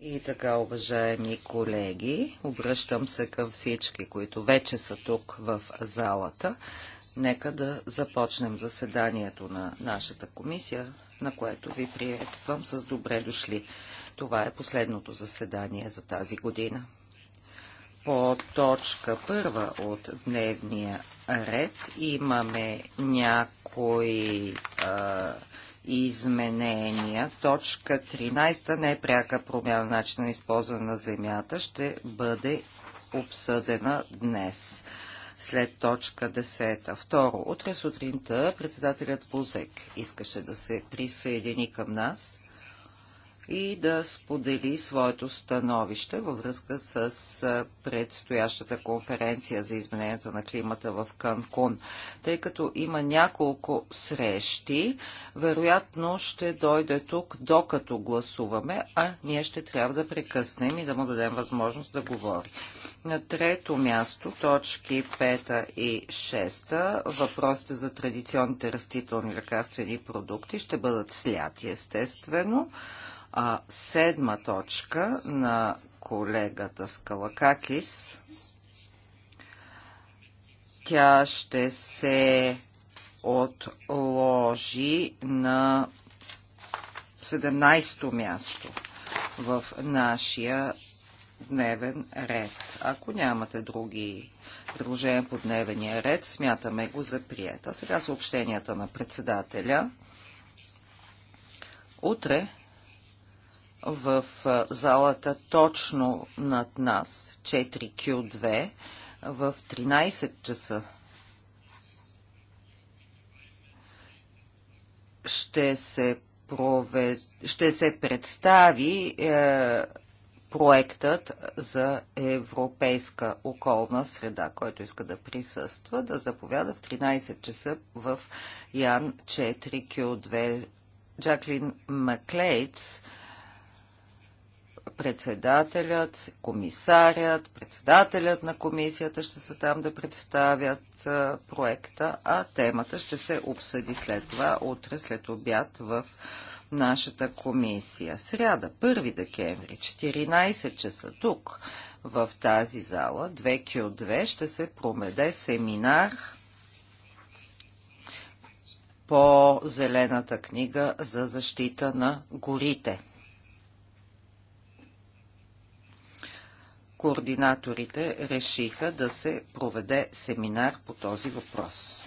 И така, уважаеми колеги, обръщам се към всички, които вече са тук в залата. Нека да започнем заседанието на нашата комисия, на което ви приветствам с добре дошли. Това е последното заседание за тази година. По точка първа от дневния ред имаме някои а, изменения. Точка 13, не е пряка промяна на начина на използване на земята, ще бъде обсъдена днес след точка 10. Второ, утре сутринта председателят Бузек искаше да се присъедини към нас – и да сподели своето становище във връзка с предстоящата конференция за измененията на климата в Канкун. Тъй като има няколко срещи, вероятно ще дойде тук докато гласуваме, а ние ще трябва да прекъснем и да му дадем възможност да говори. На трето място, точки 5 и 6, въпросите за традиционните растителни лекарствени продукти ще бъдат сляти, естествено. А седма точка на колегата Скалакакис. Тя ще се отложи на 17-то място в нашия дневен ред. Ако нямате други предложения по дневения ред, смятаме го за прията. сега съобщенията на председателя. Утре в залата точно над нас, 4Q2, в 13 часа. Ще се, провед... ще се представи е, проектът за европейска околна среда, който иска да присъства, да заповяда в 13 часа в Ян 4Q2. Джаклин Маклейтс председателят, комисарят, председателят на комисията ще са там да представят проекта, а темата ще се обсъди след това, утре след обяд в нашата комисия. Сряда, 1 декември, 14 часа тук, в тази зала, 2Q2, ще се промеде семинар по Зелената книга за защита на горите. координаторите решиха да се проведе семинар по този въпрос.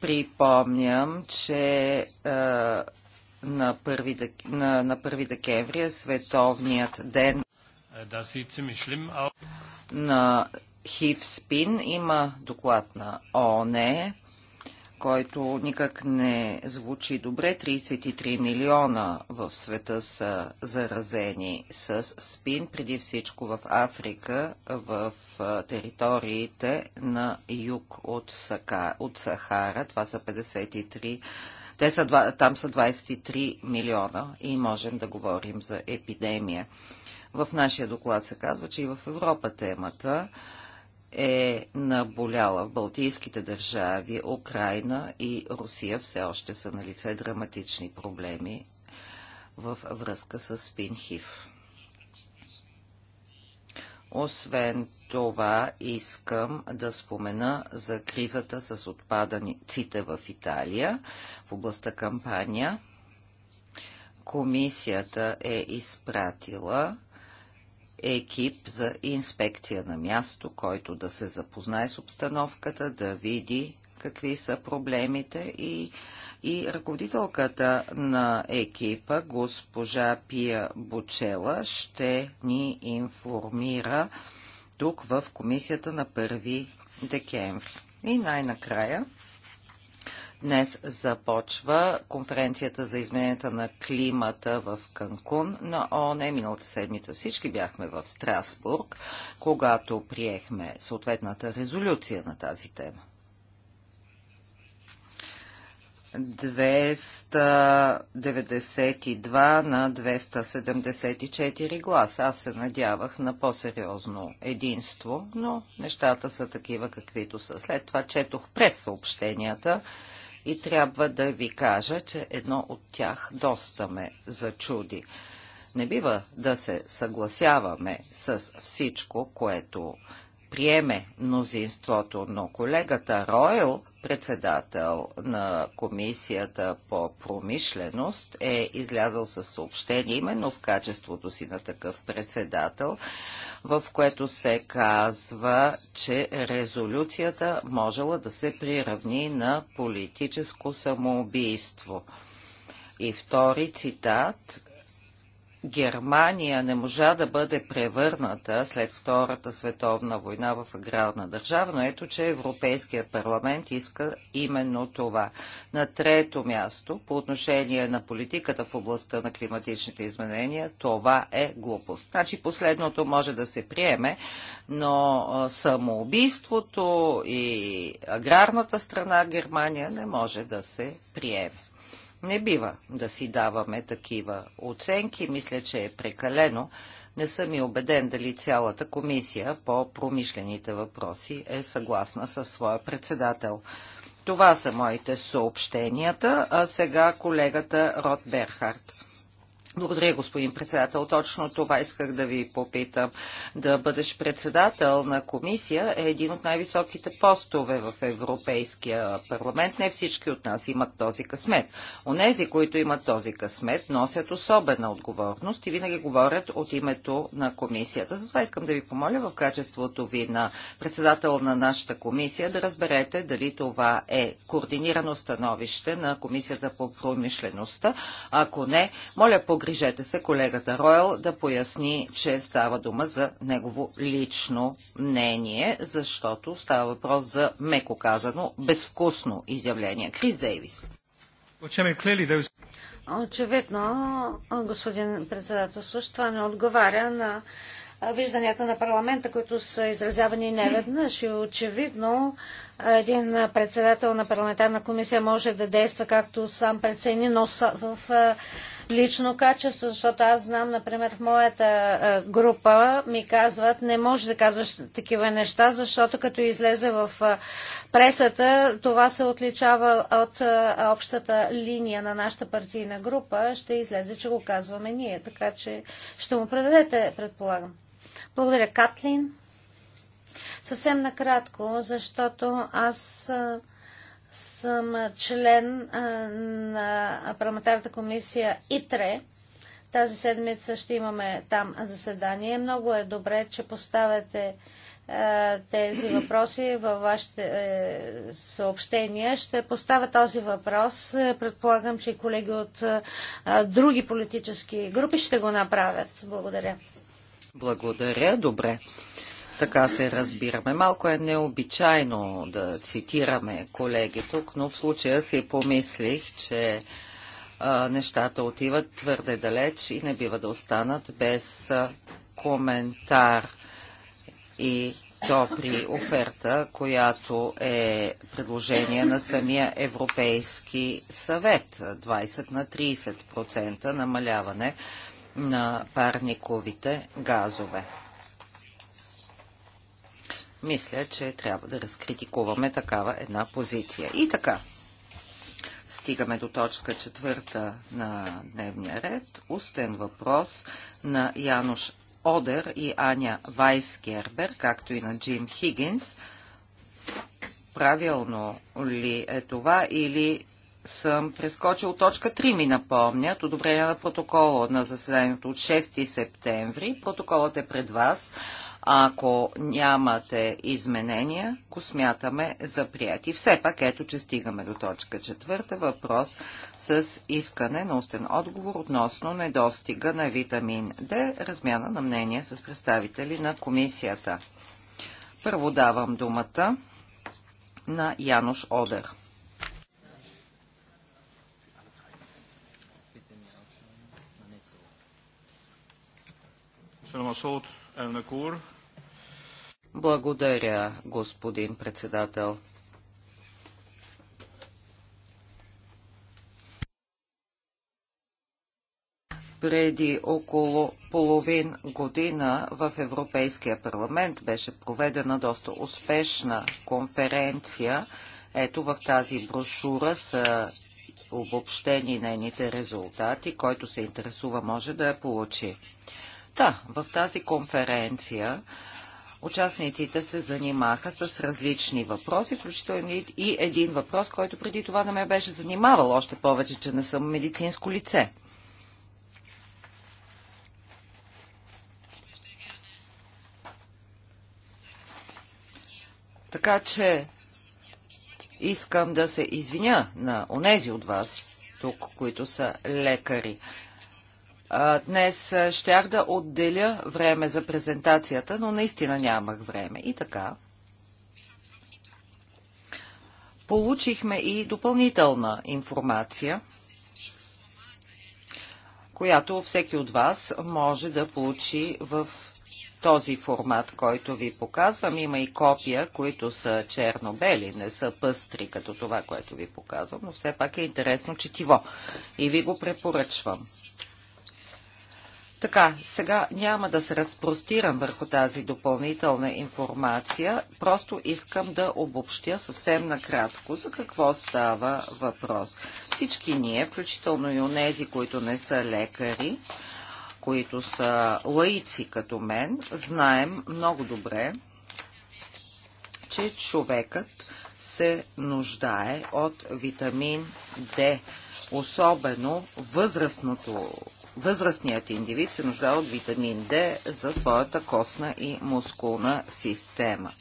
Припомням, че е, на 1, дек... на, 1 декември е световният ден е, на хивспин. Има доклад на ОНЕ който никак не звучи добре. 33 милиона в света са заразени с спин, преди всичко в Африка, в териториите на юг от, Сака, от Сахара. Това са 53 те са, там са 23 милиона и можем да говорим за епидемия. В нашия доклад се казва, че и в Европа темата е наболяла в Балтийските държави, Украина и Русия все още са на лице драматични проблеми в връзка с Пинхив. Освен това, искам да спомена за кризата с отпаданиците в Италия в областта кампания. Комисията е изпратила екип за инспекция на място, който да се запознае с обстановката, да види какви са проблемите и, и ръководителката на екипа, госпожа Пия Бочела, ще ни информира тук в комисията на 1 декември. И най-накрая Днес започва конференцията за измененията на климата в Канкун на ООН. Миналата седмица всички бяхме в Страсбург, когато приехме съответната резолюция на тази тема. 292 на 274 гласа. Аз се надявах на по-сериозно единство, но нещата са такива каквито са. След това четох през съобщенията и трябва да ви кажа, че едно от тях доста ме зачуди. Не бива да се съгласяваме с всичко, което приеме мнозинството, но колегата Ройл, председател на Комисията по промишленост, е излязъл със съобщение именно в качеството си на такъв председател, в което се казва, че резолюцията можела да се приравни на политическо самоубийство. И втори цитат Германия не можа да бъде превърната след Втората световна война в аграрна държава, но ето, че Европейският парламент иска именно това. На трето място, по отношение на политиката в областта на климатичните изменения, това е глупост. Значи последното може да се приеме, но самоубийството и аграрната страна Германия не може да се приеме. Не бива да си даваме такива оценки. Мисля, че е прекалено. Не съм и убеден дали цялата комисия по промишлените въпроси е съгласна със своя председател. Това са моите съобщенията, а сега колегата Рот Берхард. Благодаря, господин председател. Точно това исках да ви попитам. Да бъдеш председател на комисия е един от най-високите постове в Европейския парламент. Не всички от нас имат този късмет. Онези, които имат този късмет, носят особена отговорност и винаги говорят от името на комисията. Затова искам да ви помоля в качеството ви на председател на нашата комисия да разберете дали това е координирано становище на комисията по промишлеността. Ако не, моля по погрижете се колегата Ройл да поясни, че става дума за негово лично мнение, защото става въпрос за, меко казано, безвкусно изявление. Крис Дейвис. Очевидно, господин председател, това не отговаря на вижданията на парламента, които са изразявани неведнъж и очевидно един председател на парламентарна комисия може да действа както сам прецени, но в лично качество, защото аз знам, например, в моята група ми казват, не може да казваш такива неща, защото като излезе в пресата, това се отличава от общата линия на нашата партийна група, ще излезе, че го казваме ние. Така че ще му предадете, предполагам. Благодаря, Катлин. Съвсем накратко, защото аз съм член на парламентарната комисия ИТРЕ. Тази седмица ще имаме там заседание. Много е добре, че поставяте тези въпроси във вашите е, съобщения. Ще поставя този въпрос. Предполагам, че и колеги от други политически групи ще го направят. Благодаря. Благодаря. Добре така се разбираме. Малко е необичайно да цитираме колеги тук, но в случая си помислих, че а, нещата отиват твърде далеч и не бива да останат без а, коментар и то при оферта, която е предложение на самия Европейски съвет. 20 на 30% намаляване на парниковите газове. Мисля, че трябва да разкритикуваме такава една позиция. И така, стигаме до точка четвърта на дневния ред. Устен въпрос на Януш Одер и Аня Вайскербер, както и на Джим Хигинс. Правилно ли е това или съм прескочил точка 3, ми напомнят, одобрение на протокола на заседанието от 6 септември. Протоколът е пред вас. Ако нямате изменения, го смятаме за прияти. Все пак, ето, че стигаме до точка четвърта. Въпрос с искане на устен отговор относно недостига на витамин Д, размяна на мнение с представители на комисията. Първо давам думата на Януш Одер. Köszönöm a благодаря, господин председател. преди около половин година в Европейския парламент беше проведена доста успешна конференция. Ето в тази брошура са обобщени нейните резултати. Който се интересува може да я получи. Да, в тази конференция Участниците се занимаха с различни въпроси, включително и един въпрос, който преди това не ме беше занимавал, още повече, че не съм медицинско лице. Така че искам да се извиня на онези от вас тук, които са лекари. Днес щях да отделя време за презентацията, но наистина нямах време. И така. Получихме и допълнителна информация, която всеки от вас може да получи в този формат, който ви показвам. Има и копия, които са черно-бели, не са пъстри, като това, което ви показвам, но все пак е интересно четиво. И ви го препоръчвам. Така, сега няма да се разпростирам върху тази допълнителна информация, просто искам да обобщя съвсем накратко за какво става въпрос. Всички ние, включително и онези, които не са лекари, които са лаици като мен, знаем много добре, че човекът се нуждае от витамин D, особено възрастното възрастният индивид се нуждае от витамин D за своята костна и мускулна система.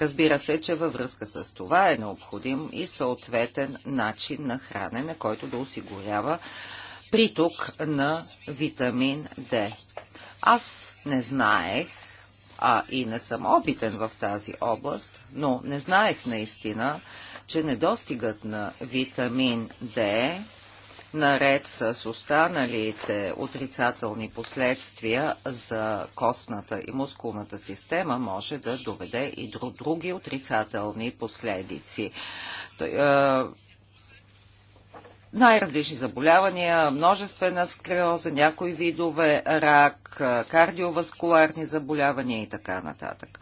Разбира се, че във връзка с това е необходим и съответен начин на хранене, който да осигурява приток на витамин D. Аз не знаех, а и не съм опитен в тази област, но не знаех наистина, че недостигът на витамин D наред с останалите отрицателни последствия за костната и мускулната система, може да доведе и до други отрицателни последици. Най-различни заболявания, множествена склероза, някои видове рак, кардиоваскуларни заболявания и така нататък.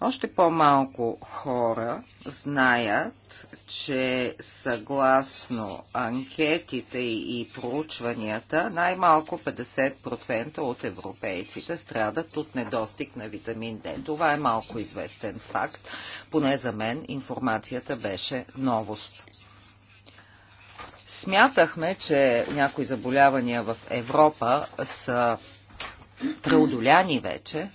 Още по-малко хора знаят че съгласно анкетите и проучванията, най-малко 50% от европейците страдат от недостиг на витамин Д. Това е малко известен факт. Поне за мен информацията беше новост. Смятахме, че някои заболявания в Европа са преодоляни вече,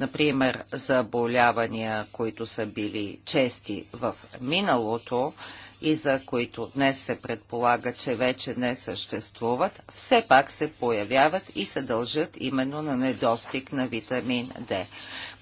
Например, заболявания, които са били чести в миналото, и за които днес се предполага, че вече не съществуват, все пак се появяват и се дължат именно на недостиг на витамин D.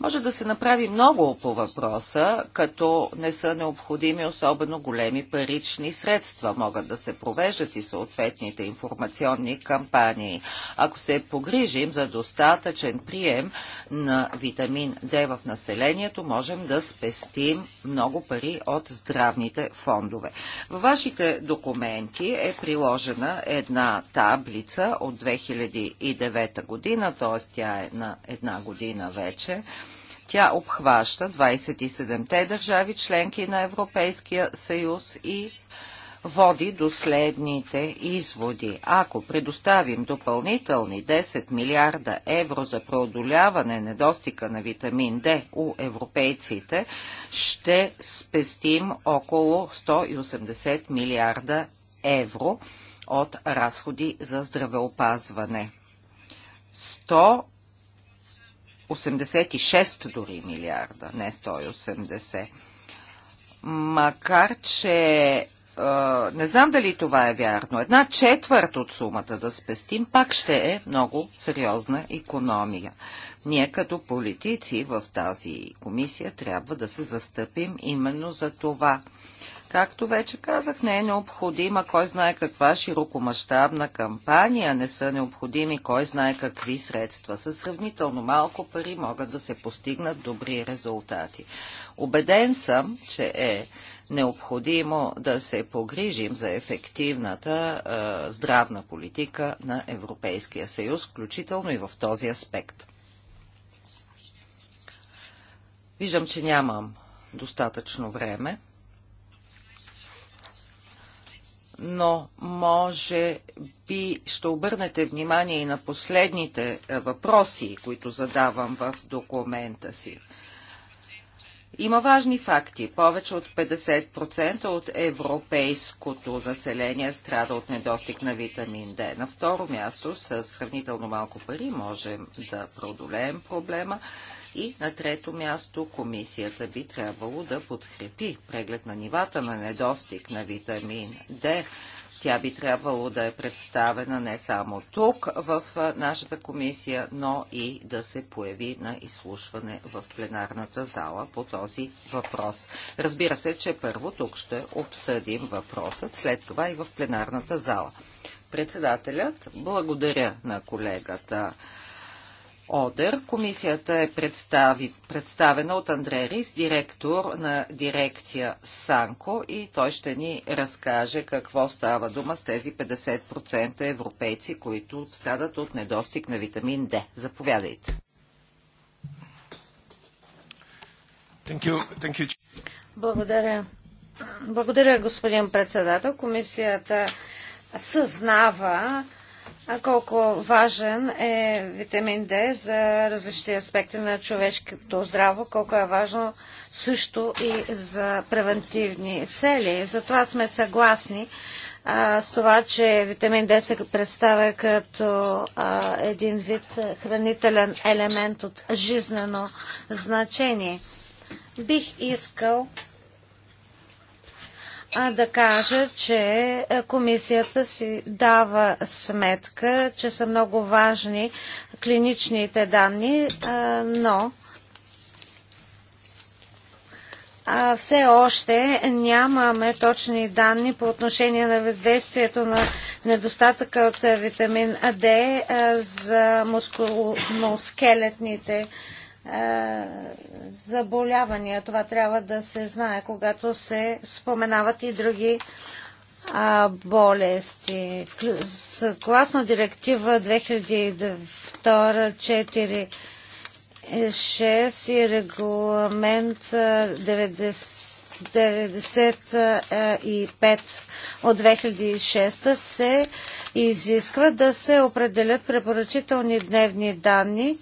Може да се направи много по въпроса, като не са необходими особено големи парични средства. Могат да се провеждат и съответните информационни кампании. Ако се погрижим за достатъчен прием на витамин D в населението, можем да спестим много пари от здравните фондове срокове. Във вашите документи е приложена една таблица от 2009 година, т.е. тя е на една година вече. Тя обхваща 27-те държави, членки на Европейския съюз и води до следните изводи. Ако предоставим допълнителни 10 милиарда евро за преодоляване недостига на витамин D у европейците, ще спестим около 180 милиарда евро от разходи за здравеопазване. 186 дори милиарда, не 180. Макар, че не знам дали това е вярно. Една четвърт от сумата да спестим пак ще е много сериозна економия. Ние като политици в тази комисия трябва да се застъпим именно за това. Както вече казах, не е необходима кой знае каква широкомащабна кампания, не са необходими кой знае какви средства. С сравнително малко пари могат да се постигнат добри резултати. Обеден съм, че е необходимо да се погрижим за ефективната е, здравна политика на Европейския съюз, включително и в този аспект. Виждам, че нямам достатъчно време, но може би ще обърнете внимание и на последните е, въпроси, които задавам в документа си. Има важни факти. Повече от 50% от европейското население страда от недостиг на витамин Д. На второ място, с сравнително малко пари можем да продолеем проблема. И на трето място, комисията би трябвало да подкрепи преглед на нивата на недостиг на витамин Д тя би трябвало да е представена не само тук, в нашата комисия, но и да се появи на изслушване в пленарната зала по този въпрос. Разбира се, че първо тук ще обсъдим въпросът, след това и в пленарната зала. Председателят, благодаря на колегата. Одер. Комисията е представи, представена от Андре Рис, директор на дирекция Санко и той ще ни разкаже какво става дума с тези 50% европейци, които страдат от недостиг на витамин Д. Заповядайте. Thank you. Thank you. Благодаря. Благодаря, господин председател. Комисията съзнава колко важен е витамин Д за различни аспекти на човешкото здраво, колко е важно също и за превентивни цели. Затова сме съгласни а, с това, че витамин Д се представя като а, един вид хранителен елемент от жизнено значение. Бих искал да кажа, че е, комисията си дава сметка, че са много важни клиничните данни, е, но е, все още нямаме точни данни по отношение на въздействието на недостатъка от витамин D за мускулно-скелетните е, заболявания. Това трябва да се знае, когато се споменават и други а, болести. Съгласно директива 2002-4 6 и регламент 95 е, е, от 2006 се изисква да се определят препоръчителни дневни данни,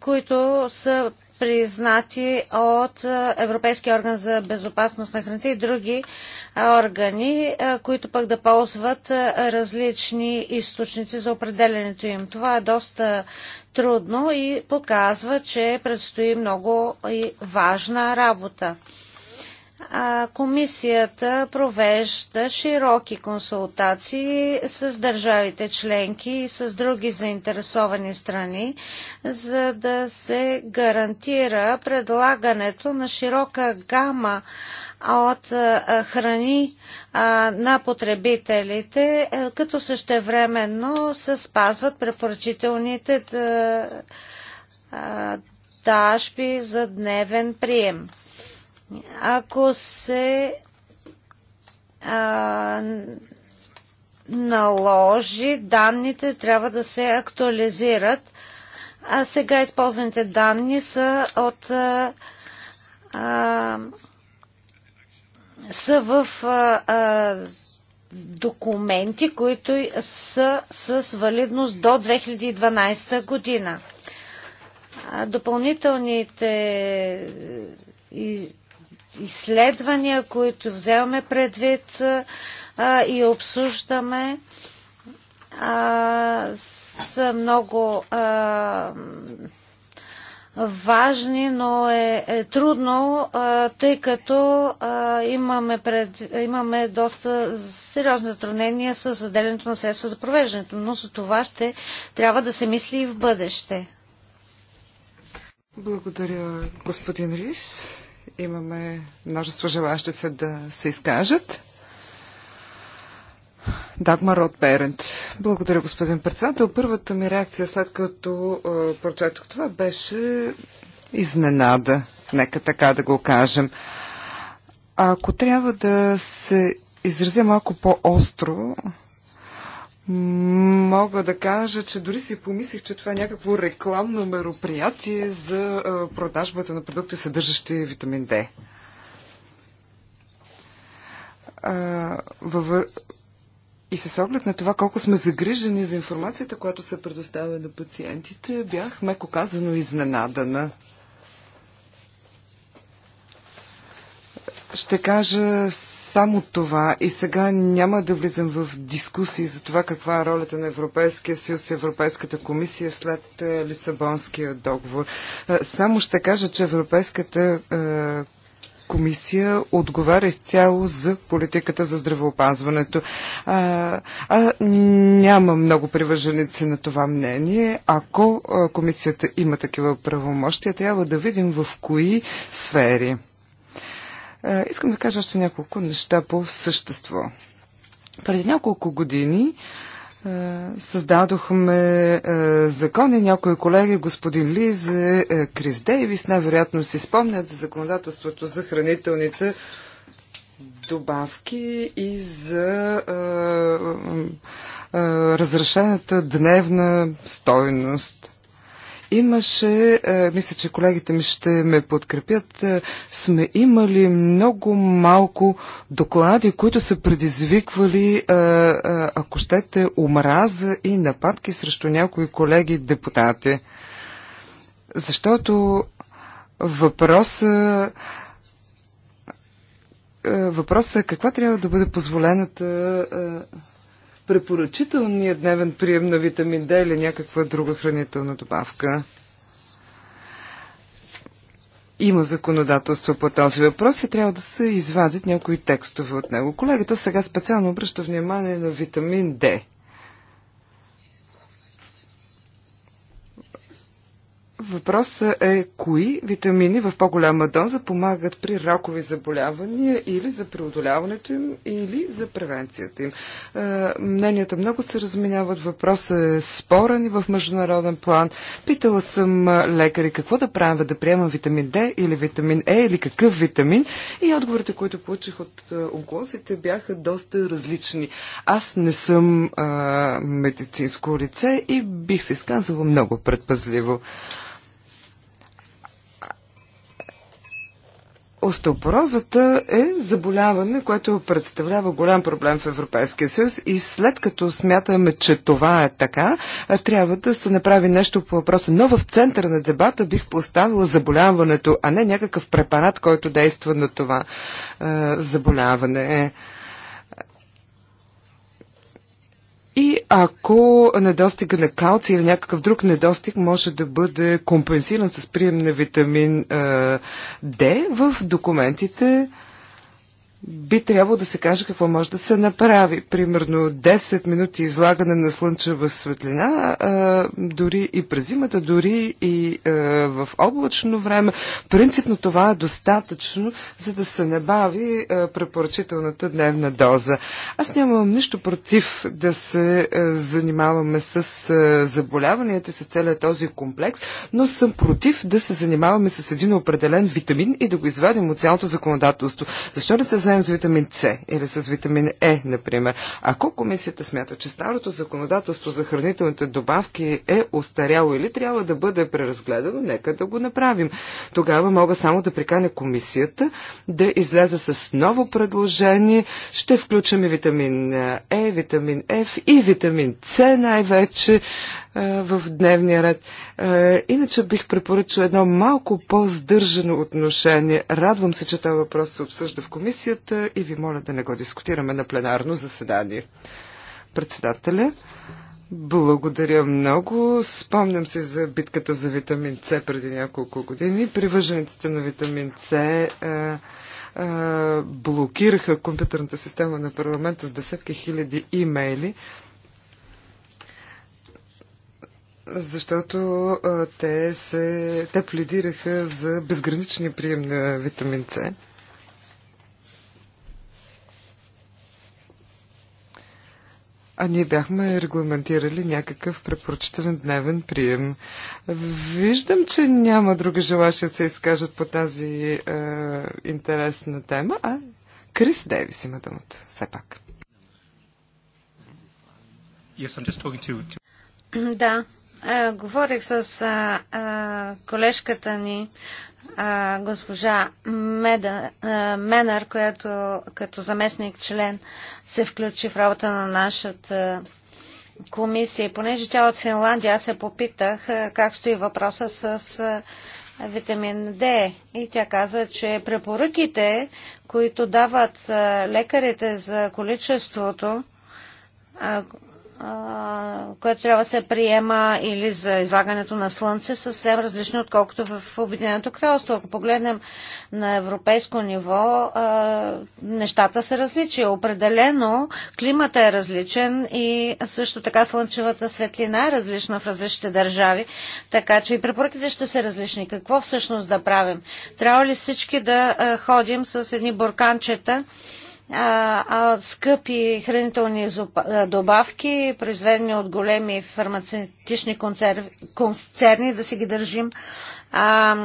които са признати от Европейския орган за безопасност на храните и други органи, които пък да ползват различни източници за определенето им. Това е доста трудно и показва, че предстои много и важна работа. Комисията провежда широки консултации с държавите членки и с други заинтересовани страни, за да се гарантира предлагането на широка гама от храни на потребителите, е, като същевременно се спазват препоръчителните дажби за дневен прием. Ако се а, наложи, данните трябва да се актуализират. А сега използваните данни са от а, а, са в а, а, документи, които са с валидност до 2012 година. А допълнителните изследвания, които вземаме предвид а, и обсуждаме, а, са много а, важни, но е, е трудно, а, тъй като а, имаме, пред, имаме доста сериозни затруднения с заделянето на средства за провеждането, но за това ще трябва да се мисли и в бъдеще. Благодаря, господин Рис. Имаме множество желащи се да се изкажат. Дагмар от Берент. Благодаря, господин председател. Първата ми реакция, след като е, прочетох това, беше изненада. Нека така да го кажем. Ако трябва да се изразя малко по-остро, Мога да кажа, че дори си помислих, че това е някакво рекламно мероприятие за продажбата на продукти, съдържащи витамин Д. Във... И с оглед на това колко сме загрижени за информацията, която се предоставя на пациентите, бях, меко казано, изненадана. Ще кажа само това и сега няма да влизам в дискусии за това каква е ролята на Европейския съюз и Европейската комисия след е, Лисабонския договор. Е, само ще кажа, че Европейската е, комисия отговаря изцяло за политиката за здравеопазването. А, а няма много привърженици на това мнение. Ако комисията има такива правомощия, трябва да видим в кои сфери. Е, искам да кажа още няколко неща по същество. Преди няколко години е, Създадохме е, закони, някои колеги, господин Лизе, Крис Дейвис, най-вероятно си спомнят за законодателството за хранителните добавки и за разрешената дневна стойност. Имаше, е, мисля, че колегите ми ще ме подкрепят, е, сме имали много малко доклади, които са предизвиквали, е, ако щете, омраза и нападки срещу някои колеги депутати. Защото въпросът въпросът е каква трябва да бъде позволената препоръчителният дневен прием на витамин D или някаква друга хранителна добавка? Има законодателство по този въпрос и трябва да се извадят някои текстове от него. Колегата сега специално обръща внимание на витамин D. Въпросът е кои витамини в по-голяма доза помагат при ракови заболявания или за преодоляването им, или за превенцията им. Е, мненията много се разминяват, въпросът е спорен и в международен план. Питала съм е, лекари какво да правя, да приемам витамин D или витамин Е или какъв витамин и отговорите, които получих от е, онколозите бяха доста различни. Аз не съм а, медицинско лице и бих се изказала много предпазливо. Остеопорозата е заболяване, което представлява голям проблем в Европейския съюз и след като смятаме, че това е така, трябва да се направи нещо по въпроса. Но в центъра на дебата бих поставила заболяването, а не някакъв препарат, който действа на това е, заболяване. И ако недостига на калци или някакъв друг недостиг може да бъде компенсиран с прием на витамин Д, в документите би трябвало да се каже какво може да се направи. Примерно 10 минути излагане на слънчева светлина, а, дори и през зимата, дори и а, в облачно време. Принципно това е достатъчно, за да се набави а, препоръчителната дневна доза. Аз нямам нищо против да се а, занимаваме с а, заболяванията, с целият този комплекс, но съм против да се занимаваме с един определен витамин и да го извадим от цялото законодателство. Защо да се вземем с витамин С или с витамин Е, например. Ако комисията смята, че старото законодателство за хранителните добавки е устаряло или трябва да бъде преразгледано, нека да го направим. Тогава мога само да приканя комисията да излезе с ново предложение. Ще включим и витамин Е, витамин Ф и витамин С най-вече е, в дневния ред. Е, иначе бих препоръчал едно малко по-здържано отношение. Радвам се, че този въпрос се обсъжда в комисията и ви моля да не го дискутираме на пленарно заседание. Председателя, благодаря много. Спомням се за битката за витамин С преди няколко години. Привържениците на витамин С е, блокираха компютърната система на парламента с десетки хиляди имейли, Защото а, те, се, те пледираха за безграничния прием на витамин С. А ние бяхме регламентирали някакъв препоръчителен дневен прием. Виждам, че няма други желащи да се изкажат по тази е, интересна тема, а Крис Дейвис има думата, все пак. Yes, to... Да, е, говорих с а, а, колежката ни, а, госпожа Меда, а, Менар, която като заместник член се включи в работа на нашата комисия. понеже тя е от Финландия, аз се попитах а, как стои въпроса с а, витамин Д. И тя каза, че препоръките, които дават а, лекарите за количеството, което трябва да се приема или за излагането на слънце, съвсем различни, отколкото в Обединеното кралство. Ако погледнем на европейско ниво, нещата са различни. Определено климата е различен и също така слънчевата светлина е различна в различните държави, така че и препоръките ще са различни. Какво всъщност да правим? Трябва ли всички да ходим с едни бурканчета? а, скъпи хранителни добавки, произведени от големи фармацевтични концерни, да си ги държим а,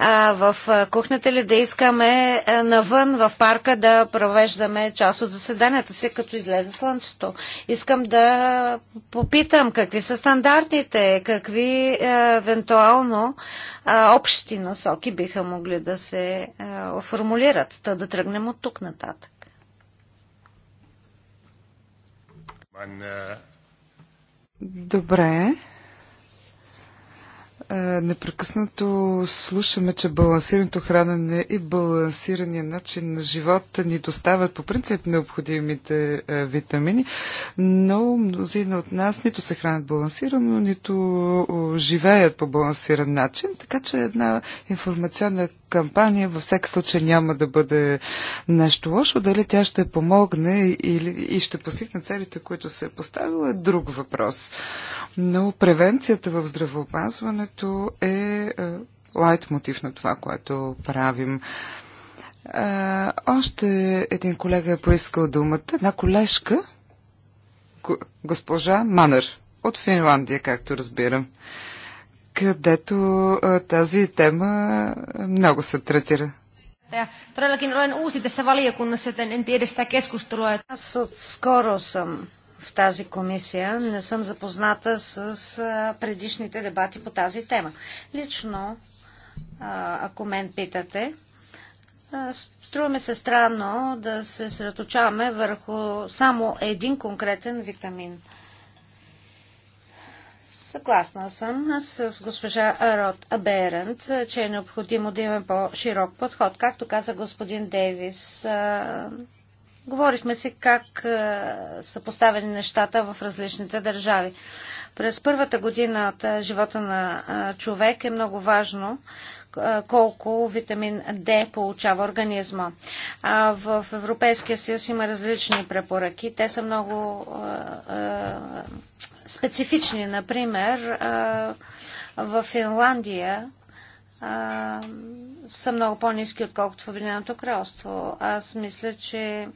а, в кухнята ли, да искаме навън в парка да провеждаме част от заседанията си, като излезе слънцето. Искам да попитам какви са стандартите, какви евентуално общи насоки биха могли да се формулират, да тръгнем от тук нататък. Uh, Добре. Е, непрекъснато слушаме, че балансираното хранене и балансирания начин на живота ни доставят по принцип необходимите е, витамини, но мнозина от нас нито се хранят балансирано, нито живеят по балансиран начин, така че една информационна кампания във всеки случай няма да бъде нещо лошо. Дали тя ще помогне или, и ще постигне целите, които се е поставила, е друг въпрос. Но превенцията в здравеопазването е, е лайт мотив на това, което правим. А, е, още един колега е поискал думата. Една колежка, госпожа Манър от Финландия, както разбирам където тази тема много се третира. Аз скоро съм в тази комисия. Не съм запозната с предишните дебати по тази тема. Лично, ако мен питате, струва ми се странно да се средоточаваме върху само един конкретен витамин – Съгласна съм с госпожа Род Берент, че е необходимо да имаме по-широк подход. Както каза господин Дейвис, говорихме се как са поставени нещата в различните държави. През първата година от живота на човек е много важно колко витамин D получава организма. А в Европейския съюз има различни препоръки. Те са много специфични. Например, в Финландия са много по-низки, отколкото в Обединеното кралство. Аз мисля, че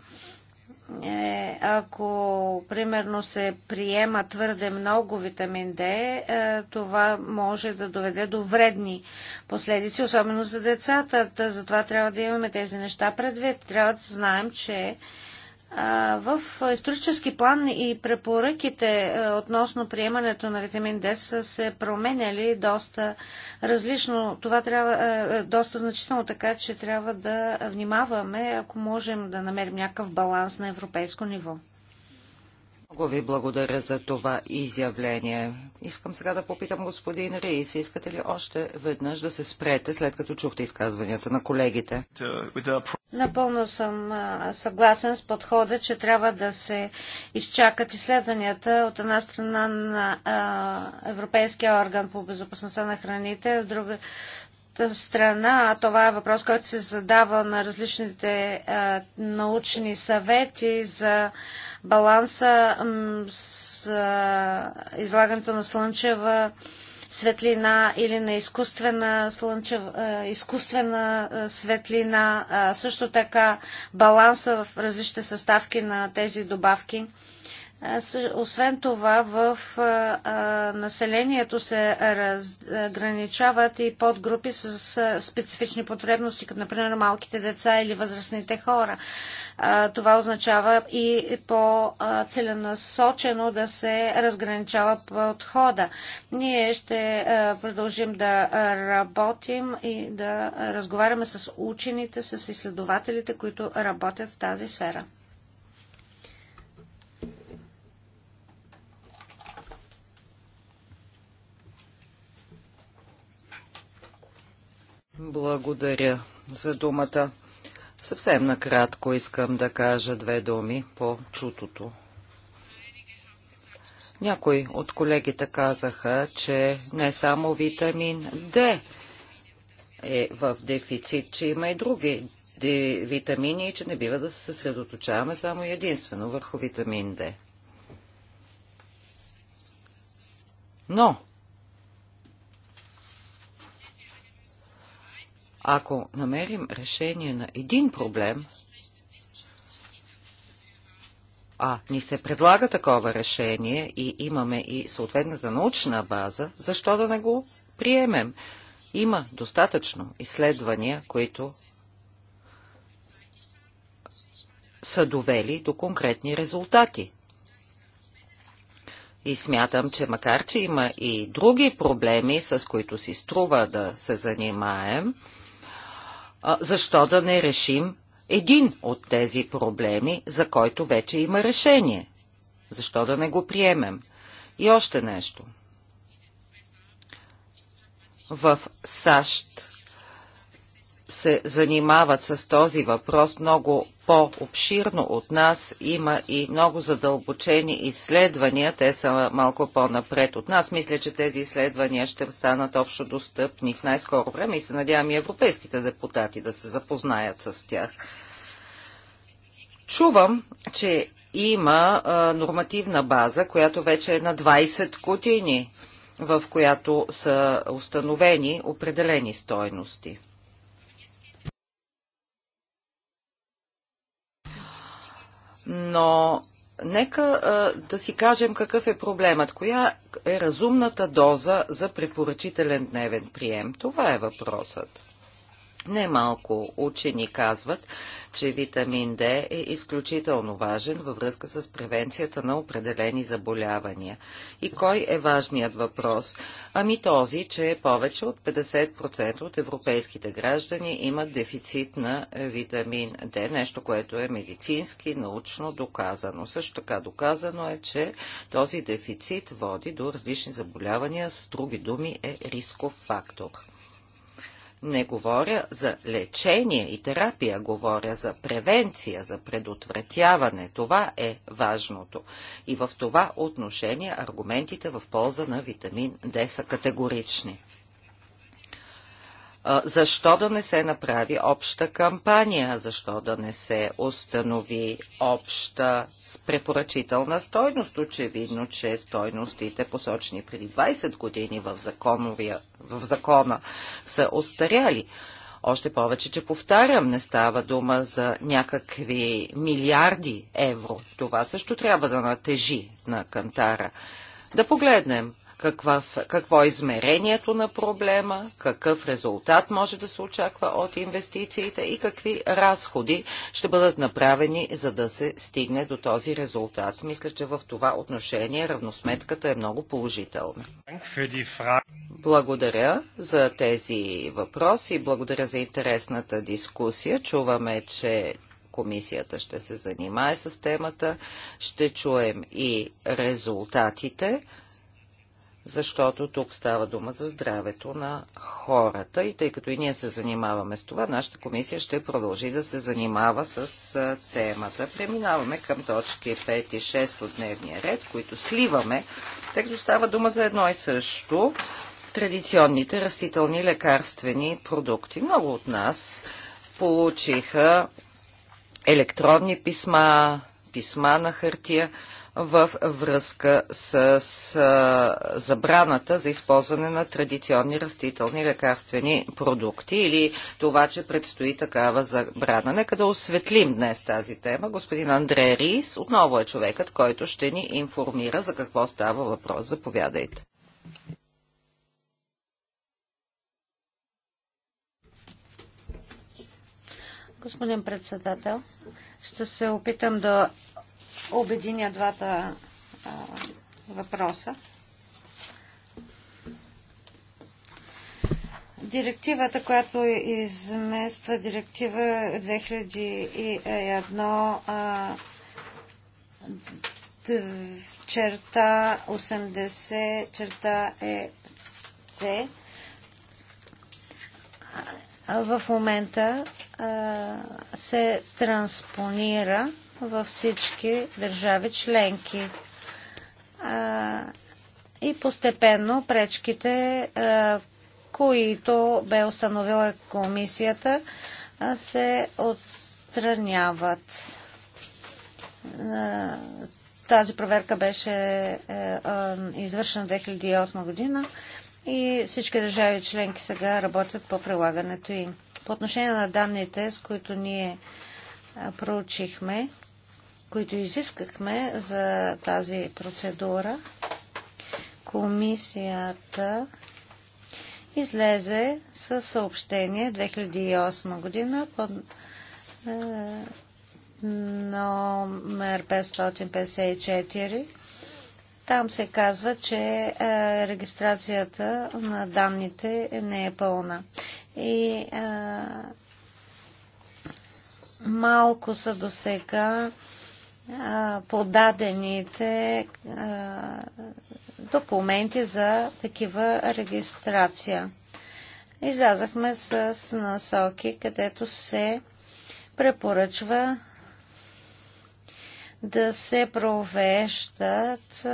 е, ако примерно се приема твърде много витамин Д, е, това може да доведе до вредни последици, особено за децата. Затова трябва да имаме тези неща предвид. Трябва да знаем, че в исторически план и препоръките е, относно приемането на витамин Д са се променяли доста различно. Това трябва е, е, доста значително, така че трябва да внимаваме, ако можем да намерим някакъв баланс на европейско ниво. Много ви благодаря за това изявление. Искам сега да попитам господин Рейс, искате ли още веднъж да се спрете, след като чухте изказванията на колегите? Напълно съм съгласен с подхода, че трябва да се изчакат изследванията от една страна на Европейския орган по безопасността на храните, от друга страна, това е въпрос, който се задава на различните научни съвети за баланса с излагането на слънчева светлина или на изкуствена, слънчев, изкуствена светлина, също така баланса в различните съставки на тези добавки. Освен това, в населението се разграничават и подгрупи с специфични потребности, като например малките деца или възрастните хора. Това означава и по-целенасочено да се разграничава подхода. Ние ще продължим да работим и да разговаряме с учените, с изследователите, които работят в тази сфера. Благодаря за думата. Съвсем накратко искам да кажа две думи по чутото. Някои от колегите казаха, че не само витамин Д е в дефицит, че има и други витамини и че не бива да се съсредоточаваме само единствено върху витамин Д. Но Ако намерим решение на един проблем, а ни се предлага такова решение и имаме и съответната научна база, защо да не го приемем? Има достатъчно изследвания, които са довели до конкретни резултати. И смятам, че макар, че има и други проблеми, с които си струва да се занимаем, защо да не решим един от тези проблеми, за който вече има решение? Защо да не го приемем? И още нещо. В САЩ се занимават с този въпрос много по-обширно от нас. Има и много задълбочени изследвания. Те са малко по-напред от нас. Мисля, че тези изследвания ще станат общо достъпни в най-скоро време и се надявам и европейските депутати да се запознаят с тях. Чувам, че има а, нормативна база, която вече е на 20 кутини, в която са установени определени стойности. но нека а, да си кажем какъв е проблемът. Коя е разумната доза за препоръчителен дневен прием? Това е въпросът. Немалко учени казват, че витамин D е изключително важен във връзка с превенцията на определени заболявания. И кой е важният въпрос? Ами този, че повече от 50% от европейските граждани имат дефицит на витамин D, нещо, което е медицински, научно доказано. Също така доказано е, че този дефицит води до различни заболявания, с други думи е рисков фактор. Не говоря за лечение и терапия, говоря за превенция, за предотвратяване. Това е важното. И в това отношение аргументите в полза на витамин D са категорични. Защо да не се направи обща кампания? Защо да не се установи обща препоръчителна стойност? Очевидно, че стойностите, посочени преди 20 години в, законовия, в закона, са остаряли. Още повече, че повтарям, не става дума за някакви милиарди евро. Това също трябва да натежи на кантара. Да погледнем каква, какво е измерението на проблема, какъв резултат може да се очаква от инвестициите и какви разходи ще бъдат направени, за да се стигне до този резултат. Мисля, че в това отношение равносметката е много положителна. Благодаря за тези въпроси, благодаря за интересната дискусия. Чуваме, че комисията ще се занимае с темата, ще чуем и резултатите защото тук става дума за здравето на хората и тъй като и ние се занимаваме с това, нашата комисия ще продължи да се занимава с темата. Преминаваме към точки 5 и 6 от дневния ред, които сливаме, тъй като става дума за едно и също традиционните растителни лекарствени продукти. Много от нас получиха електронни писма, писма на хартия, в връзка с забраната за използване на традиционни растителни лекарствени продукти или това, че предстои такава забрана. Нека да осветлим днес тази тема. Господин Андре Рис отново е човекът, който ще ни информира за какво става въпрос. Заповядайте. Господин председател, ще се опитам да обединя двата а, въпроса. Директивата, която измества директива 2001 а, черта 80 черта ЕЦ в момента а, се транспонира във всички държави членки. И постепенно пречките, които бе установила комисията, се отстраняват. Тази проверка беше е, извършена в 2008 година и всички държави членки сега работят по прилагането им. По отношение на данните, с които ние проучихме, които изискахме за тази процедура, комисията излезе със съобщение 2008 година под е, номер 554. Там се казва, че е, регистрацията на данните не е пълна. И е, малко са до сега подадените документи за такива регистрация. Излязахме с насоки, където се препоръчва да се провеждат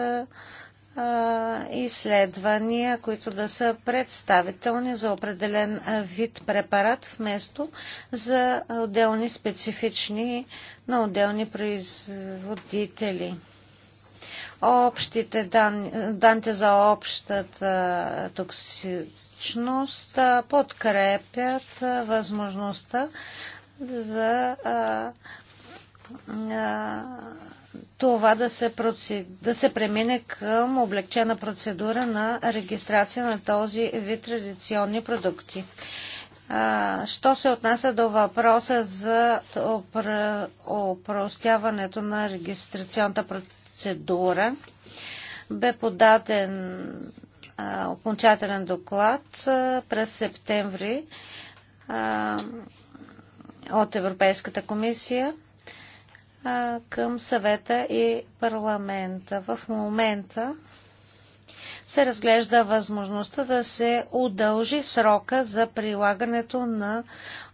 изследвания, които да са представителни за определен вид препарат, вместо за отделни специфични на отделни производители. Общите данни, данните за общата токсичност подкрепят възможността за а, а, това да се, процед... да се премине към облегчена процедура на регистрация на този вид традиционни продукти. Що се отнася до въпроса за опростяването на регистрационната процедура, бе подаден окончателен доклад през септември от Европейската комисия към съвета и парламента. В момента се разглежда възможността да се удължи срока за прилагането на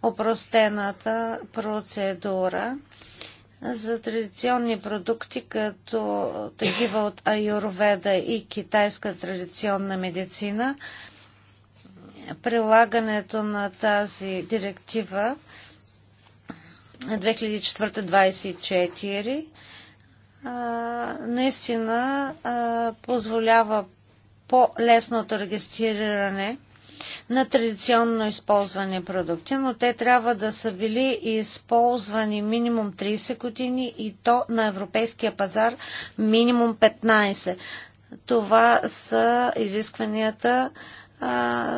опростената процедура за традиционни продукти, като такива от аюрведа и китайска традиционна медицина. Прилагането на тази директива 2004-24 наистина позволява по-лесното регистриране на традиционно използвани продукти, но те трябва да са били използвани минимум 30 години и то на европейския пазар минимум 15. Това са изискванията,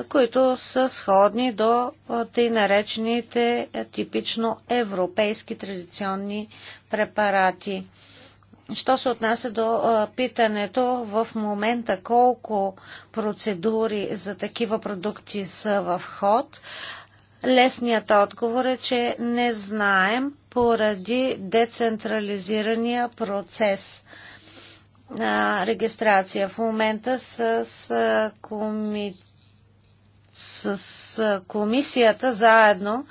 които са сходни до тъй наречените типично европейски традиционни препарати. Що се отнася до питането в момента колко процедури за такива продукти са в ход, лесният отговор е, че не знаем поради децентрализирания процес на регистрация. В момента с, коми... с комисията заедно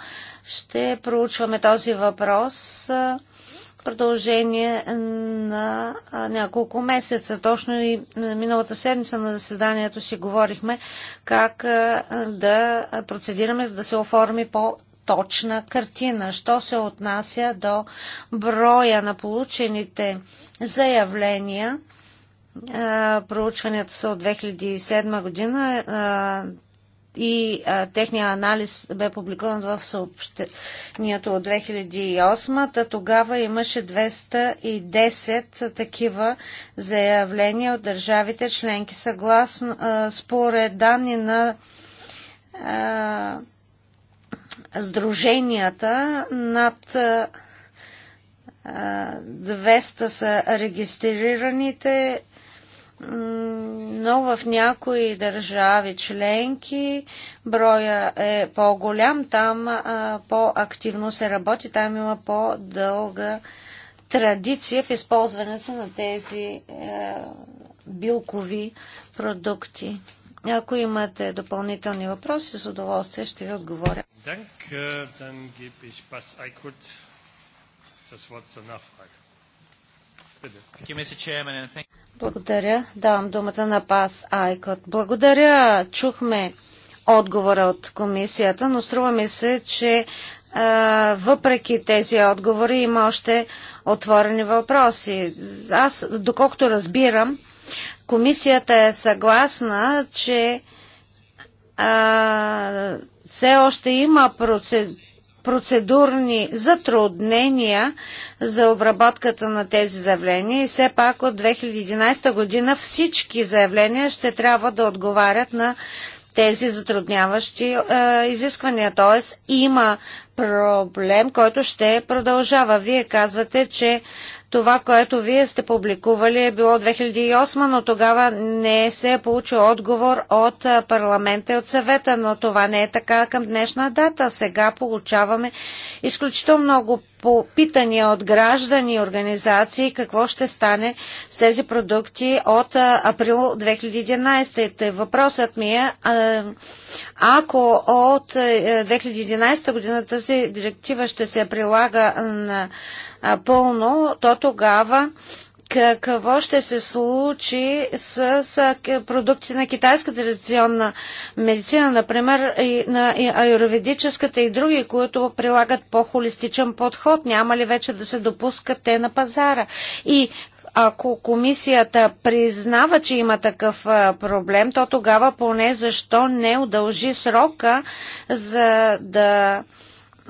ще проучваме този въпрос продължение на няколко месеца. Точно и миналата седмица на заседанието си говорихме как да процедираме, за да се оформи по точна картина. Що се отнася до броя на получените заявления, проучванията са от 2007 година, и а, техния анализ бе публикуван в съобщението от 2008, та тогава имаше 210 такива заявления от държавите членки. Съгласно, а, според данни на а, сдруженията, над а, 200 са регистрираните но в някои държави членки броя е по-голям, там по-активно се работи, там има по-дълга традиция в използването на тези е, билкови продукти. Ако имате допълнителни въпроси, с удоволствие ще ви отговоря. Благодаря. Давам думата на Пас Айкот. Благодаря. Чухме отговора от комисията, но струва ми се, че а, въпреки тези отговори има още отворени въпроси. Аз, доколкото разбирам, комисията е съгласна, че а, все още има процедура процедурни затруднения за обработката на тези заявления и все пак от 2011 година всички заявления ще трябва да отговарят на тези затрудняващи е, изисквания. Т.е. има проблем, който ще продължава. Вие казвате, че това, което вие сте публикували е било 2008, но тогава не се е получил отговор от парламента и от съвета, но това не е така към днешна дата. Сега получаваме изключително много питания от граждани и организации какво ще стане с тези продукти от април 2011. Въпросът ми е, ако от 2011 е, година тази директива ще се прилага на пълно, то тогава какво ще се случи с, продукти на китайска традиционна медицина, например и на аюроведическата и други, които прилагат по-холистичен подход? Няма ли вече да се допускат те на пазара? И ако комисията признава, че има такъв проблем, то тогава поне защо не удължи срока за да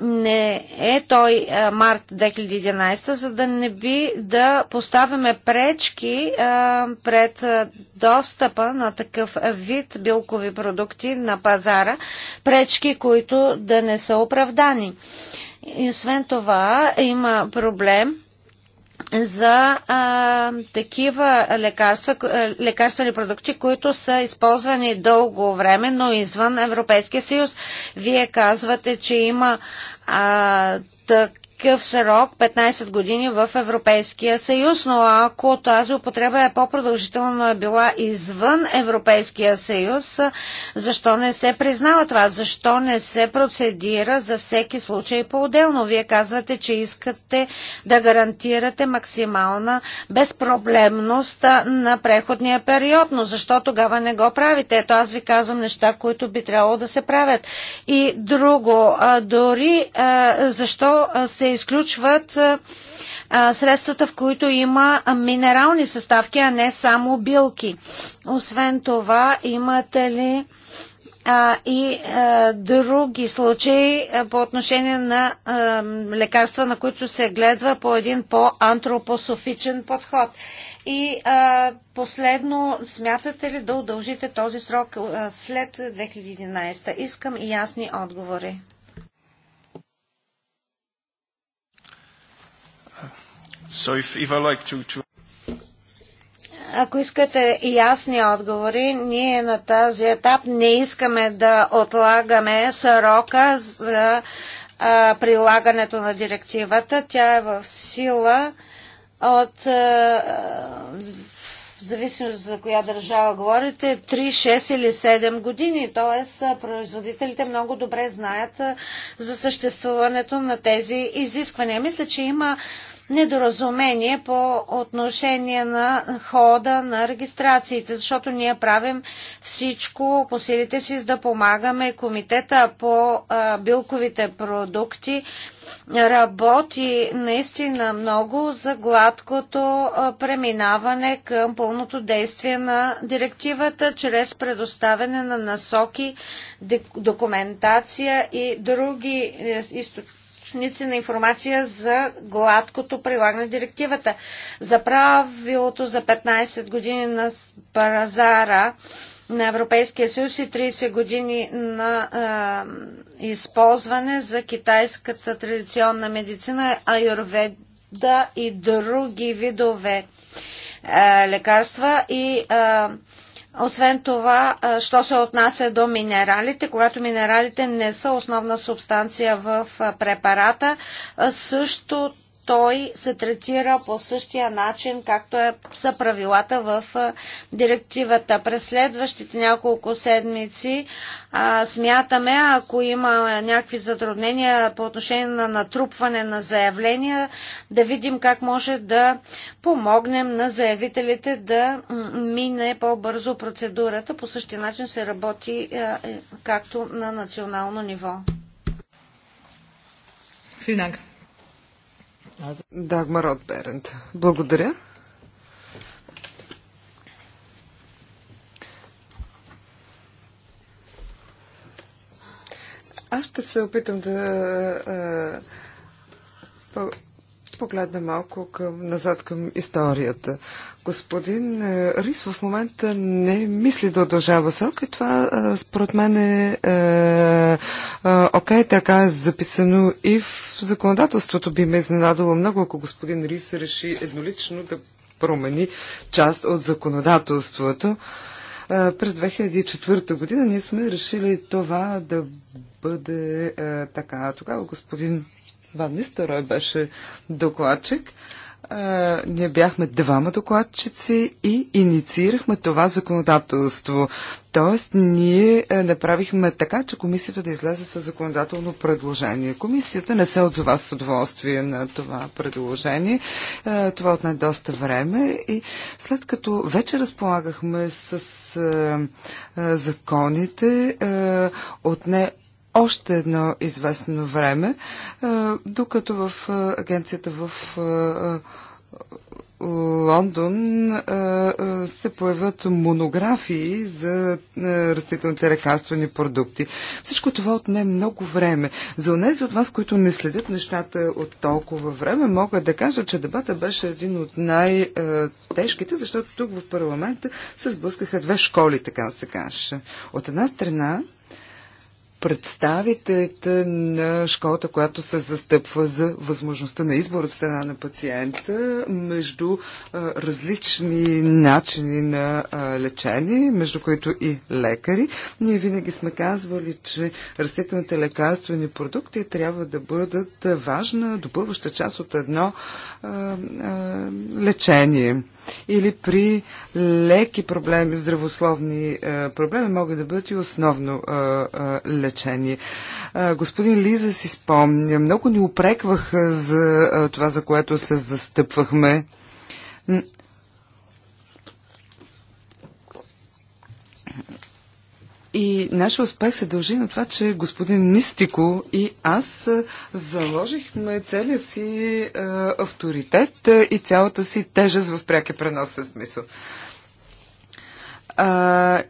не е той март 2011, за да не би да поставяме пречки а, пред достъпа на такъв вид билкови продукти на пазара, пречки, които да не са оправдани. И освен това има проблем за а, такива лекарства, лекарствени продукти, които са използвани дълго време, но извън Европейския съюз. Вие казвате, че има а, так, такъв срок 15 години в Европейския съюз, но ако тази употреба е по-продължително е била извън Европейския съюз, защо не се признава това? Защо не се процедира за всеки случай по-отделно? Вие казвате, че искате да гарантирате максимална безпроблемност на преходния период, но защо тогава не го правите? Ето аз ви казвам неща, които би трябвало да се правят. И друго, дори защо се се изключват средствата, в които има минерални съставки, а не само билки. Освен това, имате ли а, и а, други случаи а, по отношение на а, лекарства, на които се гледва по един по-антропософичен подход. И а, последно, смятате ли да удължите този срок а, след 2011? Искам и ясни отговори. So if, if I like to, to... Ако искате ясни отговори, ние на този етап не искаме да отлагаме срока за а, прилагането на директивата. Тя е в сила от а, в зависимост за коя държава говорите, 3, 6 или 7 години. Тоест, производителите много добре знаят за съществуването на тези изисквания. Мисля, че има а, недоразумение по отношение на хода на регистрациите, защото ние правим всичко по силите си, за да помагаме комитета по билковите продукти работи наистина много за гладкото преминаване към пълното действие на директивата чрез предоставяне на насоки, документация и други е, източници източници на информация за гладкото прилагане на директивата. За правилото за 15 години на пазара на Европейския съюз и 30 години на е, използване за китайската традиционна медицина, аюрведа и други видове е, лекарства и е, освен това, що се отнася до минералите, когато минералите не са основна субстанция в препарата, също той се третира по същия начин, както е, са правилата в директивата. През следващите няколко седмици а, смятаме, ако има някакви затруднения по отношение на натрупване на заявления, да видим как може да помогнем на заявителите да мине по-бързо процедурата. По същия начин се работи а, е, както на национално ниво. Финанка. Дагмар от Берент. Благодаря. Аз ще се опитам да ще погледна малко към, назад към историята. Господин е, Рис в момента не мисли да удължава срок и това е, според мен е, е, е окей, така е записано и в законодателството би ме изненадало много, ако господин Рис реши еднолично да промени част от законодателството. Е, през 2004 година ние сме решили това да бъде е, така. Тогава господин Ван Нистерой беше докладчик. А, ние бяхме двама докладчици и инициирахме това законодателство. Тоест, ние е, направихме така, че комисията да излезе с законодателно предложение. Комисията не се отзова с удоволствие на това предложение. Е, това отне доста време и след като вече разполагахме с е, законите, отне още едно известно време, докато в агенцията в Лондон се появят монографии за растителните лекарствени продукти. Всичко това отне много време. За онези от вас, които не следят нещата от толкова време, мога да кажа, че дебата беше един от най-тежките, защото тук в парламента се сблъскаха две школи, така да се каже. От една страна представителите на школата, която се застъпва за възможността на избор от страна на пациента между различни начини на лечение, между които и лекари. Ние винаги сме казвали, че растителните лекарствени продукти трябва да бъдат важна, допълваща част от едно лечение или при леки проблеми, здравословни е, проблеми, могат да бъдат и основно е, е, лечение. Господин Лиза си спомня, много ни упрекваха за това, за което се застъпвахме. И нашия успех се дължи на това, че господин Мистико и аз заложихме целия си авторитет и цялата си тежест в пряке преносен смисъл. А,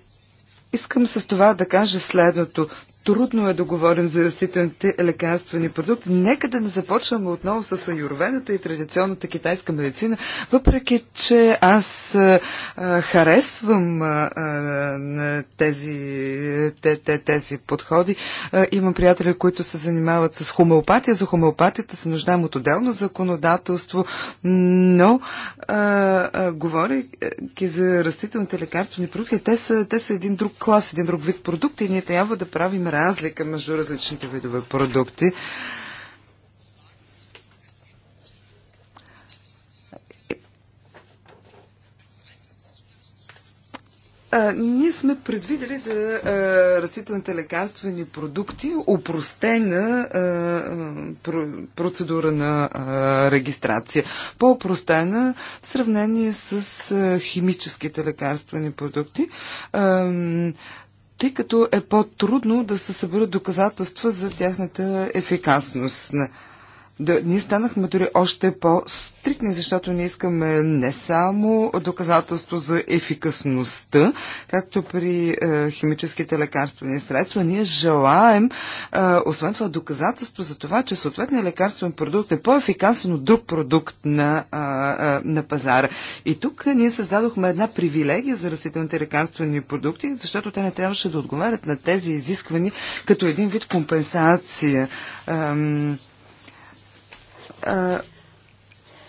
искам с това да кажа следното трудно е да говорим за растителните лекарствени продукти. Нека да не започваме отново с аюрведата и традиционната китайска медицина, въпреки че аз а, харесвам а, тези, те, те, тези подходи. А, имам приятели, които се занимават с хомеопатия. За хомеопатията се нуждаем от отделно законодателство, но а, а, за растителните лекарствени продукти, те са, те са един друг клас, един друг вид продукти и ние трябва да правим разлика между различните видове продукти. А, ние сме предвидели за а, растителните лекарствени продукти упростена а, про, процедура на а, регистрация. По-упростена в сравнение с а, химическите лекарствени продукти. А, тъй като е по-трудно да се съберат доказателства за тяхната ефикасност да, ние станахме дори още по-стрикни, защото ние искаме не само доказателство за ефикасността, както при е, химическите лекарствени средства, ние желаем, е, освен това, доказателство за това, че съответният лекарствен продукт е по-ефикасен от друг продукт на, е, е, на пазара. И тук ние създадохме една привилегия за растителните лекарствени продукти, защото те не трябваше да отговарят на тези изисквания като един вид компенсация. Е, а,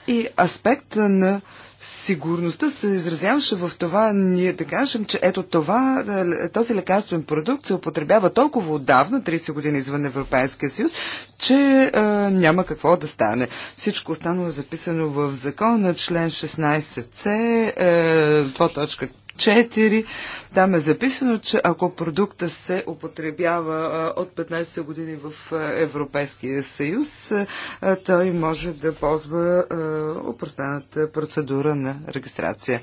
и аспект на сигурността се изразяваше в това ние да кажем, че ето това, е, този лекарствен продукт се употребява толкова отдавна, 30 години извън Европейския съюз, че е, няма какво да стане. Всичко останало е записано в закона, член 16c, е, по точка 4. Там е записано, че ако продукта се употребява от 15 години в Европейския съюз, той може да ползва упростената процедура на регистрация.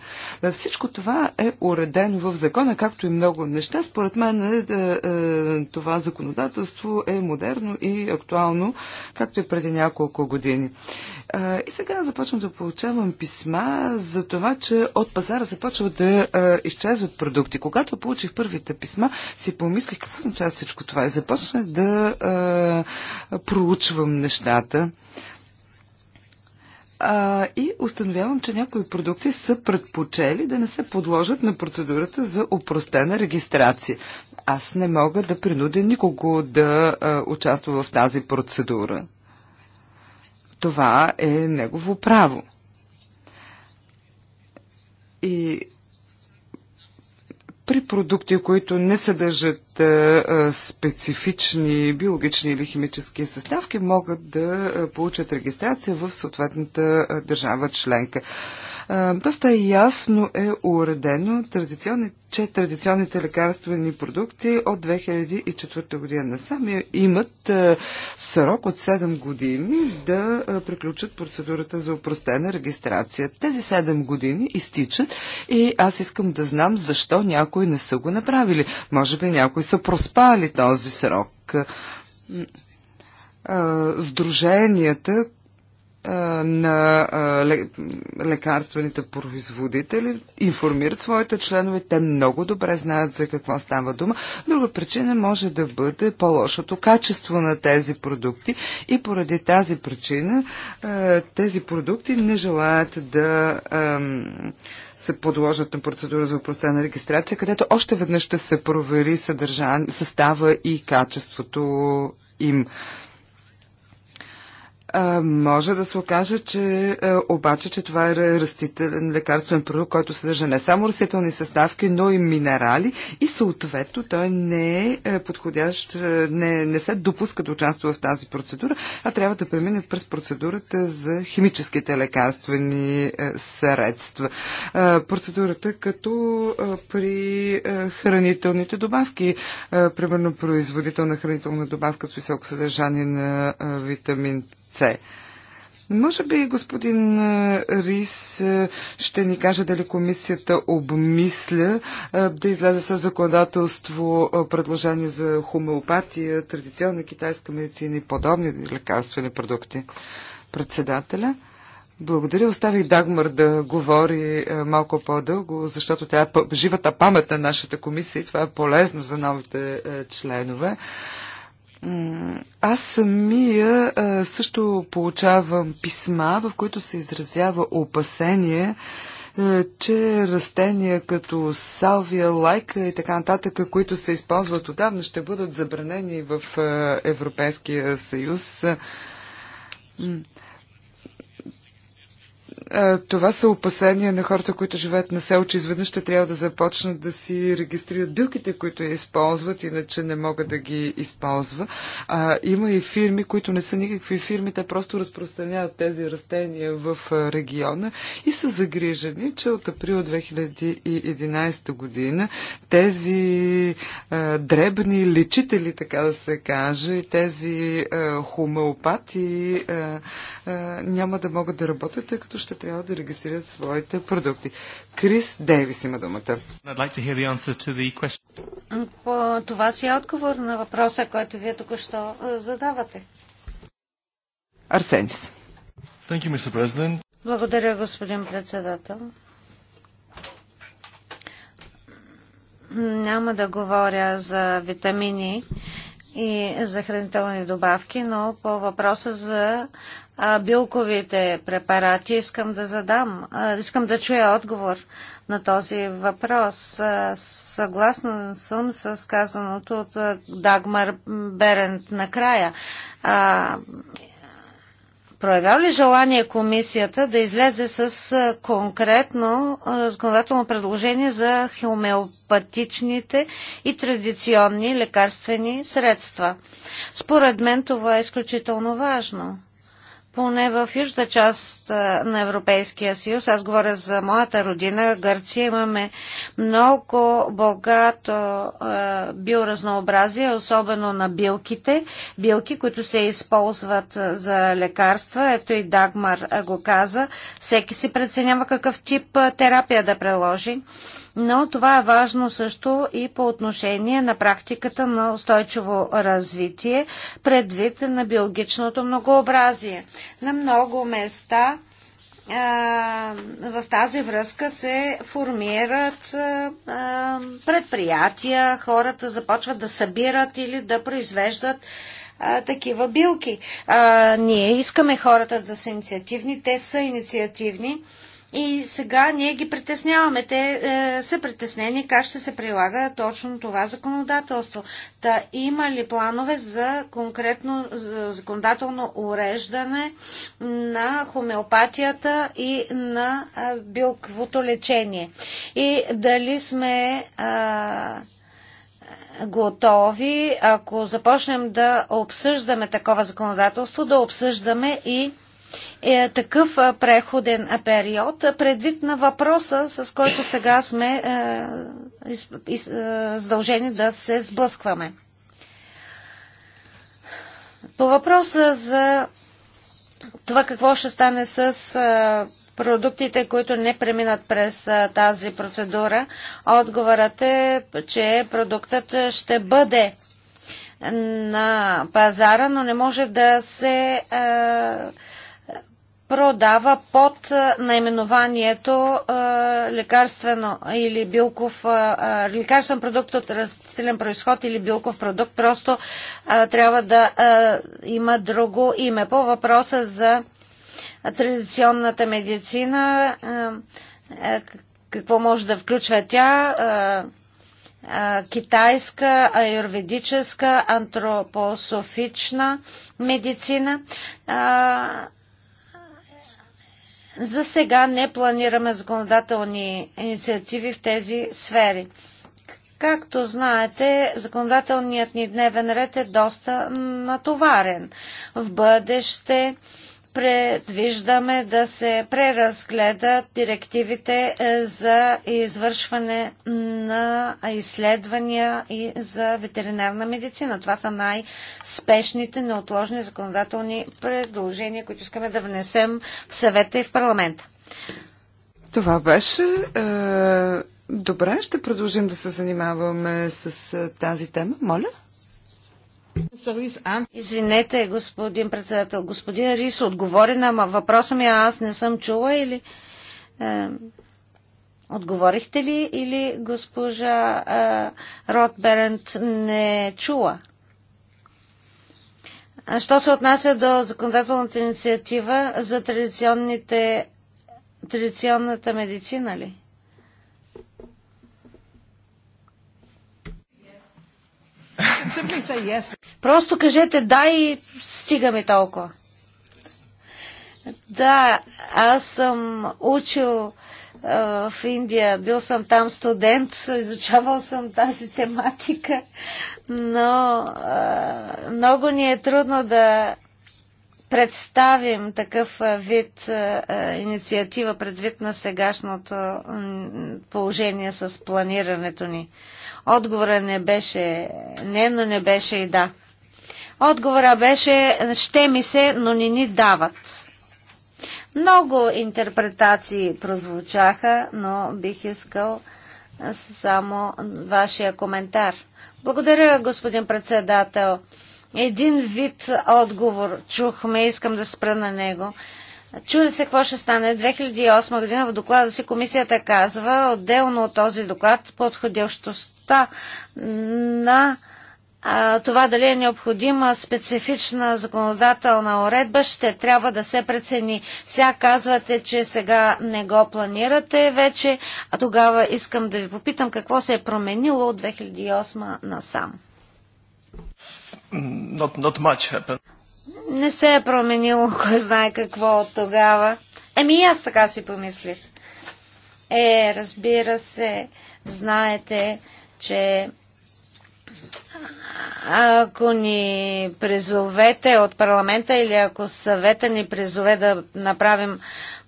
Всичко това е уредено в закона, както и много неща. Според мен това законодателство е модерно и актуално, както и преди няколко години. И сега започвам да получавам писма за това, че от пазара започват да изчезват продукти. Когато получих първите писма, си помислих какво означава всичко това и започнах да проучвам нещата а, и установявам, че някои продукти са предпочели да не се подложат на процедурата за упростена регистрация. Аз не мога да принудя никого да а, участва в тази процедура. Това е негово право. И при продукти, които не съдържат а, специфични биологични или химически съставки, могат да получат регистрация в съответната държава членка. Доста ясно е уредено, традиционни, че традиционните лекарствени продукти от 2004 година насам имат срок от 7 години да приключат процедурата за упростена регистрация. Тези 7 години изтичат и аз искам да знам защо някои не са го направили. Може би някои са проспали този срок. Сдруженията, на лекарствените производители информират своите членове. Те много добре знаят за какво става дума. Друга причина може да бъде по-лошото качество на тези продукти и поради тази причина тези продукти не желаят да се подложат на процедура за упростена регистрация, където още веднъж ще се провери съдържан, състава и качеството им. А, може да се окаже, че а, обаче, че това е растителен лекарствен продукт, който съдържа не само растителни съставки, но и минерали и съответно той не е, е подходящ, е, не, не се допуска да участва в тази процедура, а трябва да премине през процедурата за химическите лекарствени е, средства. А, процедурата като а, при а, хранителните добавки, а, примерно производител на хранителна добавка с високо съдържание на а, витамин лице. Може би господин е, Рис е, ще ни каже дали комисията обмисля е, да излезе с законодателство предложение за хомеопатия, традиционна китайска медицина и подобни лекарствени продукти. Председателя. Благодаря. Оставих Дагмар да говори малко по-дълго, защото тя е живата памет на нашата комисия и това е полезно за новите членове. Аз самия също получавам писма, в които се изразява опасение, че растения като салвия, лайка и така нататък, които се използват отдавна, ще бъдат забранени в Европейския съюз. Това са опасения на хората, които живеят на село, че изведнъж ще трябва да започнат да си регистрират билките, които я използват, иначе не могат да ги използва. А, има и фирми, които не са никакви фирми, те просто разпространяват тези растения в региона и са загрижени, че от април 2011 година тези а, дребни лечители, така да се каже, тези а, хомеопати а, а, няма да могат да работят, тъй като ще трябва да регистрират своите продукти. Крис Дейвис има думата. това си е отговор на въпроса, който вие току-що задавате. Арсенис. You, Благодаря, господин председател. Няма да говоря за витамини и за хранителни добавки, но по въпроса за билковите препарати искам да задам, искам да чуя отговор на този въпрос. Съгласна съм с казаното от Дагмар Берент накрая проявява ли желание комисията да излезе с конкретно законодателно предложение за хомеопатичните и традиционни лекарствени средства? Според мен това е изключително важно. Поне в южната част на Европейския съюз, аз говоря за моята родина, Гърция, имаме много богато биоразнообразие, особено на билките, билки, които се използват за лекарства. Ето и Дагмар го каза. Всеки си преценява какъв тип терапия да приложи но това е важно също и по отношение на практиката на устойчиво развитие предвид на биологичното многообразие. На много места в тази връзка се формират предприятия, хората започват да събират или да произвеждат такива билки. Ние искаме хората да са инициативни, те са инициативни и сега ние ги притесняваме. Те е, са притеснени как ще се прилага точно това законодателство. Та има ли планове за конкретно за законодателно уреждане на хомеопатията и на е, билквото лечение? И дали сме е, готови, ако започнем да обсъждаме такова законодателство, да обсъждаме и е, такъв преходен период, предвид на въпроса, с който сега сме е, задължени да се сблъскваме. По въпроса за това какво ще стане с продуктите, които не преминат през тази процедура, отговорът е, че продуктът ще бъде на пазара, но не може да се продава под наименованието лекарствено или билков, лекарствен продукт от растителен происход или билков продукт, просто трябва да има друго име. По въпроса за традиционната медицина, какво може да включва тя, китайска, аюрведическа, антропософична медицина. За сега не планираме законодателни инициативи в тези сфери. Както знаете, законодателният ни дневен ред е доста натоварен. В бъдеще предвиждаме да се преразгледат директивите е, за извършване на изследвания и за ветеринарна медицина. Това са най-спешните, неотложни законодателни предложения, които искаме да внесем в съвета и в парламента. Това беше. Е, добре, ще продължим да се занимаваме с е, тази тема. Моля. Извинете, господин председател. Господин Рис отговори на въпроса ми, а аз не съм чула или... Е, отговорихте ли или госпожа е, Берент не чула? Що се отнася до законодателната инициатива за традиционните, традиционната медицина ли? Просто кажете да и стигаме толкова. Да, аз съм учил в Индия, бил съм там студент, изучавал съм тази тематика, но много ни е трудно да представим такъв вид инициатива предвид на сегашното положение с планирането ни. Отговора не беше не, но не беше и да. Отговора беше ще ми се, но не ни дават. Много интерпретации прозвучаха, но бих искал само вашия коментар. Благодаря, господин председател. Един вид отговор чухме, искам да спра на него. Чуде се какво ще стане. 2008 година в доклада си комисията казва, отделно от този доклад, подходящостта на а, това дали е необходима специфична законодателна уредба, ще трябва да се прецени. Сега казвате, че сега не го планирате вече, а тогава искам да ви попитам какво се е променило от 2008 насам. Not, not much happened. Не се е променило, кой знае какво от тогава. Еми аз така си помислих. Е, разбира се, знаете, че ако ни призовете от парламента или ако съвета ни призове да направим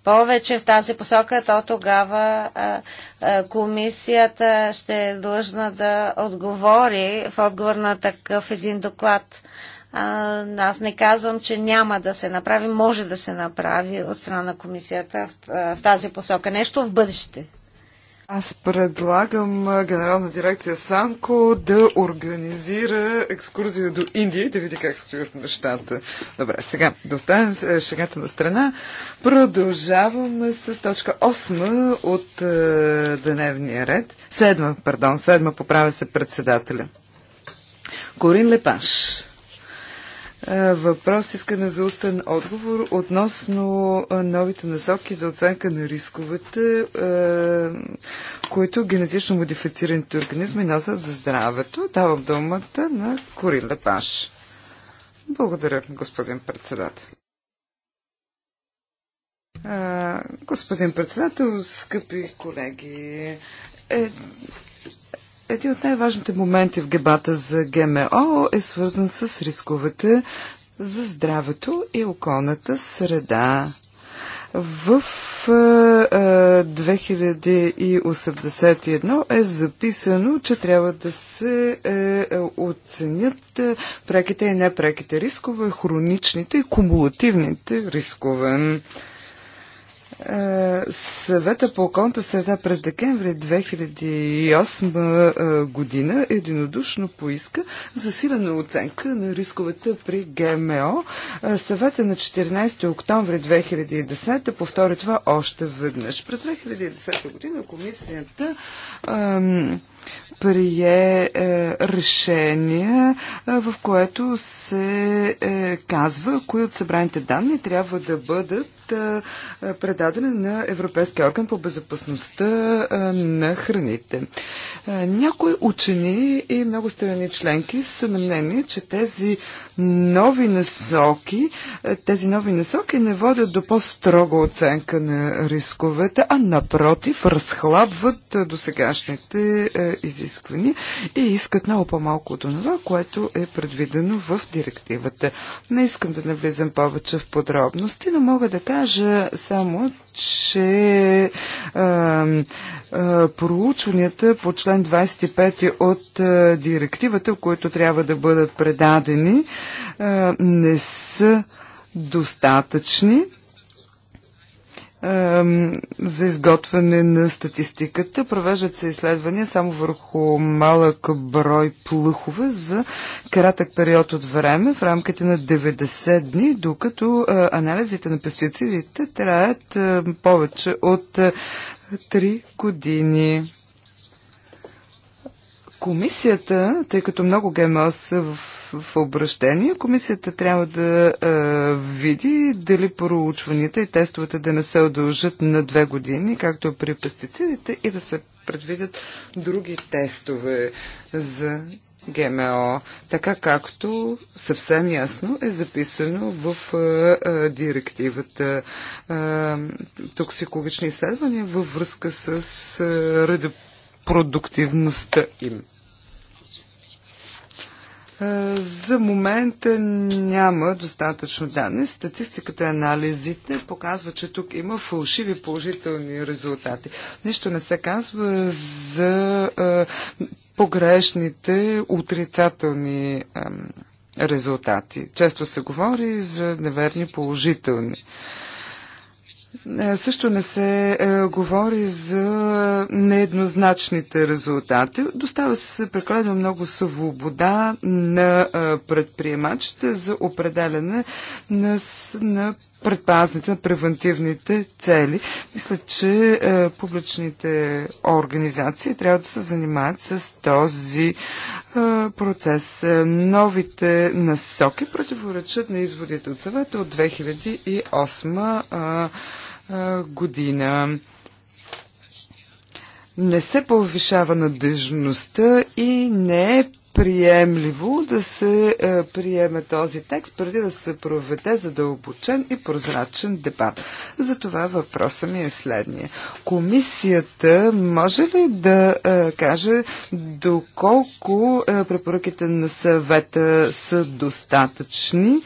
повече в тази посока, то тогава а, а, комисията ще е длъжна да отговори в отговор на такъв един доклад. Аз не казвам, че няма да се направи, може да се направи от страна на комисията в тази посока. Нещо в бъдеще. Аз предлагам Генерална дирекция Санко да организира екскурзия до Индия и да види как стоят нещата. Добре, сега да оставим шегата на страна. Продължаваме с точка 8 от е, дневния ред. Седма, пардон, седма поправя се председателя. Корин Лепаш въпрос искане за устен отговор относно новите насоки за оценка на рисковете, които генетично модифицираните организми носят за здравето. Давам думата на Корин Лепаш. Благодаря, господин председател. Господин председател, скъпи колеги, е, един от най-важните моменти в гебата за ГМО е свързан с рисковете за здравето и околната среда. В 2081 е, е, е записано, че трябва да се е, оценят преките и непреките рискове, хроничните и кумулативните рискове. Е, съвета по околната среда през декември 2008 е, година единодушно поиска засилена оценка на рисковете при ГМО. Е, съвета на 14 октомври 2010 повтори това още веднъж. През 2010 година комисията ам, прие е, решение, в което се е, казва, кои от събраните данни трябва да бъдат предадена на Европейския орган по безопасността на храните. Някои учени и много страни членки са на мнение, че тези нови насоки, тези нови насоки не водят до по-строга оценка на рисковете, а напротив разхлабват досегашните изисквания и искат много по-малко от това, което е предвидено в директивата. Не искам да навлизам повече в подробности, но мога да кажа, кажа само, че а, а, проучванията по член 25 от а, директивата, които трябва да бъдат предадени, а, не са достатъчни за изготвяне на статистиката. Провеждат се изследвания само върху малък брой плъхове за кратък период от време в рамките на 90 дни, докато анализите на пестицидите траят повече от 3 години. Комисията, тъй като много ГМО са в, в обращение, комисията трябва да а, види дали проучванията и тестовете да не се удължат на две години, както при пестицидите, и да се предвидят други тестове за ГМО, така както съвсем ясно е записано в а, а, директивата а, токсикологични изследвания във връзка с а, продуктивността им. Е, за момента няма достатъчно данни. Статистиката и анализите показват, че тук има фалшиви положителни резултати. Нищо не се казва за е, погрешните отрицателни резултати. Често се говори за неверни положителни е, също не се е, говори за нееднозначните резултати. Достава се прекалено много свобода на е, предприемачите за определене на, на предпазните, на превентивните цели. Мисля, че е, публичните организации трябва да се занимават с този е, процес. Е, новите насоки противоречат на изводите от съвета от 2008 е, година. Не се повишава надежността и не е приемливо да се е, приеме този текст, преди да се проведе задълбочен и прозрачен дебат. Затова въпросът ми е следния. Комисията може ли да е, каже доколко е, препоръките на съвета са достатъчни?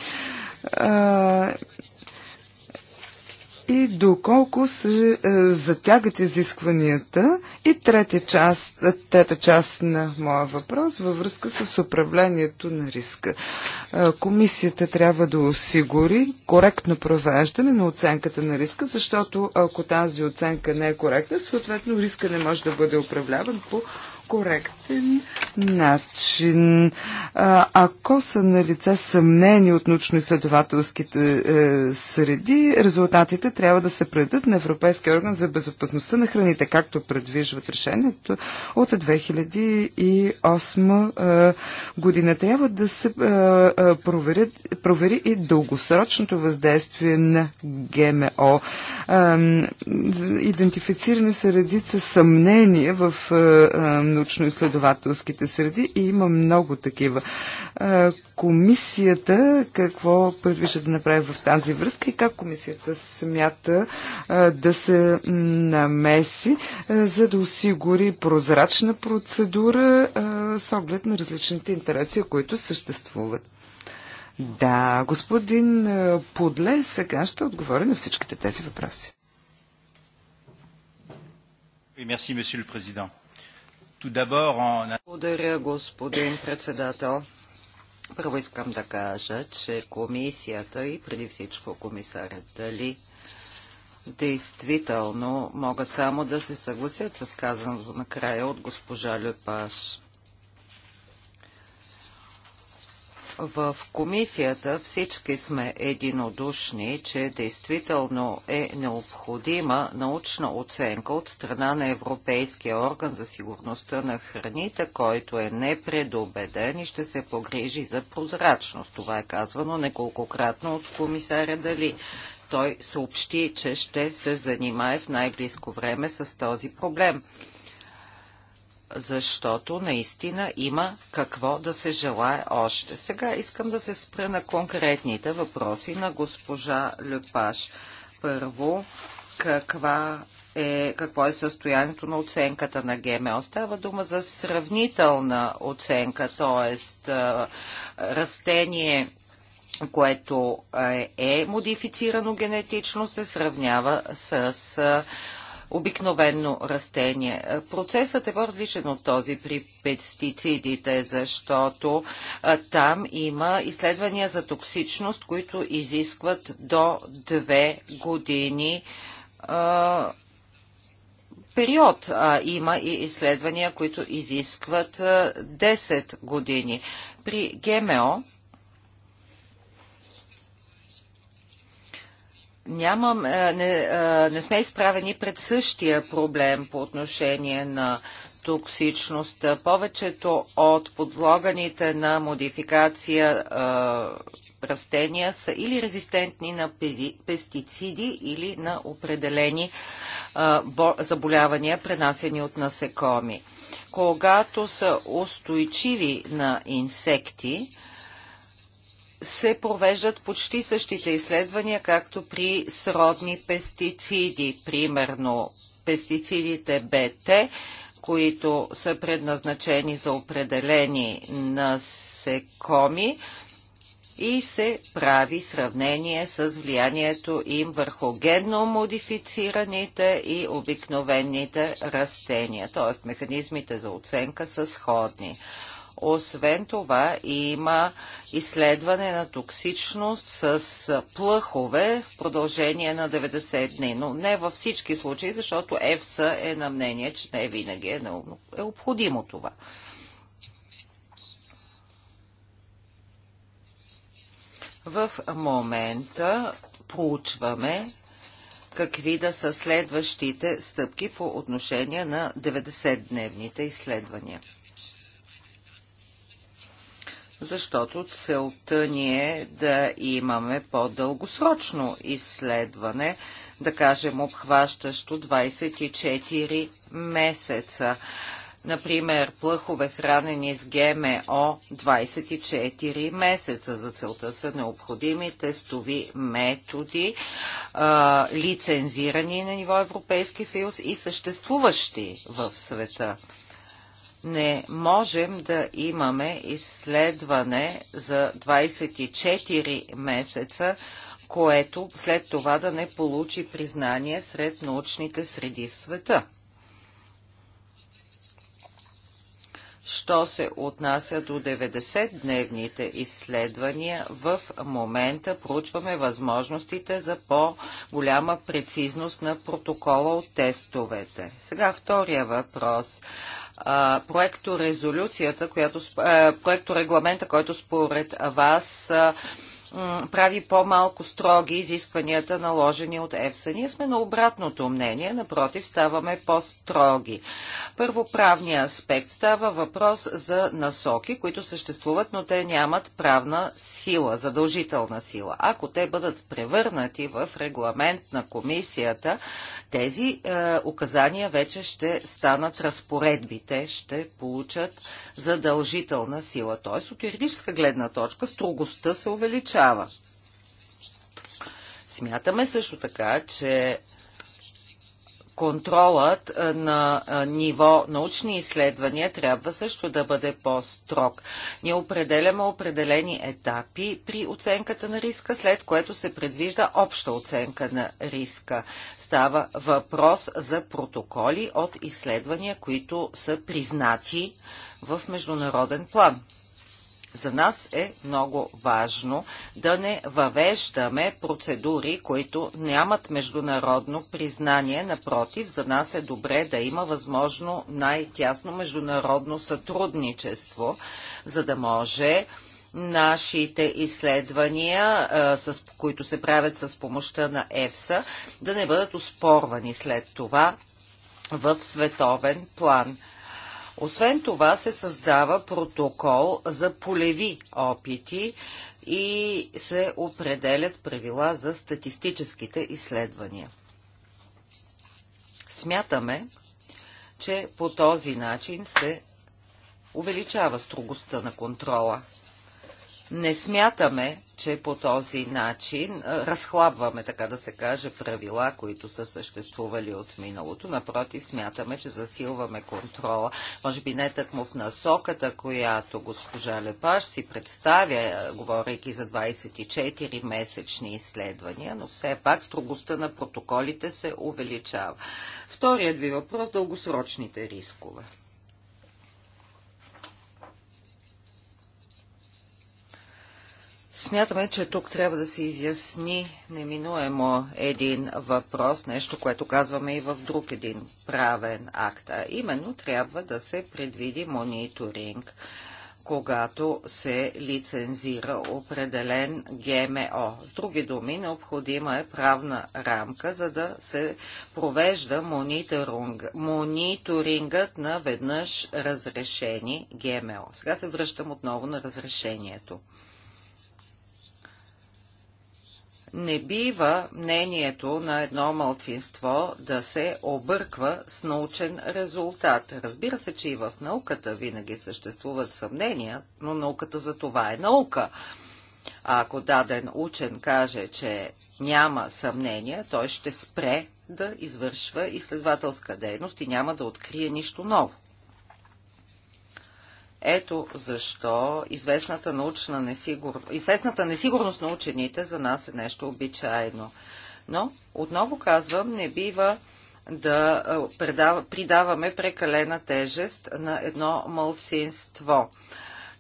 и доколко се е, затягат изискванията. И трета част, е, трета част на моя въпрос във връзка с управлението на риска. Е, комисията трябва да осигури коректно провеждане на оценката на риска, защото ако тази оценка не е коректна, съответно риска не може да бъде управляван по коректен начин. Ако са на лице съмнени от научно-изследователските е, среди, резултатите трябва да се предадат на Европейския орган за безопасността на храните, както предвижват решението от 2008 е, година. Трябва да се е, е провери и дългосрочното въздействие на ГМО. Идентифицирани са редица съмнения в е, научно-изследователските среди и има много такива. Комисията какво предвижда да направи в тази връзка и как комисията смята да се намеси, за да осигури прозрачна процедура с оглед на различните интереси, които съществуват. Да, господин Подле сега ще отговори на всичките тези въпроси. Merci, monsieur le président. Благодаря, господин председател. Първо искам да кажа, че комисията и преди всичко комисарят Дали действително могат само да се съгласят с казаното накрая от госпожа Люпаш. В комисията всички сме единодушни, че действително е необходима научна оценка от страна на Европейския орган за сигурността на храните, който е непредобеден и ще се погрижи за прозрачност. Това е казвано неколкократно от комисаря Дали. Той съобщи, че ще се занимае в най-близко време с този проблем защото наистина има какво да се желае още. Сега искам да се спра на конкретните въпроси на госпожа Люпаш. Първо, каква е, какво е състоянието на оценката на ГМО. Става дума за сравнителна оценка, т.е. растение, което е, е модифицирано генетично, се сравнява с обикновено растение. Процесът е по-различен от този при пестицидите, защото там има изследвания за токсичност, които изискват до две години период. има и изследвания, които изискват 10 години. При ГМО нямам, е, не, е, не сме изправени пред същия проблем по отношение на токсичност. Повечето от подлоганите на модификация е, растения са или резистентни на пестициди или на определени заболявания, пренасени от насекоми. Когато са устойчиви на инсекти, се провеждат почти същите изследвания, както при сродни пестициди, примерно пестицидите БТ, които са предназначени за определени насекоми и се прави сравнение с влиянието им върху генно модифицираните и обикновените растения, т.е. механизмите за оценка са сходни. Освен това има изследване на токсичност с плъхове в продължение на 90 дни, но не във всички случаи, защото ЕФСА е на мнение, че не винаги е необходимо това. В момента проучваме какви да са следващите стъпки по отношение на 90-дневните изследвания защото целта ни е да имаме по-дългосрочно изследване, да кажем обхващащо 24 месеца. Например, плъхове хранени с ГМО 24 месеца. За целта са необходими тестови методи, лицензирани на ниво Европейски съюз и съществуващи в света не можем да имаме изследване за 24 месеца, което след това да не получи признание сред научните среди в света. Що се отнася до 90-дневните изследвания, в момента проучваме възможностите за по-голяма прецизност на протокола от тестовете. Сега втория въпрос проекторезолюцията, която, проекторегламента, който според вас прави по-малко строги изискванията, наложени от ЕФСА. Ние сме на обратното мнение, напротив, ставаме по-строги. Първо аспект става въпрос за насоки, които съществуват, но те нямат правна сила, задължителна сила. Ако те бъдат превърнати в регламент на комисията, тези е, указания вече ще станат разпоредбите, ще получат задължителна сила. Тоест от юридическа гледна точка строгостта се увеличава получава. Смятаме също така, че контролът на ниво научни изследвания трябва също да бъде по-строг. Ние определяме определени етапи при оценката на риска, след което се предвижда обща оценка на риска. Става въпрос за протоколи от изследвания, които са признати в международен план. За нас е много важно да не въвеждаме процедури, които нямат международно признание. Напротив, за нас е добре да има възможно най-тясно международно сътрудничество, за да може нашите изследвания, с, които се правят с помощта на ЕФСА, да не бъдат оспорвани след това в световен план. Освен това се създава протокол за полеви опити и се определят правила за статистическите изследвания. Смятаме, че по този начин се увеличава строгостта на контрола. Не смятаме, че по този начин разхлабваме, така да се каже, правила, които са съществували от миналото. Напротив, смятаме, че засилваме контрола. Може би не тъкмо в насоката, която госпожа Лепаш си представя, говорейки за 24 месечни изследвания, но все пак строгостта на протоколите се увеличава. Вторият ви въпрос – дългосрочните рискове. Смятаме, че тук трябва да се изясни неминуемо един въпрос, нещо, което казваме и в друг един правен акт. А именно трябва да се предвиди мониторинг, когато се лицензира определен ГМО. С други думи, необходима е правна рамка, за да се провежда мониторинг, мониторингът на веднъж разрешени ГМО. Сега се връщам отново на разрешението. Не бива мнението на едно мълцинство да се обърква с научен резултат. Разбира се, че и в науката винаги съществуват съмнения, но науката за това е наука. А ако даден учен каже, че няма съмнение, той ще спре да извършва изследователска дейност и няма да открие нищо ново. Ето защо известната, научна несигур... известната несигурност на учените за нас е нещо обичайно. Но, отново казвам, не бива да предава, придаваме прекалена тежест на едно мълцинство.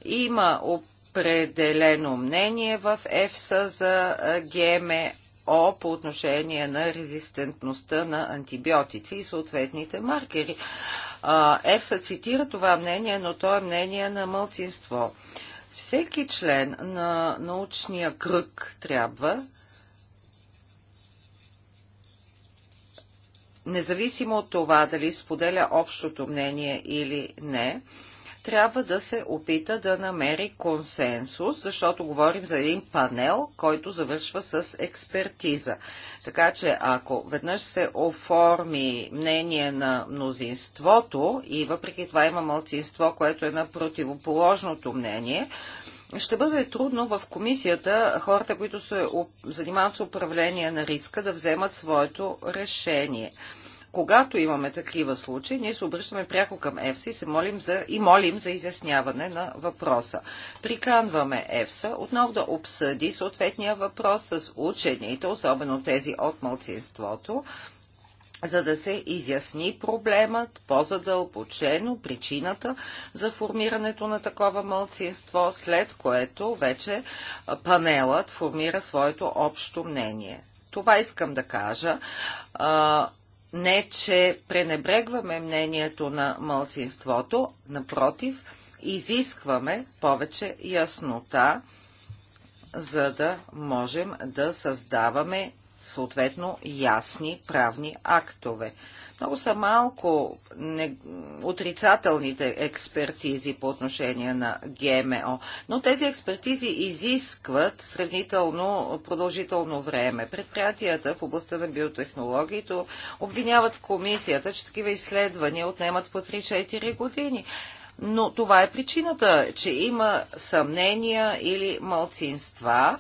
Има определено мнение в ЕФСА за ГМО WHO по отношение на резистентността на антибиотици и съответните маркери. ЕФСА цитира това мнение, но то е мнение на мълцинство. Всеки член на научния кръг трябва независимо от това дали споделя общото мнение или не, трябва да се опита да намери консенсус, защото говорим за един панел, който завършва с експертиза. Така че ако веднъж се оформи мнение на мнозинството и въпреки това има мълцинство, което е на противоположното мнение, ще бъде трудно в комисията хората, които се занимават с управление на риска, да вземат своето решение. Когато имаме такива случаи, ние се обръщаме пряко към ЕФСА и, се молим за, и молим за изясняване на въпроса. Приканваме ЕФСА отново да обсъди съответния въпрос с учените, особено тези от мълцинството, за да се изясни проблемът по-задълбочено, причината за формирането на такова мълцинство, след което вече панелът формира своето общо мнение. Това искам да кажа. Не, че пренебрегваме мнението на мълцинството, напротив, изискваме повече яснота, за да можем да създаваме съответно ясни правни актове. Много са малко не, отрицателните експертизи по отношение на ГМО, но тези експертизи изискват сравнително продължително време. Предприятията в областта на биотехнологиите обвиняват комисията, че такива изследвания отнемат по 3-4 години. Но това е причината, че има съмнения или малцинства,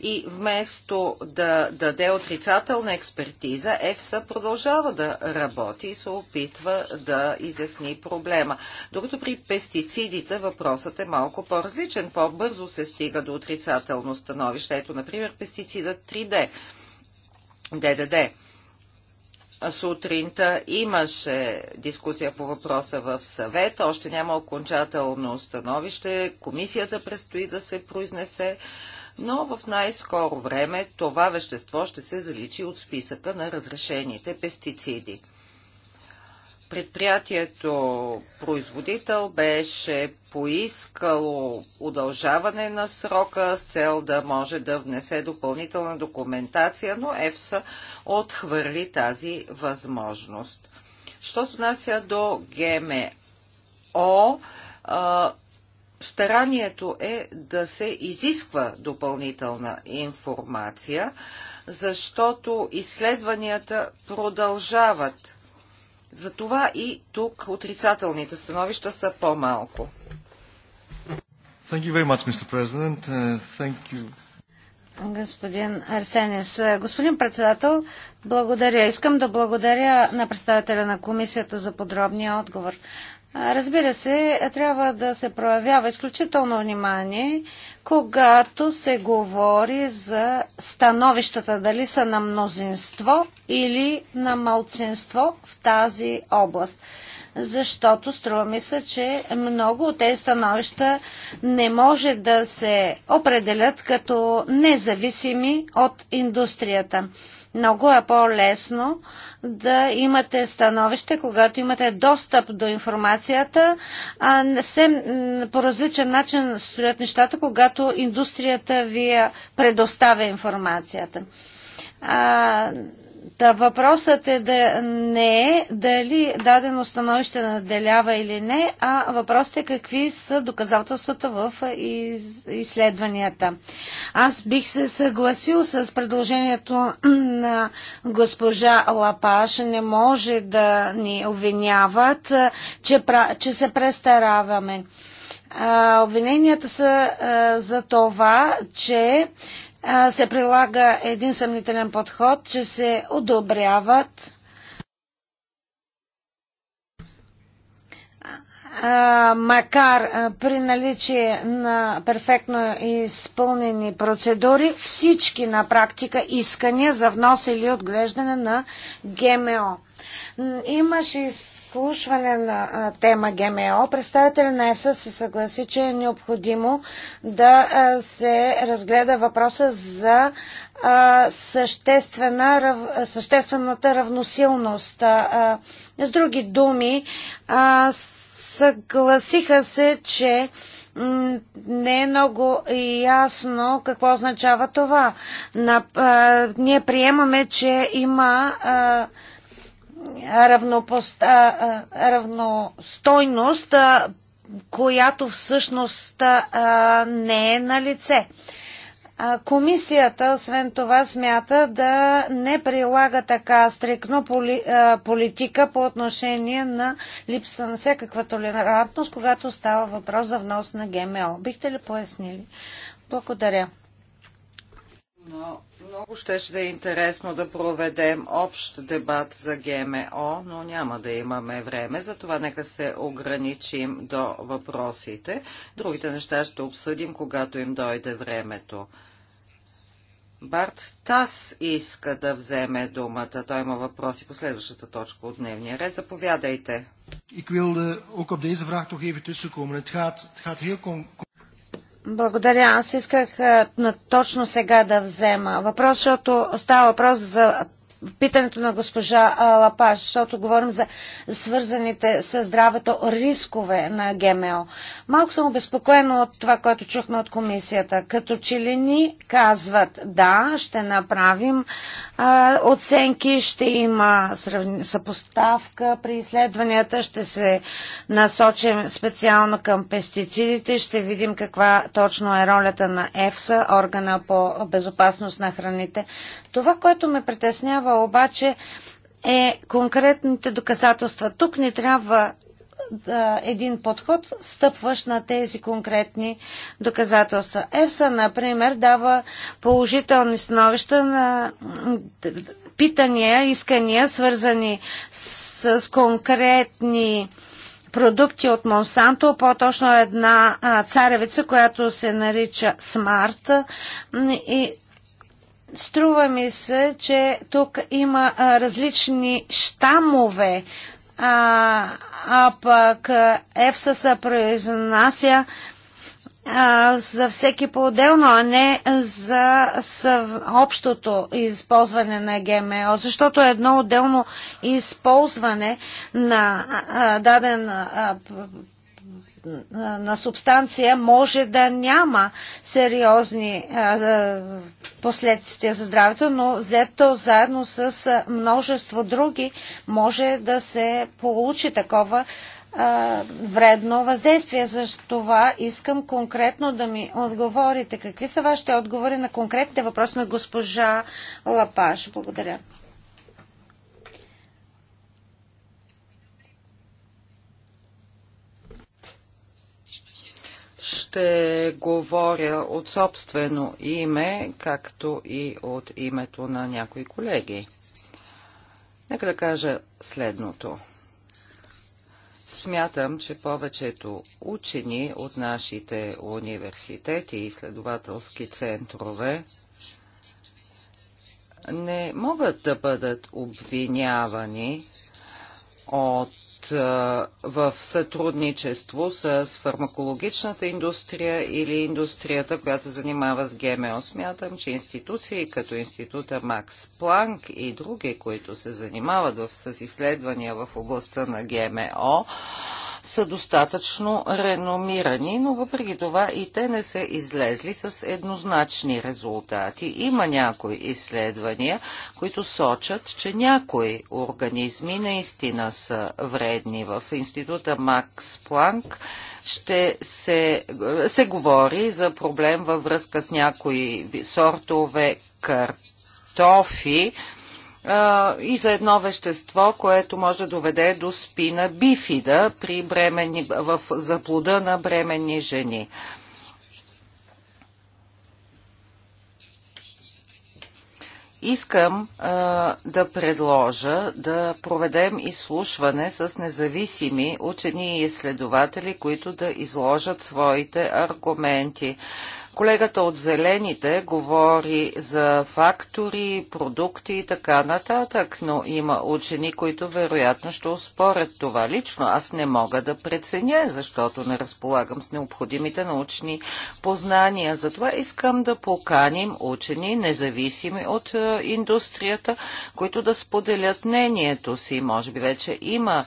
и вместо да даде отрицателна експертиза, ЕФСА продължава да работи и се опитва да изясни проблема. Докато при пестицидите въпросът е малко по-различен, по-бързо се стига до отрицателно становище. Ето, например, пестицидът 3D, ДДД. Сутринта имаше дискусия по въпроса в съвет, още няма окончателно становище, комисията предстои да се произнесе но в най-скоро време това вещество ще се заличи от списъка на разрешените пестициди. Предприятието производител беше поискало удължаване на срока с цел да може да внесе допълнителна документация, но ЕФСА отхвърли тази възможност. Що се отнася до ГМО, старанието е да се изисква допълнителна информация, защото изследванията продължават. Затова и тук отрицателните становища са по-малко. Uh, господин Арсенис, uh, господин председател, благодаря. Искам да благодаря на представителя на комисията за подробния отговор. Разбира се, трябва да се проявява изключително внимание, когато се говори за становищата, дали са на мнозинство или на малцинство в тази област. Защото струва ми се, че много от тези становища не може да се определят като независими от индустрията. Много е по-лесно да имате становище, когато имате достъп до информацията, а не се по различен начин стоят нещата, когато индустрията ви е предоставя информацията. А, Та въпросът е да не е дали дадено становище наделява или не, а въпросът е какви са доказателствата в изследванията. Аз бих се съгласил с предложението на госпожа Лапаш. Не може да ни обвиняват, че, че се престараваме. Обвиненията са за това, че се прилага един съмнителен подход, че се одобряват макар при наличие на перфектно изпълнени процедури, всички на практика искания за внос или отглеждане на ГМО. Имаше изслушване на тема ГМО. Представителя на ЕФСА се съгласи, че е необходимо да се разгледа въпроса за съществена, съществената равносилност. С други думи, Съгласиха се, че не е много ясно какво означава това. На, а, ние приемаме, че има а, а, равностойност, а, която всъщност а, не е на лице. Комисията, освен това, смята да не прилага така стрикно поли, политика по отношение на липса на всякаква толерантност, когато става въпрос за внос на ГМО. Бихте ли пояснили? Благодаря. Но, много ще, ще е интересно да проведем общ дебат за ГМО, но няма да имаме време, затова нека се ограничим до въпросите. Другите неща ще обсъдим, когато им дойде времето. Барт Стас иска да вземе думата. Той има въпроси по следващата точка от дневния ред. Заповядайте. Благодаря. Аз исках е, на точно сега да взема въпрос, защото става въпрос за питането на госпожа Лапаш, защото говорим за свързаните с здравето рискове на ГМО. Малко съм обезпокоена от това, което чухме от комисията. Като че ли ни казват да, ще направим а, оценки, ще има съпоставка при изследванията, ще се насочим специално към пестицидите, ще видим каква точно е ролята на ЕФСА, органа по безопасност на храните. Това, което ме притеснява трябва обаче е конкретните доказателства. Тук не трябва един подход, стъпваш на тези конкретни доказателства. ЕФСА, например, дава положителни становища на питания, искания, свързани с, с конкретни продукти от Монсанто, по-точно една а, царевица, която се нарича Смарт и Струва ми се, че тук има а, различни щамове, а, а пък ЕФСА се произнася а, за всеки по-отделно, а не за съв... общото използване на ГМО, защото едно отделно използване на а, даден а, на субстанция може да няма сериозни последствия за здравето, но взето заедно с множество други може да се получи такова вредно въздействие. За това искам конкретно да ми отговорите. Какви са вашите отговори на конкретните въпроси на госпожа Лапаш? Благодаря. ще говоря от собствено име, както и от името на някои колеги. Нека да кажа следното. Смятам, че повечето учени от нашите университети и изследователски центрове не могат да бъдат обвинявани от в сътрудничество с фармакологичната индустрия или индустрията, която се занимава с ГМО. Смятам, че институции като института Макс Планк и други, които се занимават с изследвания в областта на ГМО, са достатъчно реномирани, но въпреки това и те не са излезли с еднозначни резултати. Има някои изследвания, които сочат, че някои организми наистина са вредни. В института Макс Планк ще се, се говори за проблем във връзка с някои сортове картофи, и за едно вещество, което може да доведе до спина бифида при бремени, в заплода на бременни жени. Искам а, да предложа да проведем изслушване с независими учени и изследователи, които да изложат своите аргументи. Колегата от зелените говори за фактори, продукти и така нататък, но има учени, които вероятно ще успорят това. Лично аз не мога да преценя, защото не разполагам с необходимите научни познания. Затова искам да поканим учени, независими от е, индустрията, които да споделят мнението си. Може би вече има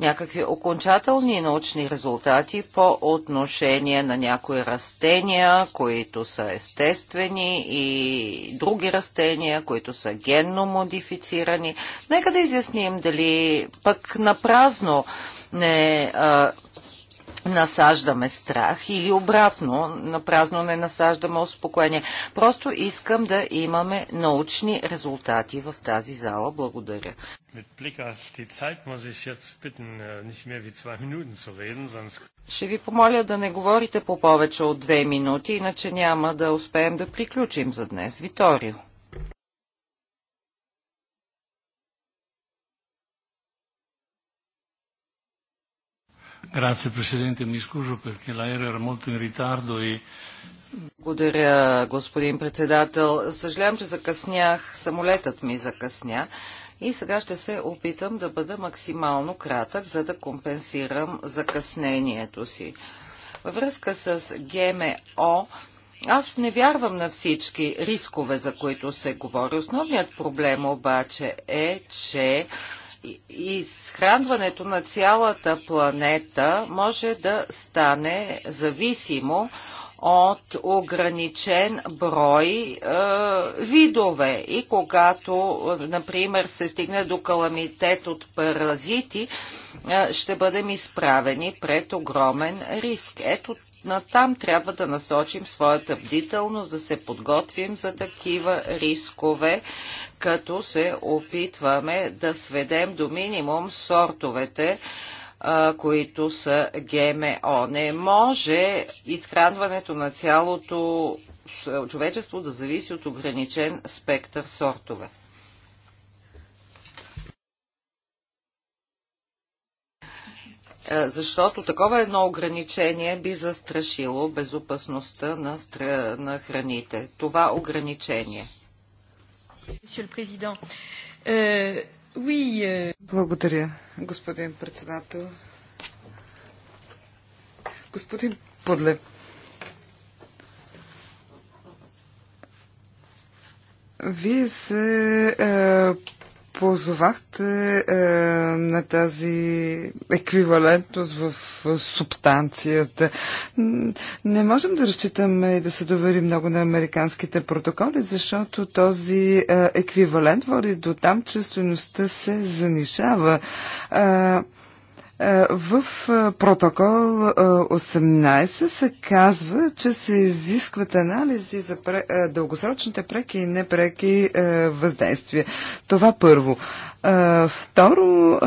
някакви окончателни научни резултати по отношение на някои растения, които са естествени и други растения, които са генно модифицирани. Нека да изясним дали пък напразно не а, насаждаме страх или обратно, на празно не насаждаме успокоение. Просто искам да имаме научни резултати в тази зала. Благодаря. Äh, Ще ви помоля да не говорите по повече от две минути, иначе няма да успеем да приключим за днес. Виторио. Grazie Presidente, mi scuso perché l'aereo era molto in ritardo e благодаря, господин председател. Съжалявам, че закъснях. Самолетът ми закъсня. И сега ще се опитам да бъда максимално кратък, за да компенсирам закъснението си. Във връзка с ГМО, аз не вярвам на всички рискове, за които се говори. Основният проблем обаче е, че изхранването на цялата планета може да стане зависимо от ограничен брой е, видове. И когато, например, се стигне до каламитет от паразити, е, ще бъдем изправени пред огромен риск. Ето на там трябва да насочим своята бдителност, да се подготвим за такива рискове, като се опитваме да сведем до минимум сортовете, които са ГМО. Не може изхранването на цялото човечество да зависи от ограничен спектър сортове. Е, защото такова едно ограничение би застрашило безопасността на, стра... на храните. Това ограничение. Е, е. Благодаря, господин председател. Господин Подлев, вие се е, позовахте е, на тази еквивалентност в субстанцията. Не можем да разчитаме и да се доверим много на американските протоколи, защото този е, еквивалент води до там, че стоеността се занишава. Е, е, в е, протокол 18 е, се казва, че се изискват анализи за дългосрочните преки и непреки въздействия. Това първо. Второ,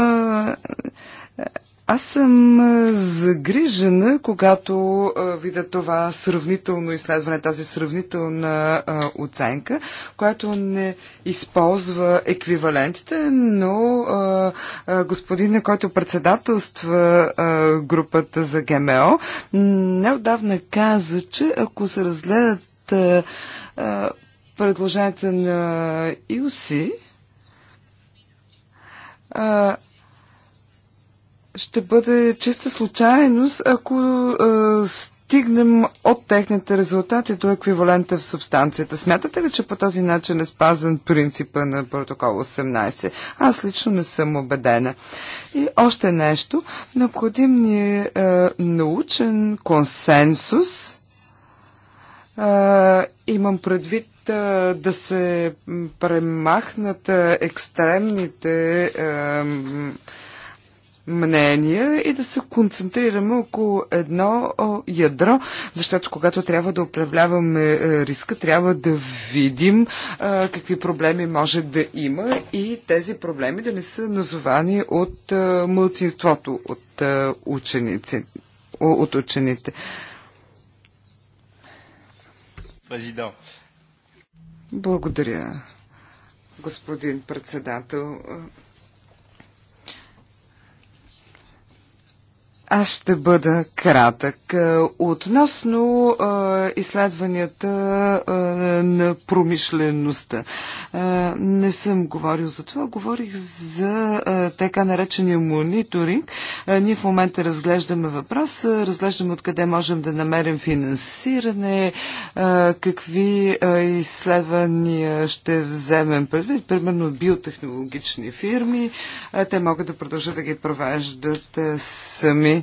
аз съм загрижена, когато видя това сравнително изследване, тази сравнителна оценка, която не използва еквивалентите, но господина, който председателства групата за ГМО, неодавна каза, че ако се разгледат предложенията на ИОСИ, ще бъде чиста случайност, ако а, стигнем от техните резултати до еквивалента в субстанцията. Смятате ли, че по този начин е спазен принципа на протокол 18? Аз лично не съм убедена. И още нещо. Необходим ни е, е научен консенсус. А, е, имам предвид е, да се премахнат екстремните а, мнения и да се концентрираме около едно ядро, защото когато трябва да управляваме е, риска, трябва да видим е, какви проблеми може да има и тези проблеми да не са назовани от е, мълцинството, от ученици, от учените. Благодаря, господин председател. Аз ще бъда кратък. Е, относно а, е, изследванията а, е, на промишлеността. А, не съм говорил за това, говорих за а, така наречения мониторинг. А, ние в момента разглеждаме въпрос, разглеждаме откъде можем да намерим финансиране, а, какви а, изследвания ще вземем предвид, примерно биотехнологични фирми. А, те могат да продължат да ги провеждат а, сами.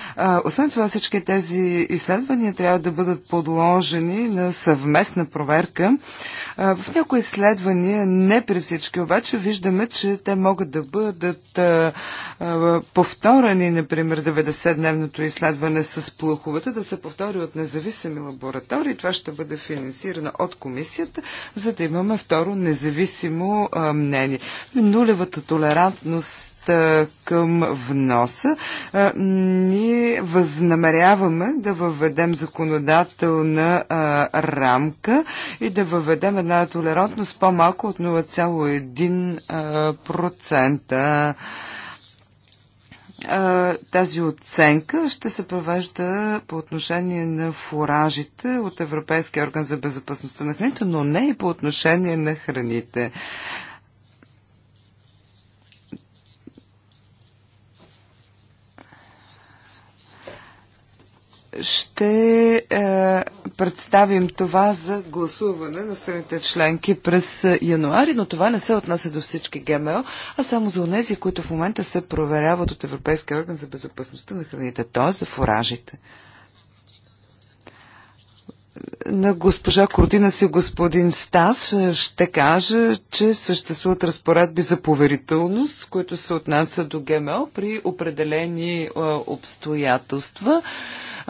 А, освен това, всички тези изследвания трябва да бъдат подложени на съвместна проверка. А, в някои изследвания, не при всички, обаче виждаме, че те могат да бъдат а, а, повторени, например, 90-дневното изследване с плуховете, да се повтори от независими лаборатории. Това ще бъде финансирано от комисията, за да имаме второ независимо а, мнение. Нулевата толерантност към вноса. А, ние възнамеряваме да въведем законодателна а, рамка и да въведем една толерантност по-малко от 0,1%. Тази оценка ще се провежда по отношение на фуражите от Европейския орган за безопасността на храните, но не и по отношение на храните. ще е, представим това за гласуване на страните членки през януари, но това не се отнася до всички ГМО, а само за онези, които в момента се проверяват от Европейския орган за безопасността на храните, т.е. за фуражите. На госпожа Кордина си господин Стас ще каже, че съществуват разпоредби за поверителност, които се отнасят до ГМО при определени е, обстоятелства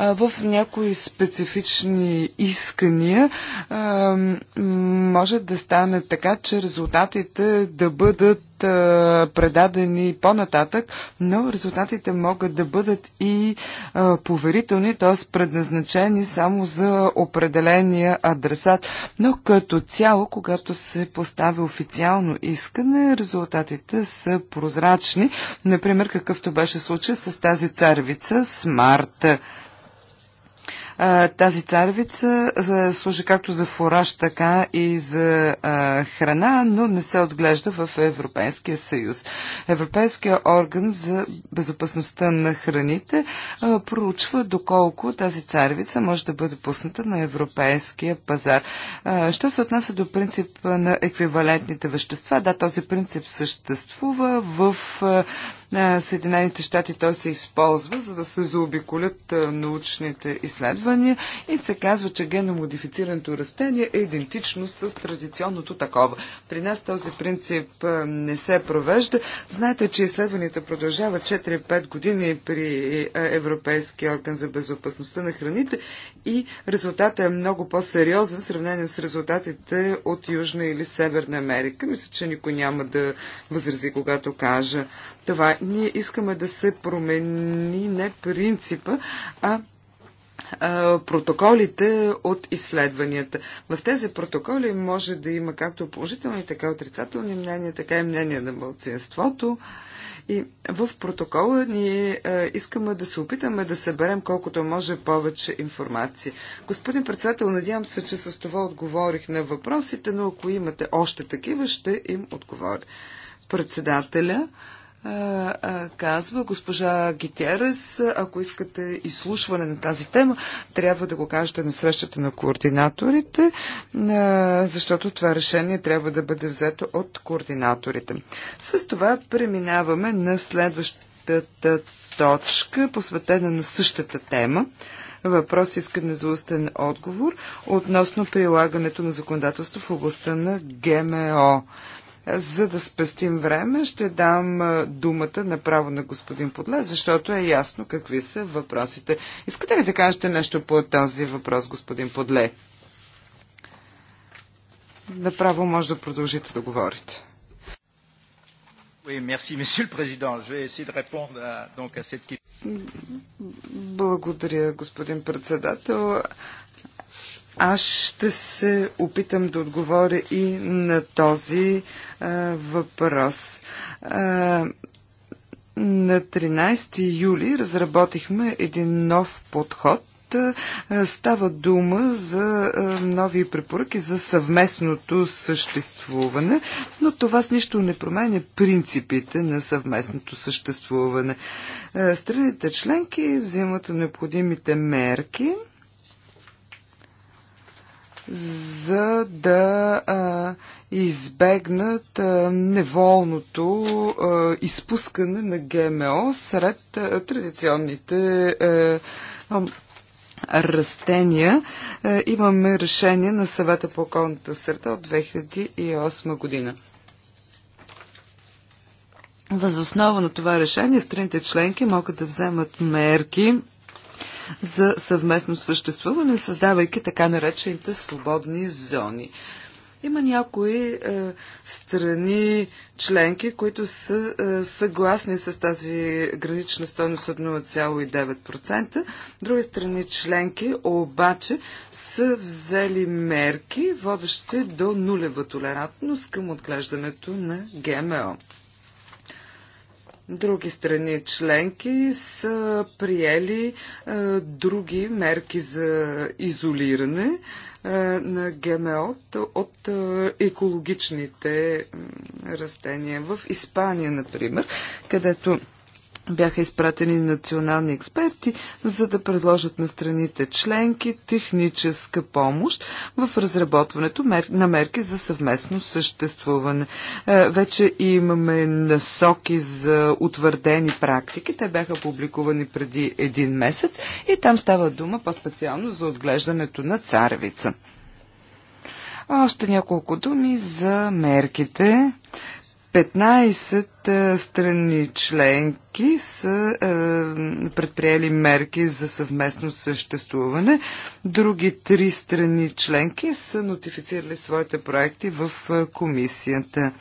в някои специфични искания може да стане така, че резултатите да бъдат предадени по-нататък, но резултатите могат да бъдат и поверителни, т.е. предназначени само за определения адресат. Но като цяло, когато се постави официално искане, резултатите са прозрачни. Например, какъвто беше случай с тази царвица смарта. Тази царевица служи както за фураж, така и за храна, но не се отглежда в Европейския съюз. Европейския орган за безопасността на храните проучва доколко тази царевица може да бъде пусната на европейския пазар. Що се отнася до принцип на еквивалентните вещества? Да, този принцип съществува в на Съединените щати той се използва, за да се заобиколят научните изследвания и се казва, че геномодифицираното растение е идентично с традиционното такова. При нас този принцип не се провежда. Знаете, че изследванията продължават 4-5 години при Европейския орган за безопасността на храните и резултатът е много по-сериозен в сравнение с резултатите от Южна или Северна Америка. Мисля, че никой няма да възрази, когато кажа това. Ние искаме да се промени не принципа, а протоколите от изследванията. В тези протоколи може да има както положителни, така и отрицателни мнения, така и мнения на мълцинството. И в протокола ние искаме да се опитаме да съберем колкото може повече информация. Господин председател, надявам се, че с това отговорих на въпросите, но ако имате още такива, ще им отговоря. Председателя, казва госпожа Гитерес, ако искате изслушване на тази тема, трябва да го кажете на срещата на координаторите, защото това решение трябва да бъде взето от координаторите. С това преминаваме на следващата точка, посветена на същата тема. Въпрос искане за устен отговор относно прилагането на законодателство в областта на ГМО. За да спестим време, ще дам думата направо на господин Подле, защото е ясно какви са въпросите. Искате ли да кажете нещо по този въпрос, господин Подле? Направо може да продължите да говорите. Благодаря, господин председател. Аз ще се опитам да отговоря и на този а, въпрос. А, на 13 юли разработихме един нов подход. Става дума за нови препоръки за съвместното съществуване, но това с нищо не променя принципите на съвместното съществуване. Страните членки взимат необходимите мерки – за да а, избегнат а, неволното а, изпускане на ГМО сред а, традиционните а, растения. А, имаме решение на съвета по околната среда от 2008 година. Възоснова на това решение страните членки могат да вземат мерки за съвместно съществуване, създавайки така наречените свободни зони. Има някои е, страни членки, които са е, съгласни с тази гранична стойност от 0,9%. Други страни членки обаче са взели мерки, водещи до нулева толерантност към отглеждането на ГМО други страни членки са приели а, е, други мерки за изолиране а, е, на ГМО от а, е, екологичните растения. В Испания, например, където бяха изпратени национални експерти, за да предложат на страните членки техническа помощ в разработването на мерки за съвместно съществуване. Е, вече имаме насоки за утвърдени практики. Те бяха публикувани преди един месец и там става дума по-специално за отглеждането на царевица. Още няколко думи за мерките. 15 е, страни членки са е, предприели мерки за съвместно съществуване. Други три страни членки са нотифицирали своите проекти в е, комисията.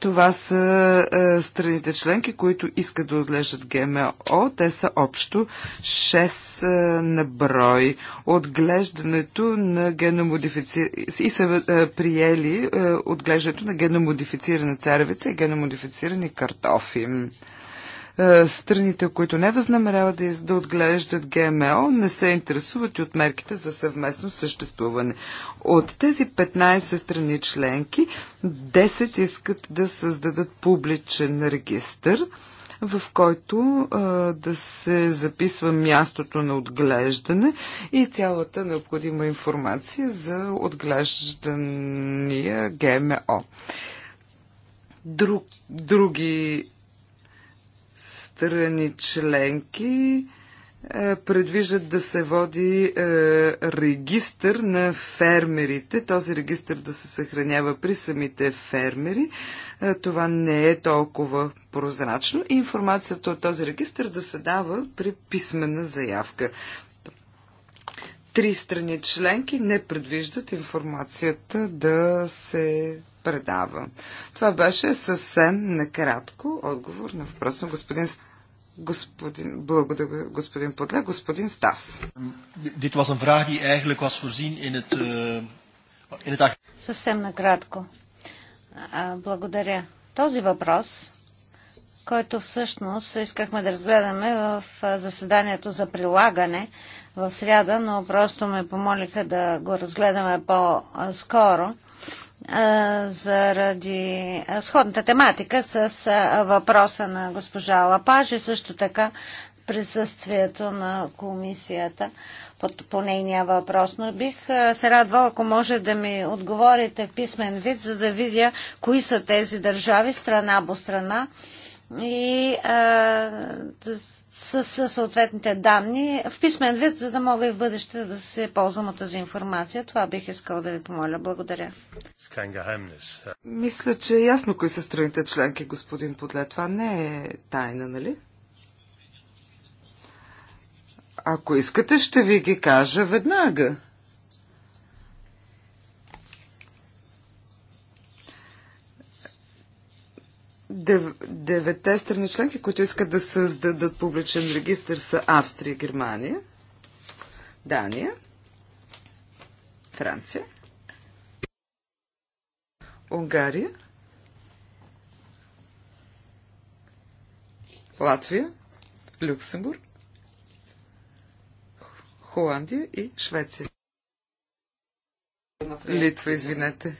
Това са е, страните членки, които искат да отлежат ГМО. Те са общо 6 е, на брой. Отглеждането на геномодифициране и са е, приели е, отглеждането на геномодифицирана царевица и геномодифицирани картофи. Е, страните, които не възнамеряват да, да отглеждат ГМО, не се интересуват и от мерките за съвместно съществуване. От тези 15 страни членки, 10 искат да създадат публичен регистр, в който а, да се записва мястото на отглеждане и цялата необходима информация за отглеждания ГМО. Друг, други страни членки е, предвиждат да се води е, регистър на фермерите. Този регистър да се съхранява при самите фермери. Е, това не е толкова прозрачно. И информацията от този регистър да се дава при писмена заявка. Три страни членки не предвиждат информацията да се предава. Това беше съвсем накратко отговор на въпроса на господин Господин, благодаря, господин Подля. Господин Стас. was een vraag die eigenlijk was voorzien in het, eh, in het... Съвсем накратко. благодаря. Този въпрос, който всъщност искахме да разгледаме в заседанието за прилагане в сряда, но просто ме помолиха да го разгледаме по-скоро заради сходната тематика с въпроса на госпожа Лапаж и също така присъствието на комисията под, по нейния въпрос. Но бих се радвала, ако може да ми отговорите в писмен вид, за да видя кои са тези държави, страна по страна и а, с съответните данни в писмен вид, за да мога и в бъдеще да се ползвам от тази информация. Това бих искал да ви помоля. Благодаря. Мисля, че е ясно кои са страните членки, господин Подле. Това не е тайна, нали? Ако искате, ще ви ги кажа веднага. Девете страни членки, които искат да създадат публичен регистр са Австрия, Германия, Дания, Франция, Унгария, Латвия, Люксембург, Холандия и Швеция. Литва, извинете.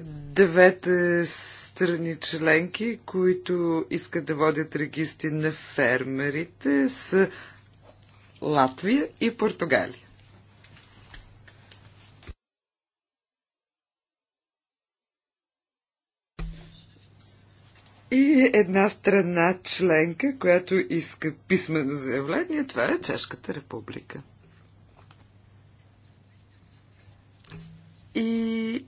двете страни членки, които искат да водят регистри на фермерите са Латвия и Португалия. И една страна членка, която иска писмено заявление, това е Чешката република. И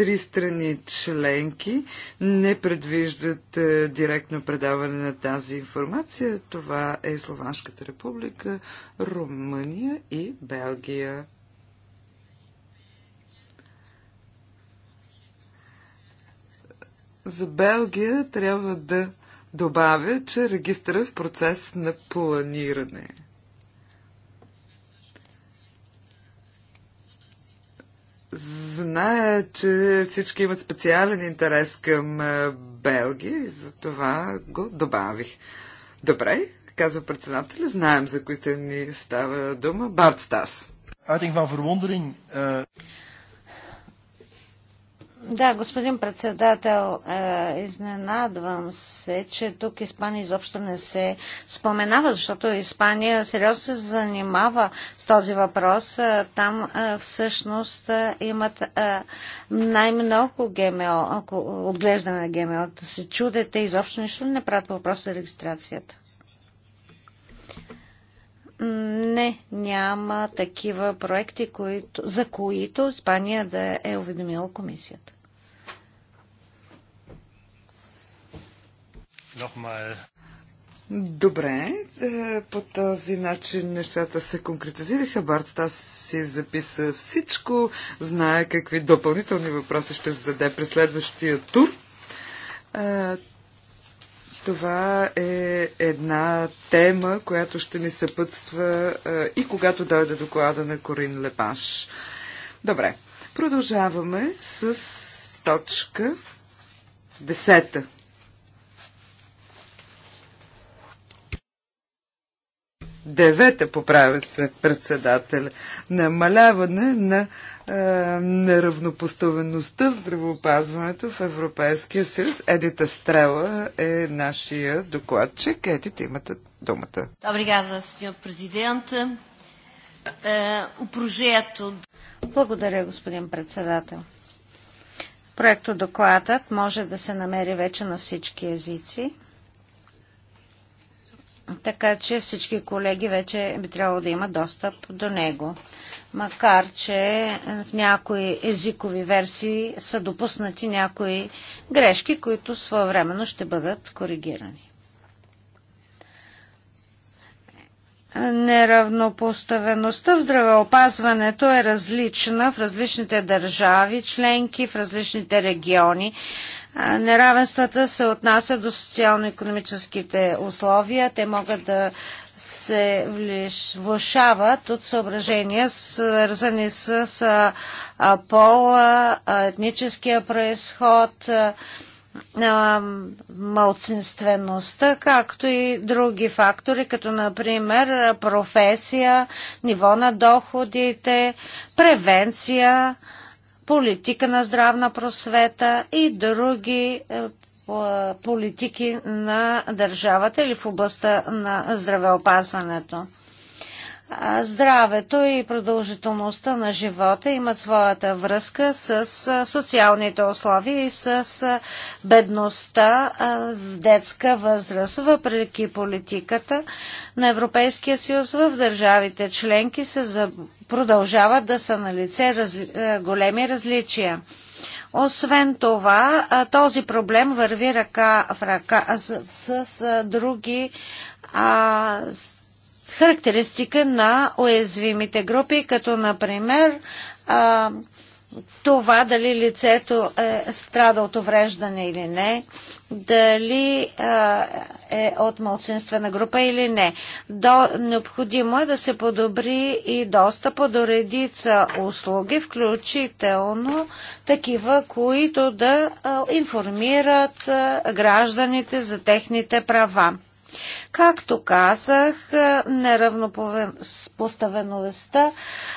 три страни членки не предвиждат е, директно предаване на тази информация. Това е Словашката република, Румъния и Белгия. За Белгия трябва да добавя, че регистъра е в процес на планиране. Зная, че всички имат специален интерес към е, Белгия и затова го добавих. Добре, казва председателя, знаем за кои сте ни става дума. Барт Стас. Uiting van verwondering. Uh... Да, господин председател, е, изненадвам се, че тук Испания изобщо не се споменава, защото Испания сериозно се занимава с този въпрос. Е, там е, всъщност имат най-много ГМО, ако отглеждане на ГМО. Да се чудете, изобщо нищо не правят по въпроса за регистрацията. Не, няма такива проекти, които, за които Испания да е уведомила комисията. Добре, е, по този начин нещата се конкретизираха. Барт аз си записа всичко, знае какви допълнителни въпроси ще зададе през следващия тур. Е, това е една тема, която ще ни съпътства е, и когато дойде доклада на Корин Лепаш. Добре, продължаваме с точка 10. Девета, поправя се председателя. намаляване на е, неравнопоставеността в здравеопазването в Европейския съюз. Едита Стрела е нашия докладчик. Едита, имате думата. Обригада, сеньор президент. Е, Благодаря, господин председател. Проекто докладът може да се намери вече на всички езици така че всички колеги вече би трябвало да имат достъп до него. Макар, че в някои езикови версии са допуснати някои грешки, които своевременно ще бъдат коригирани. Неравнопоставеността в здравеопазването е различна в различните държави, членки, в различните региони. Неравенствата се отнасят до социално-економическите условия. Те могат да се влушават от съображения, свързани с пола, етническия происход, малцинствеността, както и други фактори, като например професия, ниво на доходите, превенция, политика на здравна просвета и други е, е, политики на държавата или в областта на здравеопазването. Здравето и продължителността на живота имат своята връзка с е, социалните условия и с бедността в детска възраст. Въпреки политиката на Европейския съюз в държавите членки се продължават да са на лице разли... Е, големи различия. Освен това, е, този проблем върви ръка в ръка с, с, с е, други а, с характеристика на уязвимите групи, като например а, това дали лицето е страда от увреждане или не, дали а, е от младсинствена група или не. До, необходимо е да се подобри и достъпа до редица услуги, включително такива, които да а, информират а, гражданите за техните права. Както казах, е, неравнопоставеността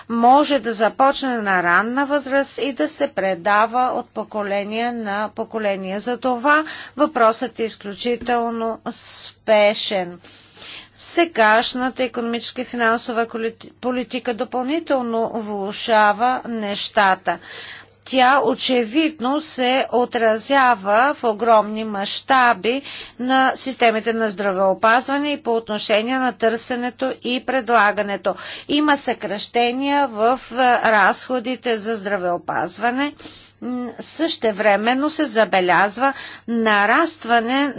може да започне на ранна възраст и да се предава от поколение на поколение. За това въпросът е изключително спешен. Сегашната економическа и финансова политика допълнително влушава нещата тя очевидно се отразява в огромни мащаби на системите на здравеопазване и по отношение на търсенето и предлагането. Има съкръщения в разходите за здравеопазване Същевременно се забелязва нарастване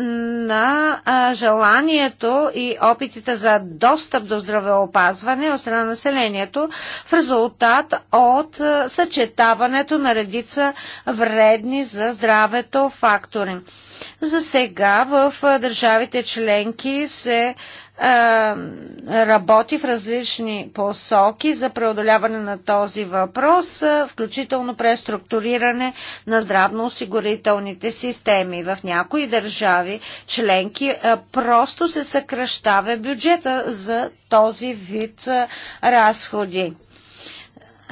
на желанието и опитите за достъп до здравеопазване от страна на населението в резултат от съчетаването на редица вредни за здравето фактори. За сега в държавите членки се е, работи в различни посоки за преодоляване на този въпрос, е, включително преструктуриране на здравноосигурителните системи. В някои държави членки е, просто се съкръщава бюджета за този вид разходи.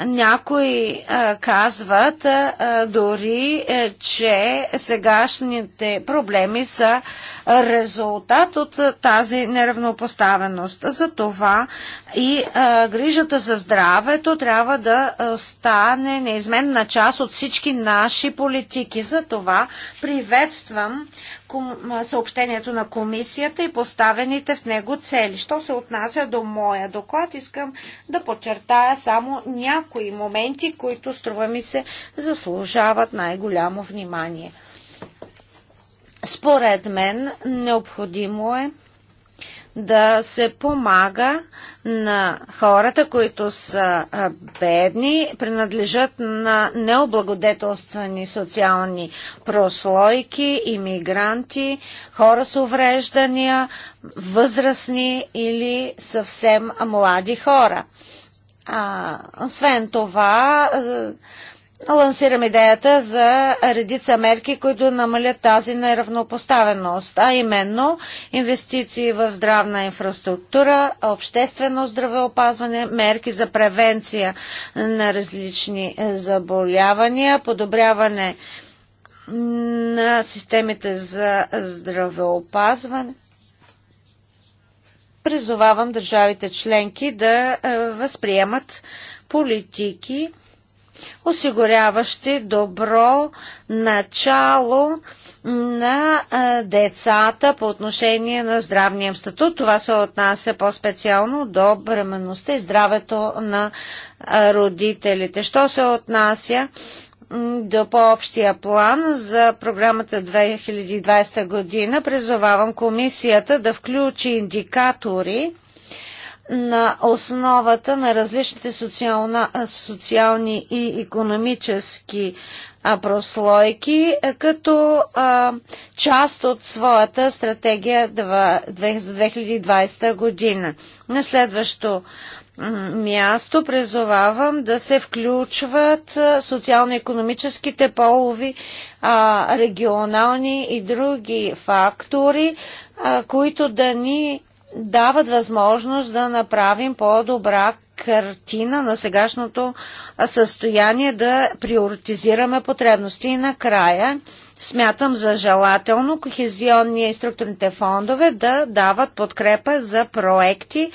Някои а, казват а, дори, а, е, че сегашните проблеми са резултат от а, тази неравнопоставеност. Затова и а, грижата за здравето трябва да стане неизменна част от всички наши политики. Затова приветствам съобщението на комисията и поставените в него цели. Що се отнася до моя доклад, искам да подчертая само някои моменти, които струва ми се заслужават най-голямо внимание. Според мен необходимо е да се помага на хората, които са бедни, принадлежат на необлагодетелствани социални прослойки, иммигранти, хора с увреждания, възрастни или съвсем млади хора. А, освен това, лансирам идеята за редица мерки, които намалят тази неравнопоставеност, а именно инвестиции в здравна инфраструктура, обществено здравеопазване, мерки за превенция на различни е, заболявания, подобряване на системите за здравеопазване. Призовавам държавите членки да е, възприемат политики, осигуряващи добро начало на децата по отношение на здравния статут. Това се отнася по-специално до бременността и здравето на родителите. Що се отнася до по-общия план за програмата 2020 година, призовавам комисията да включи индикатори, на основата на различните социална, социални и економически прослойки, като а, част от своята стратегия за 2020 година. На следващо място призовавам да се включват социално-економическите полови, а, регионални и други фактори, а, които да ни дават възможност да направим по-добра картина на сегашното състояние, да приоритизираме потребности. И накрая смятам за желателно кохезионния и структурните фондове да дават подкрепа за проекти,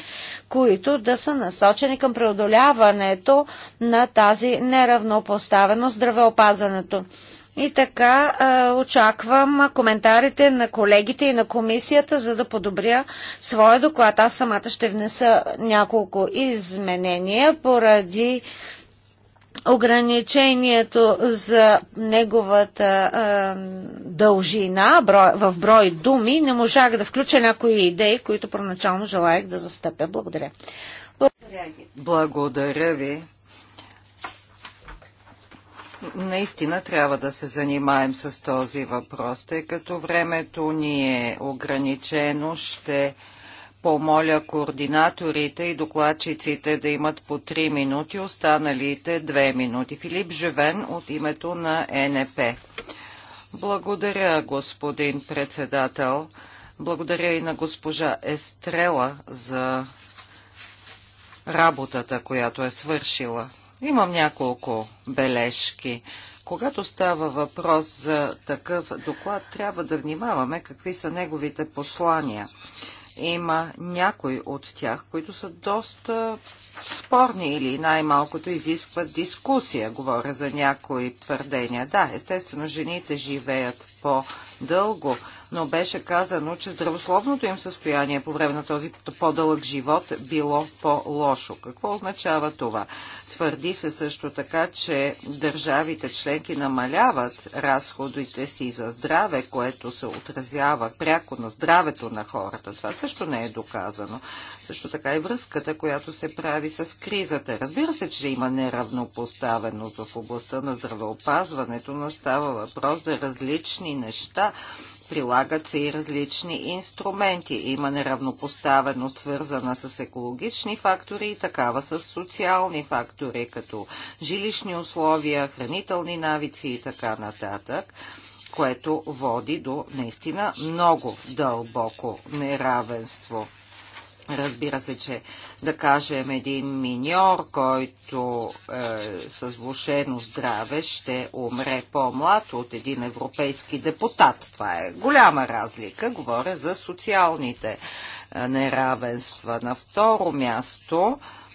които да са насочени към преодоляването на тази неравнопоставеност здравеопазването. И така а, очаквам коментарите на колегите и на комисията, за да подобря своя доклад. Аз самата ще внеса няколко изменения поради ограничението за неговата а, дължина в брой думи. Не можах да включа някои идеи, които проначално желаях да застъпя. Благодаря. Благодаря, Благодаря ви. Наистина трябва да се занимаем с този въпрос, тъй като времето ни е ограничено. Ще помоля координаторите и докладчиците да имат по 3 минути, останалите 2 минути. Филип Живен от името на НП. Благодаря, господин председател. Благодаря и на госпожа Естрела за работата, която е свършила. Имам няколко бележки. Когато става въпрос за такъв доклад, трябва да внимаваме какви са неговите послания. Има някои от тях, които са доста спорни или най-малкото изискват дискусия. Говоря за някои твърдения. Да, естествено, жените живеят по-дълго, но беше казано, че здравословното им състояние по време на този по-дълъг живот било по-лошо. Какво означава това? Твърди се също така, че държавите членки намаляват разходите си за здраве, което се отразява пряко на здравето на хората. Това също не е доказано. Също така и връзката, която се прави с кризата. Разбира се, че има неравнопоставеност в областта на здравеопазването, но става въпрос за различни неща прилагат се и различни инструменти. Има неравнопоставеност, свързана с екологични фактори и такава с социални фактори, като жилищни условия, хранителни навици и така нататък което води до наистина много дълбоко неравенство. Разбира се, че да кажем един миньор, който е, с влушено здраве ще умре по-млад от един европейски депутат. Това е голяма разлика. Говоря за социалните е, неравенства. На второ място, е,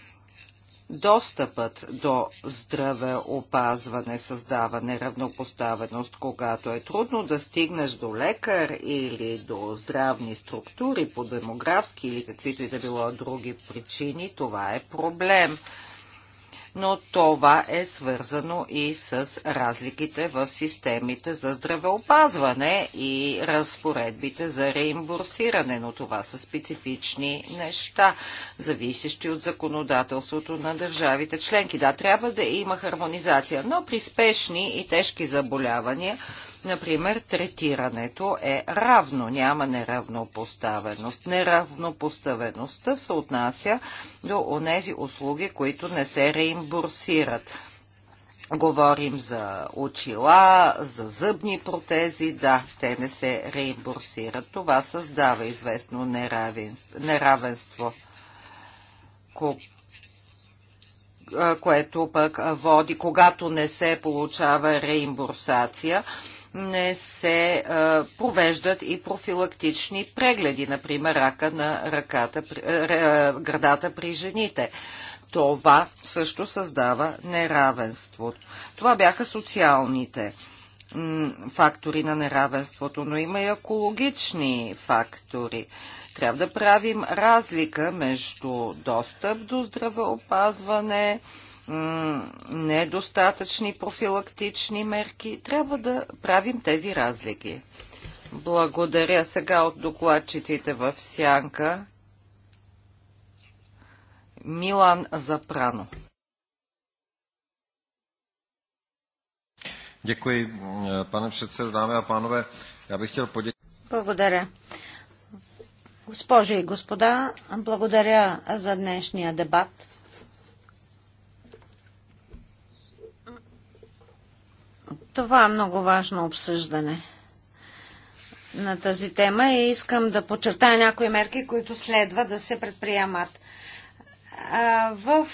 достъпът до здраве опазване създава неравнопоставеност, когато е трудно да стигнеш до лекар или до здравни структури по демографски или каквито и да било други причини, това е проблем но това е свързано и с разликите в системите за здравеопазване и разпоредбите за реимбурсиране, но това са специфични неща, зависещи от законодателството на държавите членки. Да, трябва да има хармонизация, но при спешни и тежки заболявания – Например, третирането е равно, няма неравнопоставеност. Неравнопоставеността се отнася до онези услуги, които не се реимбурсират. Говорим за очила, за зъбни протези. Да, те не се реимбурсират. Това създава известно неравенство, което пък води, когато не се получава реимбурсация, не се провеждат и профилактични прегледи, например рака на ръката, градата при жените. Това също създава неравенство. Това бяха социалните фактори на неравенството, но има и екологични фактори. Трябва да правим разлика между достъп до здравеопазване, недостатъчни профилактични мерки. Трябва да правим тези разлики. Благодаря сега от докладчиците в Сянка. Милан Запрано. Děkuji, pane předsedo, dámy a pánové. Já bych chtěl poděkovat. Благодаря. Госпожи и господа, благодаря за днешния дебат. Това е много важно обсъждане на тази тема и искам да подчертая някои мерки, които следва да се предприемат. В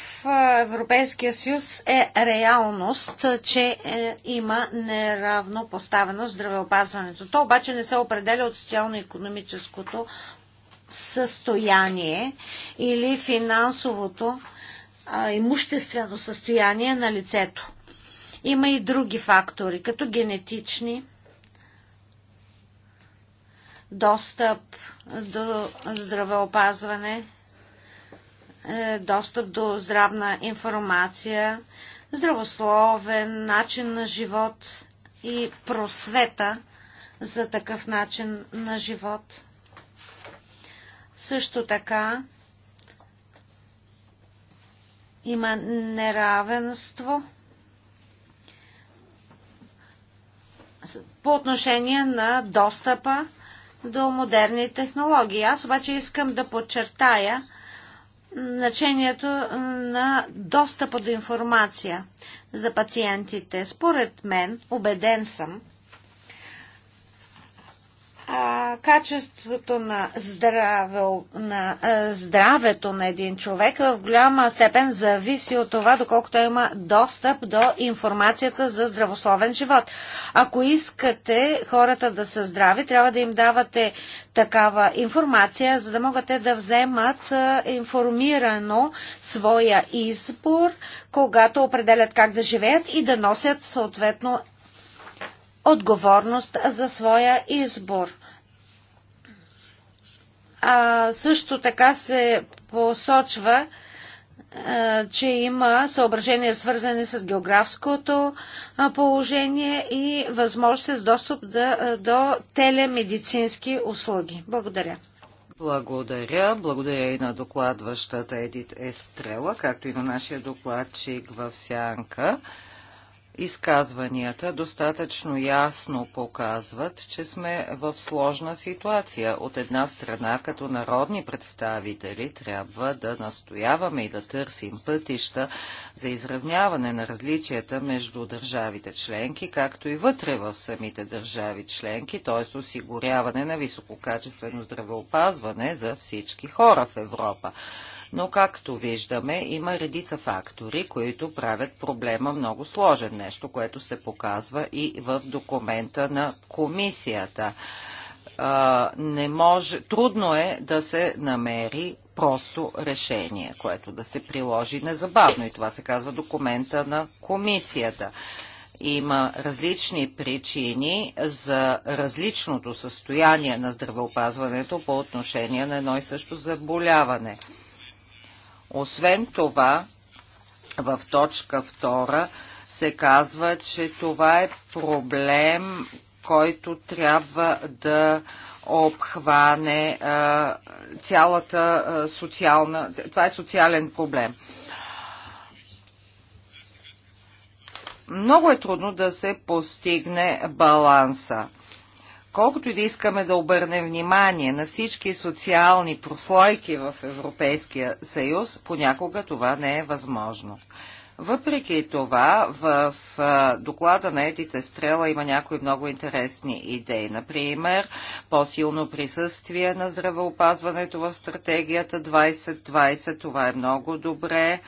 Европейския съюз е реалност, че е, има неравно поставено здравеопазването. То обаче не се определя от социално-економическото състояние или финансовото имуществено състояние на лицето. Има и други фактори, като генетични, достъп до здравеопазване, е, достъп до здравна информация, здравословен начин на живот и просвета за такъв начин на живот. Също така има неравенство – по отношение на достъпа до модерни технологии. Аз обаче искам да подчертая значението на достъпа до информация за пациентите. Според мен, убеден съм, а, качеството на, здраве, на а, здравето на един човек в голяма степен зависи от това, доколкото има достъп до информацията за здравословен живот. Ако искате хората да са здрави, трябва да им давате такава информация, за да могат да вземат а, информирано своя избор, когато определят как да живеят и да носят съответно отговорност за своя избор. А, също така се посочва, че има съображения свързани с географското положение и възможност с достъп до телемедицински услуги. Благодаря. Благодаря. Благодаря и на докладващата Едит Естрела, както и на нашия докладчик в Сянка изказванията достатъчно ясно показват, че сме в сложна ситуация. От една страна, като народни представители, трябва да настояваме и да търсим пътища за изравняване на различията между държавите членки, както и вътре в самите държави членки, т.е. осигуряване на висококачествено здравеопазване за всички хора в Европа но както виждаме има редица фактори, които правят проблема много сложен, нещо, което се показва и в документа на комисията. Не може, трудно е да се намери просто решение, което да се приложи незабавно. И това се казва документа на комисията има различни причини за различното състояние на здравеопазването по отношение на едно и също заболяване. Освен това, в точка 2 се казва, че това е проблем, който трябва да обхване а, цялата а, социална. Това е социален проблем. Много е трудно да се постигне баланса колкото и да искаме да обърнем внимание на всички социални прослойки в Европейския съюз, понякога това не е възможно. Въпреки това, в доклада на Едите Стрела има някои много интересни идеи. Например, по-силно присъствие на здравеопазването в стратегията 2020. Това е много добре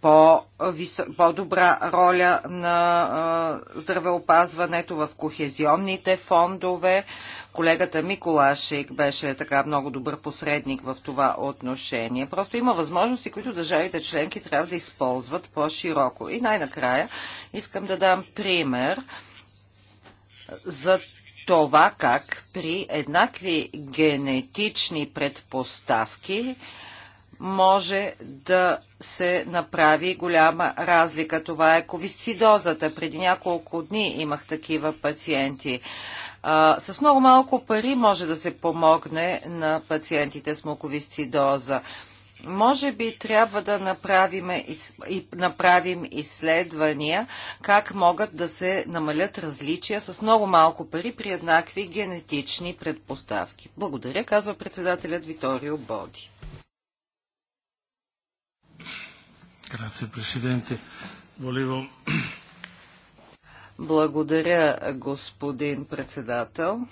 по-добра по роля на а, здравеопазването в кохезионните фондове. Колегата Миколашик беше така много добър посредник в това отношение. Просто има възможности, които държавите членки трябва да използват по-широко. И най-накрая искам да дам пример за това как при еднакви генетични предпоставки може да се направи голяма разлика. Това е ковисцидозата. Преди няколко дни имах такива пациенти. А, с много малко пари може да се помогне на пациентите с муковисцидоза. Може би трябва да направим, и направим изследвания как могат да се намалят различия с много малко пари при еднакви генетични предпоставки. Благодаря, казва председателят Виторио Боди. Grazie, Presidente. Volevo... Благодаря, господин председател.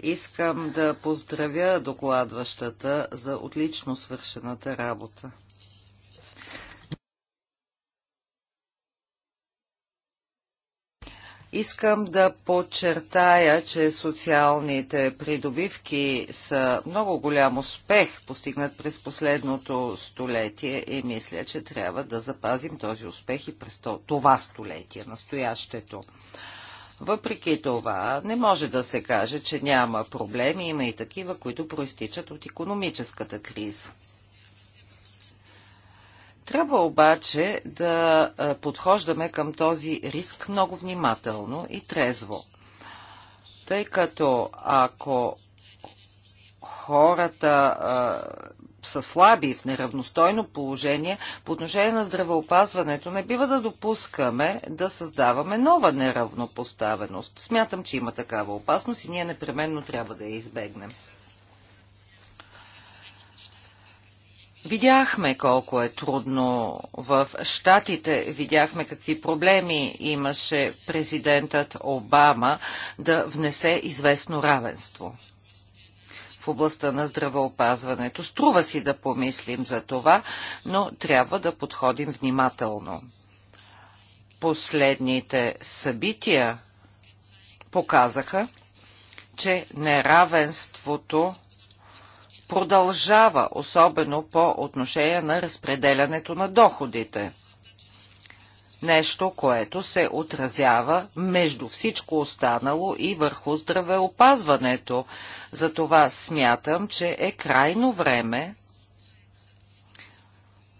Искам да поздравя докладващата за отлично свършената работа. Искам да подчертая, че социалните придобивки са много голям успех, постигнат през последното столетие и мисля, че трябва да запазим този успех и през това столетие, настоящето. Въпреки това, не може да се каже, че няма проблеми, има и такива, които проистичат от економическата криза. Трябва обаче да е, подхождаме към този риск много внимателно и трезво. Тъй като ако хората а, е, са слаби в неравностойно положение, по отношение на здравеопазването не бива да допускаме да създаваме нова неравнопоставеност. Смятам, че има такава опасност и ние непременно трябва да я избегнем. Видяхме колко е трудно в Штатите, видяхме какви проблеми имаше президентът Обама да внесе известно равенство в областта на здравеопазването. Струва си да помислим за това, но трябва да подходим внимателно. Последните събития показаха, че неравенството продължава, особено по отношение на разпределянето на доходите. Нещо, което се отразява между всичко останало и върху здравеопазването. Затова смятам, че е крайно време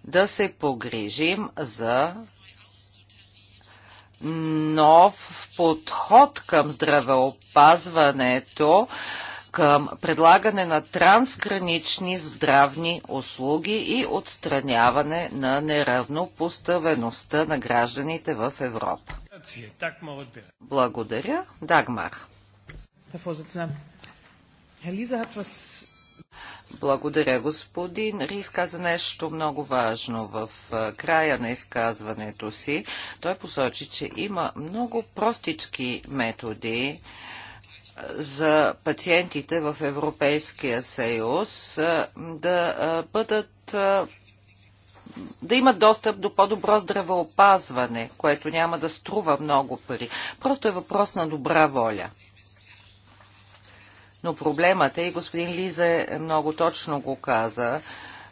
да се погрижим за нов подход към здравеопазването, към предлагане на трансгранични здравни услуги и отстраняване на неравнопоставеността на гражданите в Европа. Благодаря. Дагмар. Благодаря, господин Рис каза нещо много важно в края на изказването си. Той посочи, че има много простички методи, за пациентите в Европейския съюз да бъдат да имат достъп до по-добро здравеопазване, което няма да струва много пари. Просто е въпрос на добра воля. Но проблемът е, и господин Лиза е много точно го каза,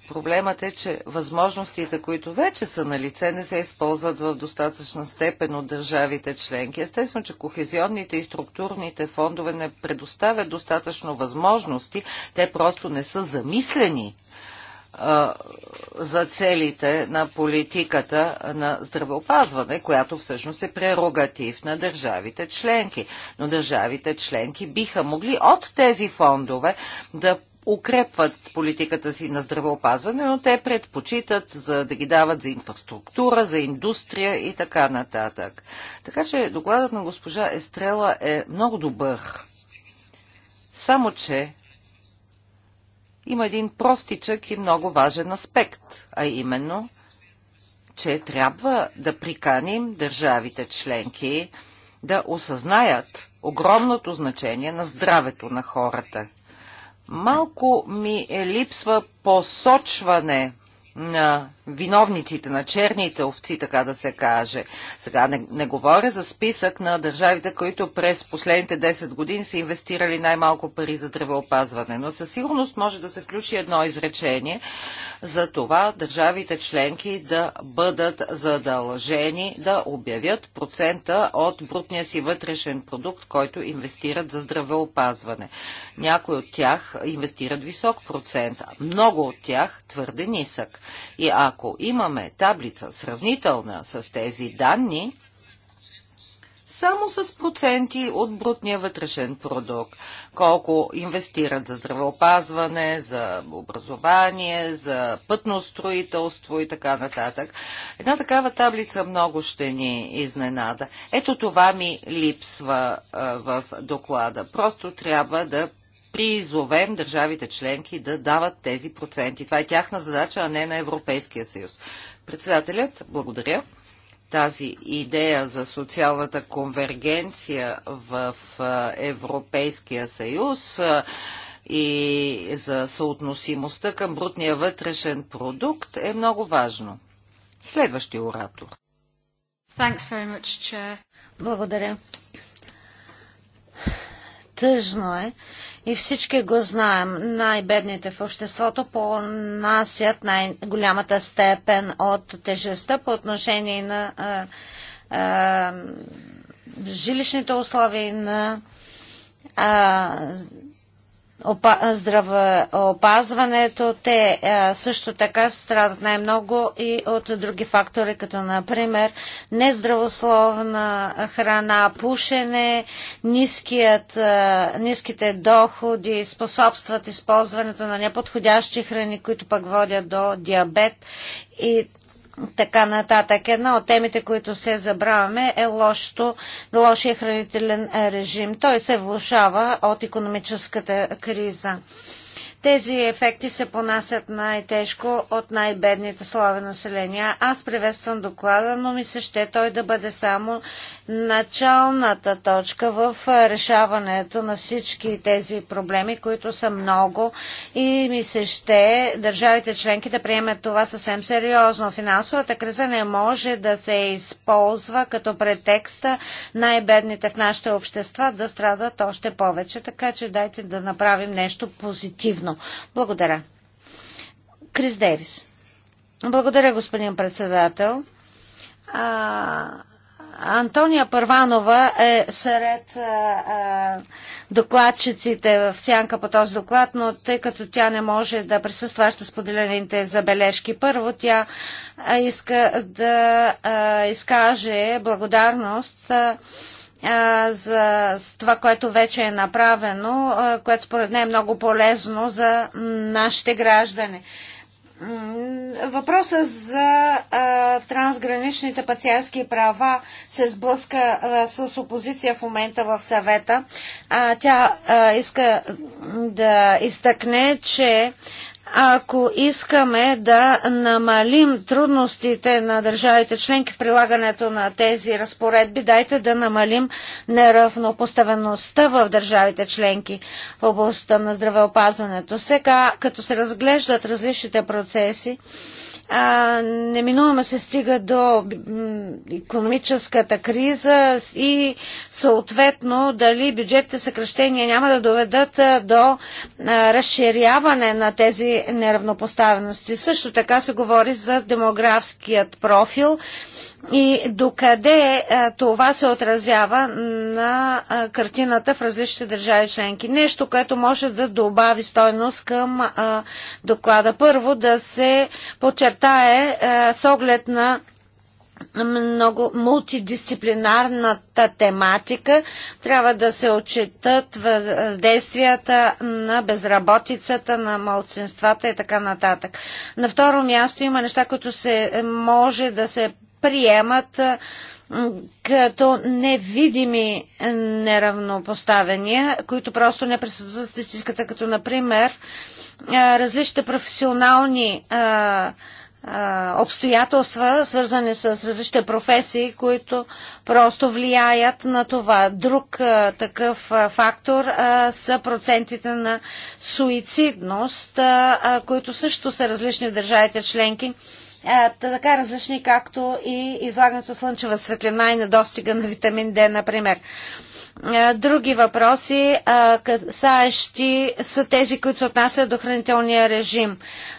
Проблемът е, че възможностите, които вече са на лице, не се използват в достатъчна степен от държавите членки. Естествено, че кохезионните и структурните фондове не предоставят достатъчно възможности, те просто не са замислени а, за целите на политиката на здравеопазване, която всъщност е прерогатив на държавите членки. Но държавите членки биха могли от тези фондове да укрепват политиката си на здравеопазване, но те предпочитат за да ги дават за инфраструктура, за индустрия и така нататък. Така че докладът на госпожа Естрела е много добър. Само, че има един простичък и много важен аспект, а именно, че трябва да приканим държавите членки да осъзнаят огромното значение на здравето на хората – Малко ми е липсва посочване – на виновниците, на черните овци, така да се каже. Сега не, не говоря за списък на държавите, които през последните 10 години са инвестирали най-малко пари за здравеопазване, но със сигурност може да се включи едно изречение за това държавите членки да бъдат задължени да обявят процента от брутния си вътрешен продукт, който инвестират за здравеопазване. Някои от тях инвестират висок процент, много от тях твърде нисък. И ако имаме таблица сравнителна с тези данни, само с проценти от брутния вътрешен продукт. Колко инвестират за здравеопазване, за образование, за пътно строителство и така нататък. Една такава таблица много ще ни изненада. Ето това ми липсва а, в доклада. Просто трябва да призовем държавите членки да дават тези проценти. Това е тяхна задача, а не на Европейския съюз. Председателят, благодаря. Тази идея за социалната конвергенция в Европейския съюз и за съотносимостта към брутния вътрешен продукт е много важно. Следващия оратор. Much, Благодаря. Тъжно е и всички го знаем. Най-бедните в обществото понасят най-голямата степен от тежестта по отношение на а, а, жилищните условия и на а, здравеопазването. Те също така страдат най-много и от други фактори, като например нездравословна храна, пушене, ниският, ниските доходи способстват използването на неподходящи храни, които пък водят до диабет и така нататък. Една от темите, които се забравяме е лошото, лошия хранителен режим. Той се влушава от економическата криза. Тези ефекти се понасят най-тежко от най-бедните слове населения. Аз приветствам доклада, но ми се ще той да бъде само началната точка в решаването на всички тези проблеми, които са много и ми се ще държавите членки да приемат това съвсем сериозно. Финансовата криза не може да се използва като претекста най-бедните в нашите общества да страдат още повече, така че дайте да направим нещо позитивно. Благодаря. Крис Дейвис. Благодаря, господин председател. А, Антония Първанова е сред а, а, докладчиците в сянка по този доклад, но тъй като тя не може да присъства, ще споделя забележки. Първо, тя а, иска да а, изкаже благодарност а, а, за това, което вече е направено, а, което според нея е много полезно за нашите граждани. Въпроса за а, трансграничните пациентски права се сблъска а, с опозиция в момента в съвета. А, тя а, иска да изтъкне, че а, ако искаме да намалим трудностите на държавите членки в прилагането на тези разпоредби, дайте да намалим неравнопоставеността в държавите членки в областта на здравеопазването. Сега, като се разглеждат различните процеси, неминуемо се стига до економическата криза и съответно дали бюджетните съкръщения няма да доведат до разширяване на тези неравнопоставености. Също така се говори за демографският профил и докъде това се отразява на картината в различните държави членки. Нещо, което може да добави стойност към доклада. Първо да се подчертае с оглед на много мултидисциплинарната тематика. Трябва да се отчитат въздействията на безработицата, на малцинствата и така нататък. На второ място има неща, които се може да се приемат като невидими е, неравнопоставения, които просто не присъстват статистиката, като например различните професионални обстоятелства, свързани с различните професии, които просто влияят на това. Друг а, такъв а, фактор а, са процентите на суицидност, които също са различни в държавите членки е, така различни, както и излагането слънчева светлина и недостига на витамин Д, например е, други въпроси, е, касаещи са тези, които се отнасят до хранителния режим.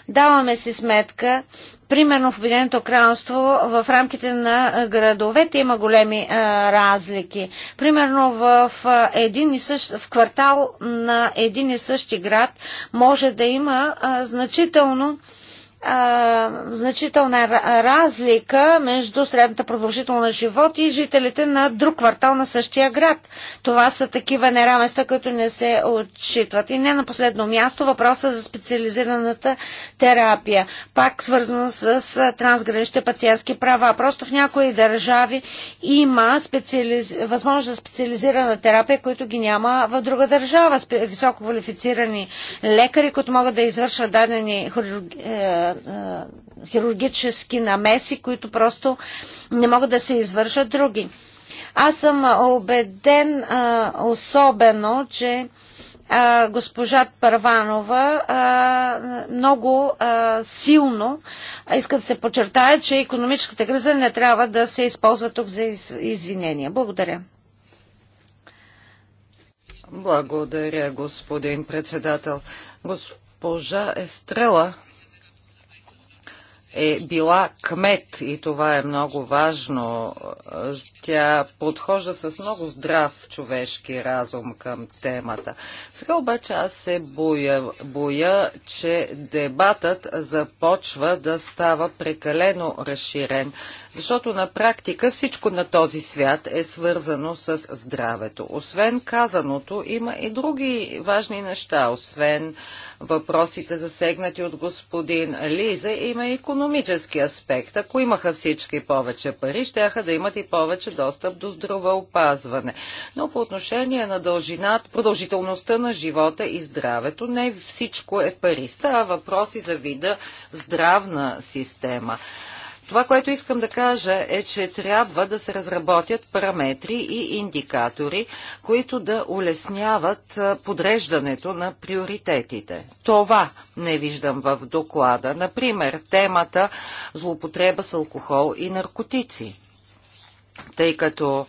Даваме си сметка, примерно в Обединеното кралство, в рамките на градовете има големи разлики. Примерно в, един и същ, в квартал на един и същи град може да има значително значителна разлика между средната продължителност на живот и жителите на друг квартал на същия град. Това са такива неравенства, които не се отчитват. И не на последно място въпроса за специализираната терапия, пак свързано с, с трансграничните пациентски права. Просто в някои държави има специализ... възможност за специализирана терапия, които ги няма в друга държава. Високо квалифицирани лекари, които могат да извършват дадени хирурги е, е, хирургически намеси, които просто не могат да се извършат други. Аз съм убеден а, е, особено, че а, е, госпожа Първанова а, много а, силно иска да се подчертая, че економическата криза не трябва да се използва тук за из, извинения. Благодаря. Благодаря, господин председател. Госпожа Естрела е била кмет и това е много важно. Тя подхожда с много здрав човешки разум към темата. Сега обаче аз се боя, боя че дебатът започва да става прекалено разширен. Защото на практика всичко на този свят е свързано с здравето. Освен казаното, има и други важни неща. Освен въпросите засегнати от господин Лиза, има и економически аспект. Ако имаха всички повече пари, ще да имат и повече достъп до здравеопазване. Но по отношение на дължината, продължителността на живота и здравето, не всичко е пари. Става въпроси за вида здравна система. Това, което искам да кажа е, че трябва да се разработят параметри и индикатори, които да улесняват подреждането на приоритетите. Това не виждам в доклада. Например, темата злоупотреба с алкохол и наркотици. Тъй като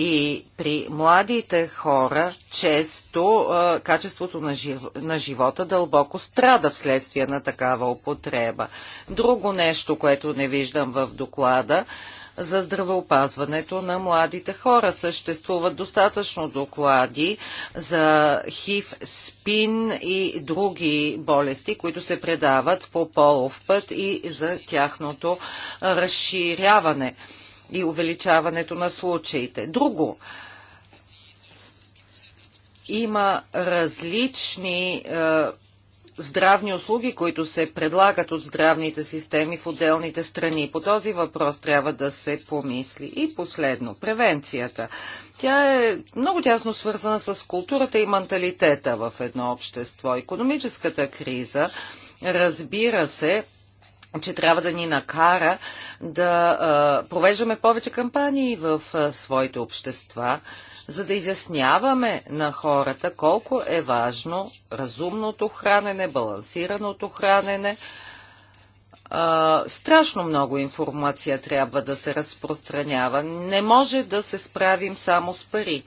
и при младите хора често а, качеството на, жив, на живота дълбоко страда вследствие на такава употреба. Друго нещо, което не виждам в доклада, за здравеопазването на младите хора. Съществуват достатъчно доклади за хив, спин и други болести, които се предават по полов път и за тяхното разширяване и увеличаването на случаите. Друго, има различни е, здравни услуги, които се предлагат от здравните системи в отделните страни. По този въпрос трябва да се помисли. И последно, превенцията. Тя е много тясно свързана с културата и менталитета в едно общество. Економическата криза, разбира се, че трябва да ни накара да а, провеждаме повече кампании в а, своите общества, за да изясняваме на хората колко е важно разумното хранене, балансираното хранене. А, страшно много информация трябва да се разпространява. Не може да се справим само с пари.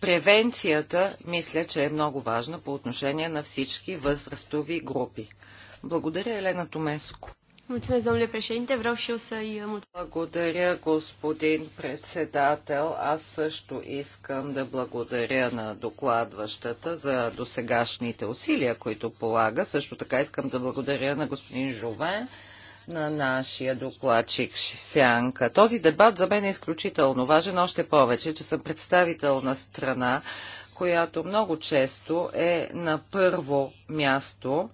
Превенцията, мисля, че е много важна по отношение на всички възрастови групи. Благодаря, Елена Томеско. Mulțumesc, domnule președinte. Vreau și eu să mulțumesc. Благодаря, господин председател. Аз също искам да благодаря на докладващата за досегашните усилия, които полага. Също така искам да благодаря на господин Жовен, на нашия докладчик Сянка. Този дебат за мен е изключително важен, още повече, че съм представител на страна, която много често е на първо място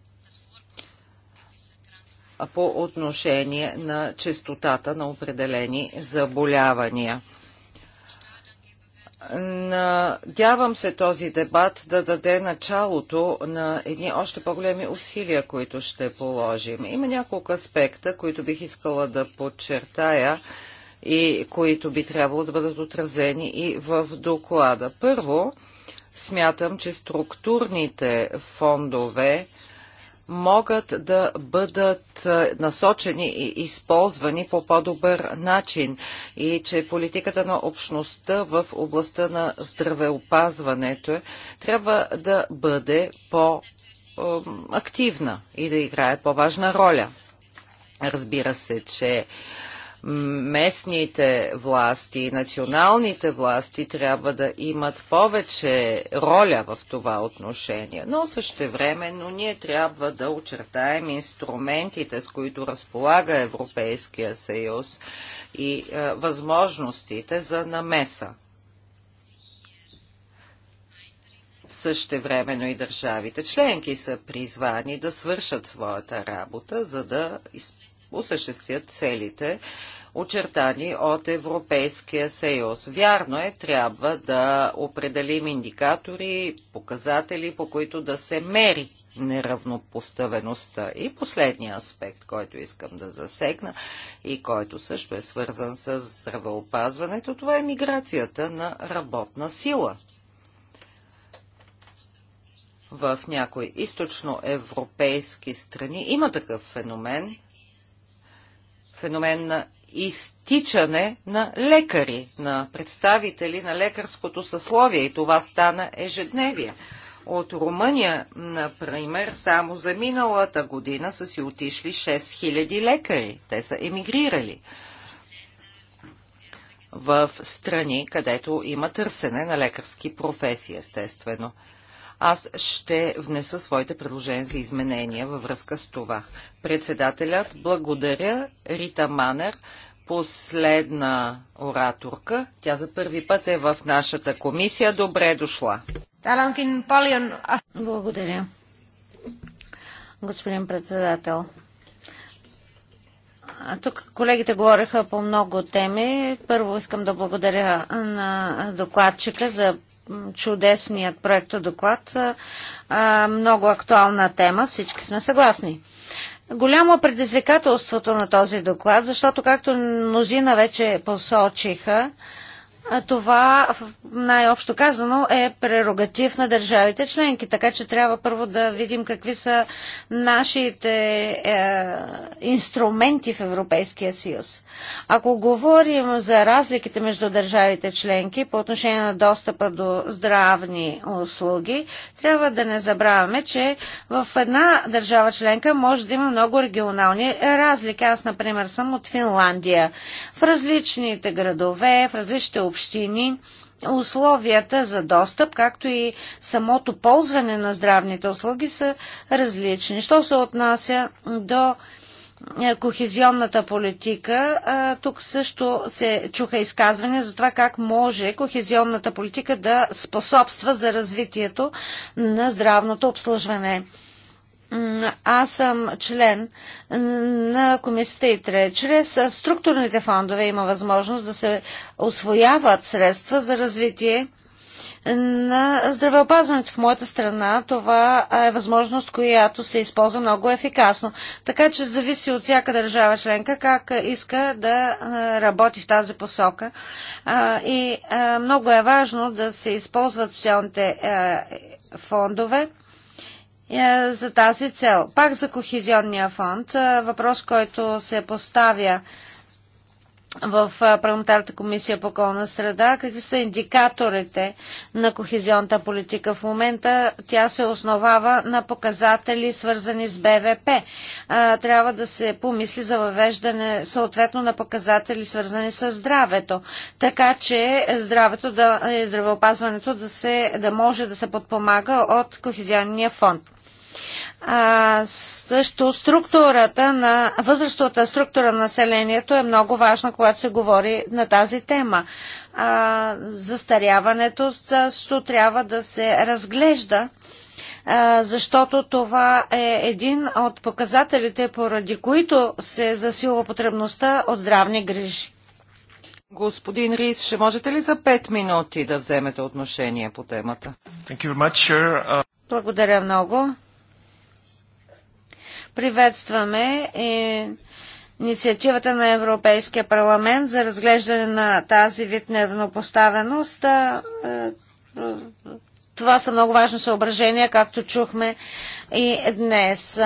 по отношение на частотата на определени заболявания. Надявам се този дебат да даде началото на едни още по-големи усилия, които ще положим. Има няколко аспекта, които бих искала да подчертая и които би трябвало да бъдат отразени и в доклада. Първо, смятам, че структурните фондове могат да бъдат насочени и използвани по по-добър начин и че политиката на общността в областта на здравеопазването е, трябва да бъде по-активна и да играе по-важна роля. Разбира се, че местните власти, националните власти трябва да имат повече роля в това отношение. Но но ние трябва да очертаем инструментите, с които разполага Европейския съюз и е, възможностите за намеса. Същевременно и държавите членки са призвани да свършат своята работа, за да изпълнят осъществят целите, очертани от Европейския съюз. Вярно е, трябва да определим индикатори, показатели, по които да се мери неравнопоставеността. И последния аспект, който искам да засегна и който също е свързан с здравеопазването, това е миграцията на работна сила. В някои източноевропейски страни има такъв феномен – феномен на изтичане на лекари, на представители на лекарското съсловие и това стана ежедневие. От Румъния, например, само за миналата година са си отишли 6000 лекари. Те са емигрирали в страни, където има търсене на лекарски професии, естествено. Аз ще внеса своите предложения за изменения във връзка с това. Председателят, благодаря Рита Манер, последна ораторка. Тя за първи път е в нашата комисия. Добре е дошла. Благодаря. Господин председател, тук колегите говориха по много теми. Първо искам да благодаря на докладчика за чудесният проект доклад. Много актуална тема, всички сме съгласни. Голямо предизвикателството на този доклад, защото както мнозина вече посочиха, това, най-общо казано, е прерогатив на държавите членки, така че трябва първо да видим какви са нашите е, инструменти в Европейския съюз. Ако говорим за разликите между държавите членки по отношение на достъпа до здравни услуги, трябва да не забравяме, че в една държава членка може да има много регионални разлики. Аз, например, съм от Финландия. В различните градове, в различните общини условията за достъп, както и самото ползване на здравните услуги са различни. Що се отнася до е, кохезионната политика, тук също се чуха изказвания за това как може кохезионната политика да способства за развитието на здравното обслужване. Аз съм член на комисията ИТРЕ. Чрез структурните фондове има възможност да се освояват средства за развитие на здравеопазването в моята страна. Това е възможност, която се използва много ефикасно. Така че зависи от всяка държава членка как иска да работи в тази посока. И много е важно да се използват социалните фондове е, за тази цел. Пак за Кохизионния фонд, е, въпрос, който се поставя в е, парламентарната комисия по околна среда, какви са индикаторите на кохезионната политика. В момента тя се основава на показатели, свързани с БВП. Трябва да се помисли за въвеждане съответно на показатели, свързани с здравето, така че здравето да, здравеопазването да, се, да може да се подпомага от кохезионния фонд. А, също структурата на, възрастовата структура на населението е много важна, когато се говори на тази тема. А, застаряването също трябва да се разглежда защото това е един от показателите, поради които се засилва потребността от здравни грижи. Господин Рис, ще можете ли за 5 минути да вземете отношение по темата? Much, uh, Благодаря много. Приветстваме и инициативата на Европейския парламент за разглеждане на тази вид неравнопоставеност. Това са много важни съображения, както чухме и днес.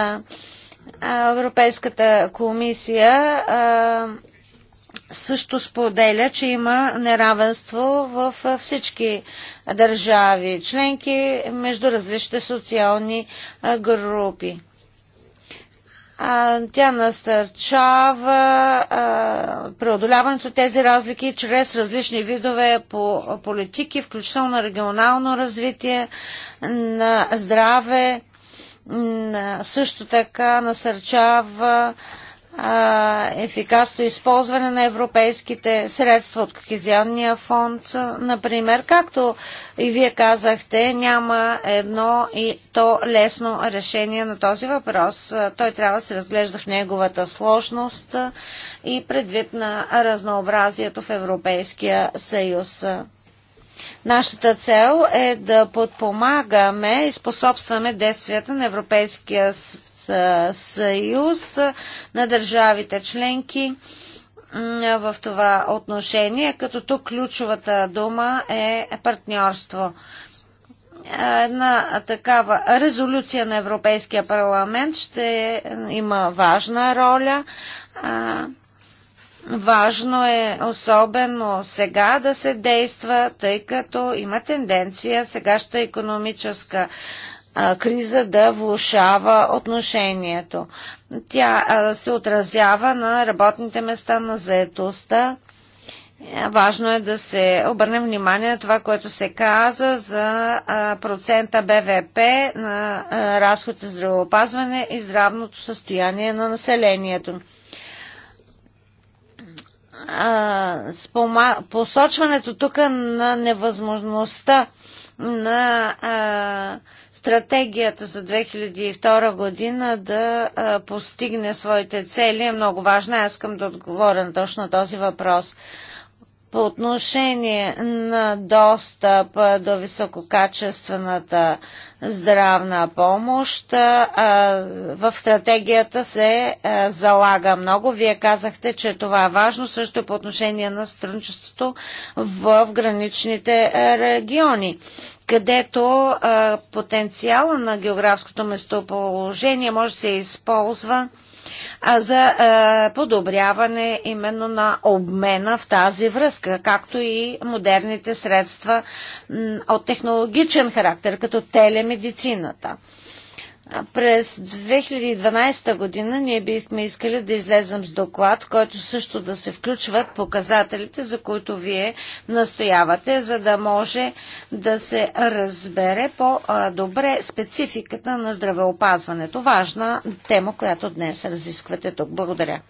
Европейската комисия също споделя, че има неравенство в всички държави членки между различните социални групи а, тя насърчава а, преодоляването тези разлики чрез различни видове по политики, включително на регионално развитие, на здраве, на, също така насърчава а, ефикасно използване на европейските средства от Кохезионния фонд, например. Както и вие казахте, няма едно и то лесно решение на този въпрос. Той трябва да се разглежда в неговата сложност и предвид на разнообразието в Европейския съюз. Нашата цел е да подпомагаме и способстваме действията на Европейския съюз съюз на държавите членки в това отношение, като тук ключовата дума е партньорство. Една такава резолюция на Европейския парламент ще има важна роля. Важно е особено сега да се действа, тъй като има тенденция сегашната економическа а, криза да влушава отношението. Тя а, се отразява на работните места, на заетостта. Важно е да се обърне внимание на това, което се каза за процента БВП на разходите здравеопазване и здравното състояние на населението. Посочването тук на невъзможността на стратегията за 2002 година да а, постигне своите цели е много важна. Аз искам да отговоря на точно този въпрос. По отношение на достъп до висококачествената здравна помощ, а, в стратегията се залага много. Вие казахте, че това е важно също по отношение на сътрудничеството в, в граничните региони където а, потенциала на географското местоположение може да се използва а, за а, подобряване именно на обмена в тази връзка, както и модерните средства м, от технологичен характер, като телемедицината. През 2012 година ние бихме искали да излезем с доклад, който също да се включват показателите, за които вие настоявате, за да може да се разбере по-добре спецификата на здравеопазването. Важна тема, която днес разисквате тук. Благодаря.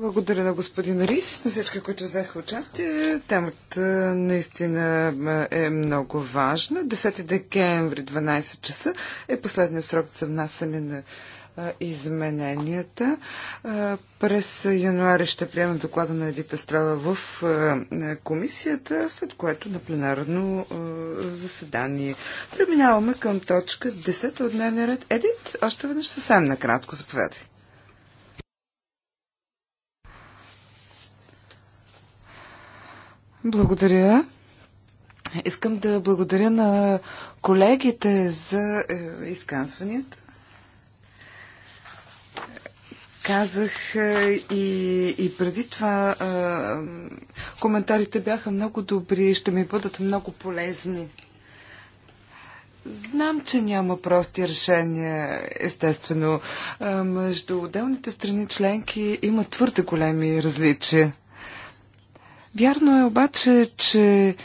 Благодаря на господин Рис, на всички, които взеха участие. Темата наистина е много важна. 10 декември, 12 часа е последният срок за внасяне на измененията. През януари ще приема доклада на Едита Страва в комисията, след което на пленарно заседание. Преминаваме към точка 10 от дневния ред. Едит, още веднъж съвсем накратко, заповядай. Благодаря. Искам да благодаря на колегите за е, изказванията. Казах е, и, и преди това, е, коментарите бяха много добри и ще ми бъдат много полезни. Знам, че няма прости решения, естествено. Между отделните страни членки има твърде големи различия. Вярно е обаче, че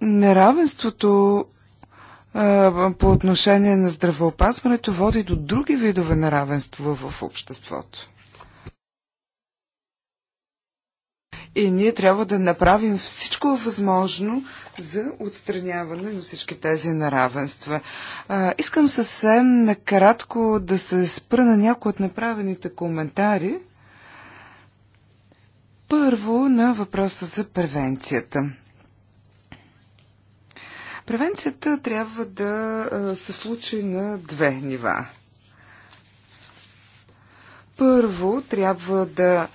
неравенството по отношение на здравеопазването води до други видове неравенство в обществото. И ние трябва да направим всичко възможно за отстраняване на всички тези неравенства. А, искам съвсем накратко да се спра на някои от направените коментари. Първо на въпроса за превенцията. Превенцията трябва да се случи на две нива. Първо трябва да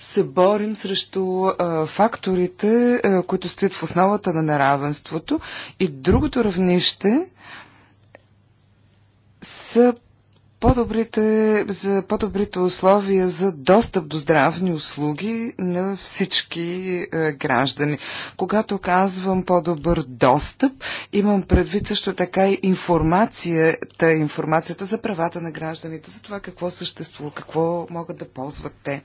се борим срещу а, факторите, а, които стоят в основата на неравенството. И другото равнище са по-добрите, за по-добрите условия за достъп до здравни услуги на всички е, граждани. Когато казвам по-добър достъп, имам предвид също така и информацията, информацията за правата на гражданите, за това какво съществува, какво могат да ползват те.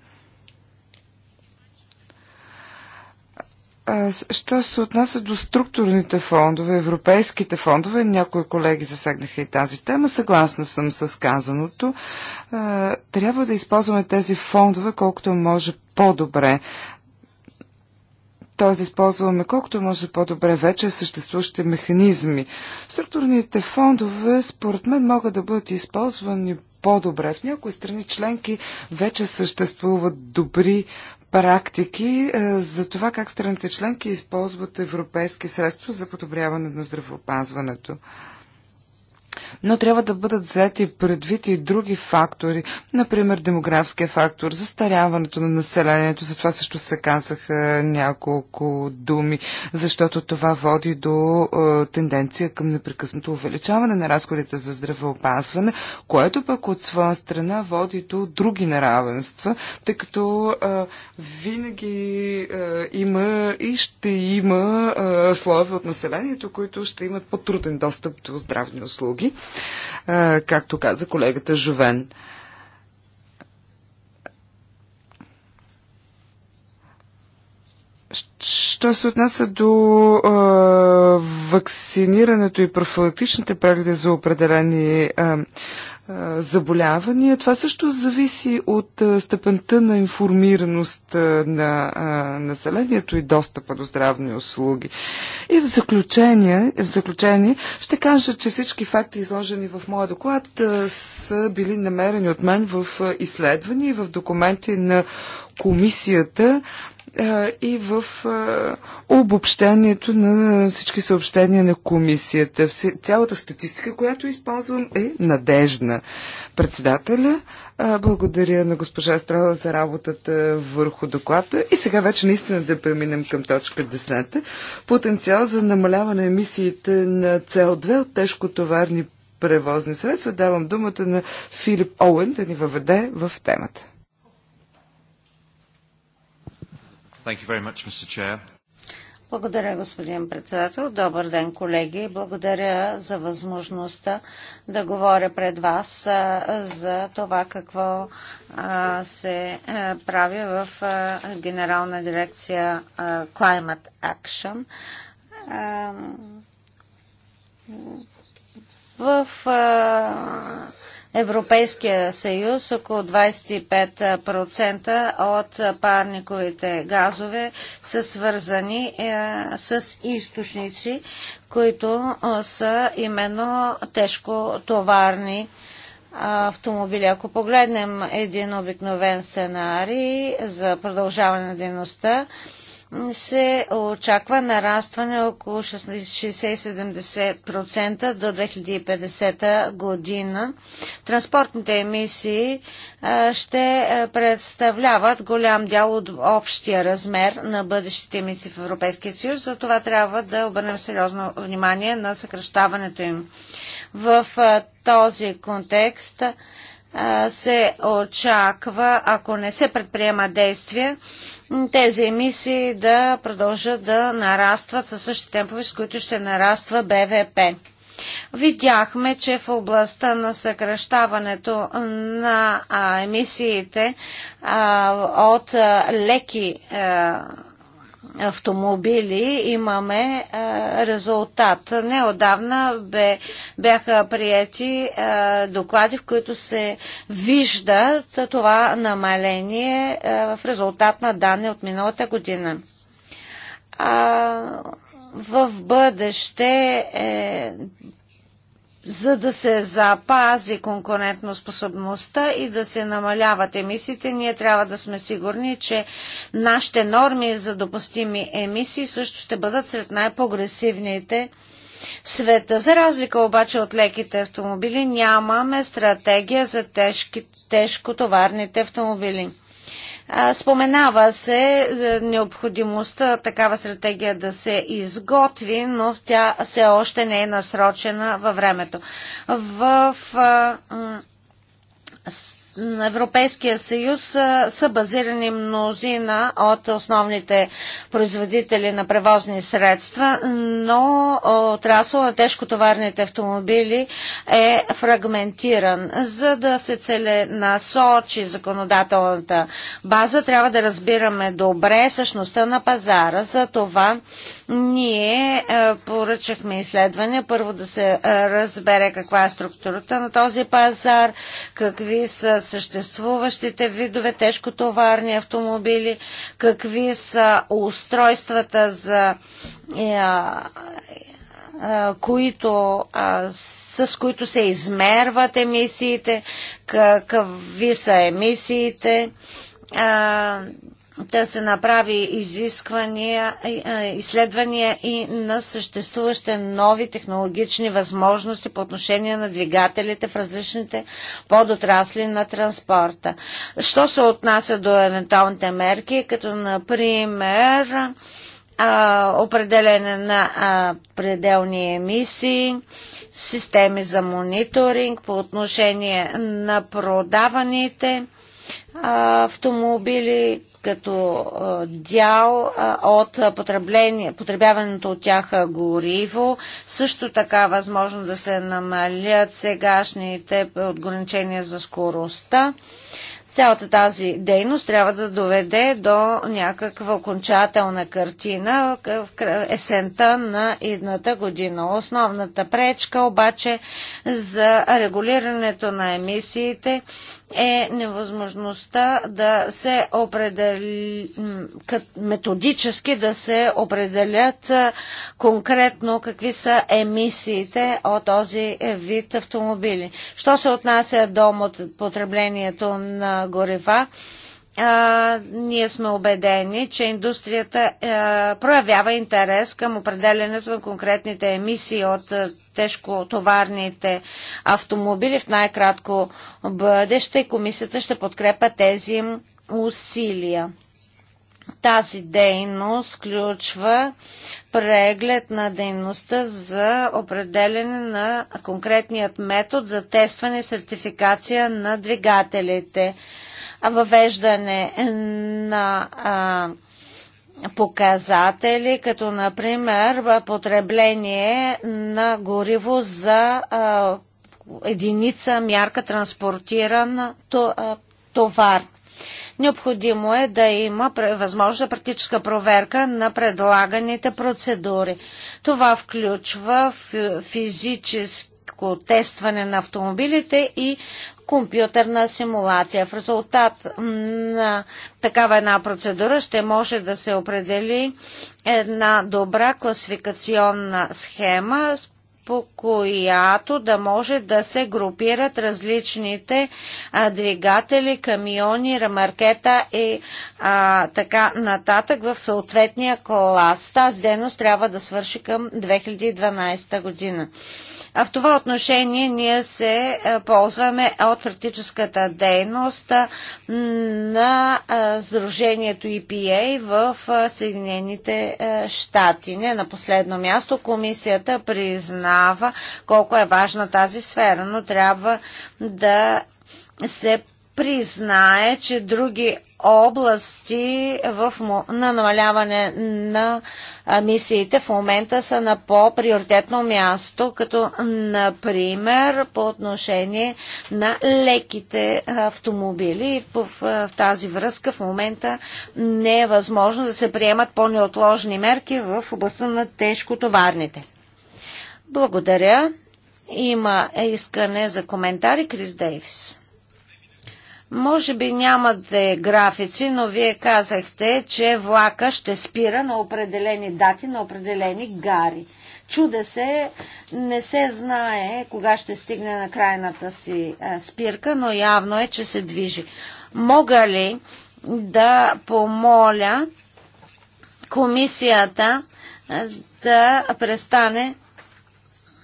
Що се отнася до структурните фондове, европейските фондове, някои колеги засегнаха и тази тема, съгласна съм с казаното. Трябва да използваме тези фондове колкото може по-добре. Тоест, използваме колкото може по-добре вече съществуващите механизми. Структурните фондове, според мен, могат да бъдат използвани по-добре. В някои страни членки вече съществуват добри практики е, за това как страните членки използват европейски средства за подобряване на здравеопазването но трябва да бъдат взети предвид и други фактори, например демографския фактор, застаряването на населението, за това също се казаха няколко думи, защото това води до е, тенденция към непрекъснато увеличаване на разходите за здравеопазване, което пък от своя страна води до други неравенства, тъй като е, винаги е, има и ще има е, слоеве от населението, които ще имат по-труден достъп до здравни услуги както каза колегата Жовен. Що се отнася до а, вакцинирането и профилактичните прегледи за определени а, заболявания. Това също зависи от степента на информираност на населението и достъпа до здравни услуги. И в заключение, в заключение ще кажа, че всички факти, изложени в моя доклад, са били намерени от мен в изследвания и в документи на комисията и в обобщението на всички съобщения на комисията. Цялата статистика, която използвам, е надежна. Председателя, благодаря на госпожа Страла за работата върху доклада. И сега вече наистина да преминем към точка 10. Потенциал за намаляване на емисиите на CO2 от тежкотоварни превозни средства. Давам думата на Филип Оуен да ни въведе в темата. Thank you very much, Mr. Chair. Благодаря, господин председател. Добър ден, колеги. Благодаря за възможността да говоря пред вас за това какво се прави в Генерална дирекция Climate Action. В Европейския съюз около 25% от парниковите газове са свързани е, с източници, които са именно тежко товарни автомобили. Ако погледнем един обикновен сценарий за продължаване на дейността, се очаква нарастване около 60-70% до 2050 година. Транспортните емисии ще представляват голям дял от общия размер на бъдещите емисии в Европейския съюз, за това трябва да обърнем сериозно внимание на съкръщаването им. В този контекст се очаква, ако не се предприема действия, тези емисии да продължат да нарастват със същите темпове, с които ще нараства БВП. Видяхме, че в областта на съкръщаването на емисиите от леки автомобили имаме а, е, резултат. Неодавна бе, бяха прияти а, е, доклади, в които се вижда това намаление а, е, в резултат на данни от миналата година. А, в бъдеще е, за да се запази конкурентно способността и да се намаляват емисиите, ние трябва да сме сигурни, че нашите норми за допустими емисии също ще бъдат сред най-прогресивните в света. За разлика обаче от леките автомобили, нямаме стратегия за тежки, тежкотоварните автомобили. Споменава се е, необходимостта такава стратегия да се изготви, но тя все още не е насрочена във времето. В на Европейския съюз са базирани мнозина от основните производители на превозни средства, но отрасъл на тежкотоварните автомобили е фрагментиран. За да се целенасочи законодателната база, трябва да разбираме добре същността на пазара. За това ние е, поръчахме изследване, първо да се е, разбере каква е структурата на този пазар, какви са съществуващите видове тежкотоварни автомобили, какви са устройствата за е, които, с които се измерват емисиите, какви са емисиите, да се направи изисквания, изследвания и на съществуващите нови технологични възможности по отношение на двигателите в различните подотрасли на транспорта. Що се отнася до евентуалните мерки, като например определене на пределни емисии, системи за мониторинг по отношение на продаваните автомобили като дял от потребяването от тях гориво. Също така възможно да се намалят сегашните ограничения за скоростта. Цялата тази дейност трябва да доведе до някаква окончателна картина в есента на идната година. Основната пречка обаче за регулирането на емисиите е невъзможността да се определи, методически да се определят конкретно какви са емисиите от този е, вид автомобили. Що се отнася до потреблението на горива, а, ние сме убедени, че индустрията а, проявява интерес към определенето на конкретните емисии от тежкотоварните автомобили в най-кратко бъдеще. и Комисията ще подкрепа тези усилия. Тази дейност включва преглед на дейността за определене на конкретният метод за тестване и сертификация на двигателите въвеждане на а, показатели, като например потребление на гориво за а, единица мярка транспортиран товар. Необходимо е да има възможна практическа проверка на предлаганите процедури. Това включва физическо тестване на автомобилите и компютърна симулация. В резултат на такава една процедура ще може да се определи една добра класификационна схема, по която да може да се групират различните а, двигатели, камиони, ремаркета и а, така нататък в съответния клас. Тази дейност трябва да свърши към 2012 година в това отношение ние се е, ползваме от практическата дейност на Сдружението EPA в Съединените е, щати. Не на последно място комисията признава колко е важна тази сфера, но трябва да се признае, че други области в, на намаляване на мисиите в момента са на по-приоритетно място, като например по отношение на леките автомобили. В, в тази връзка в момента не е възможно да се приемат по-неотложни мерки в областта на тежкотоварните. Благодаря. Има искане за коментари Крис Дейвис. Може би нямате графици, но вие казахте, че влака ще спира на определени дати, на определени гари. Чуде се, не се знае кога ще стигне на крайната си спирка, но явно е, че се движи. Мога ли да помоля комисията да престане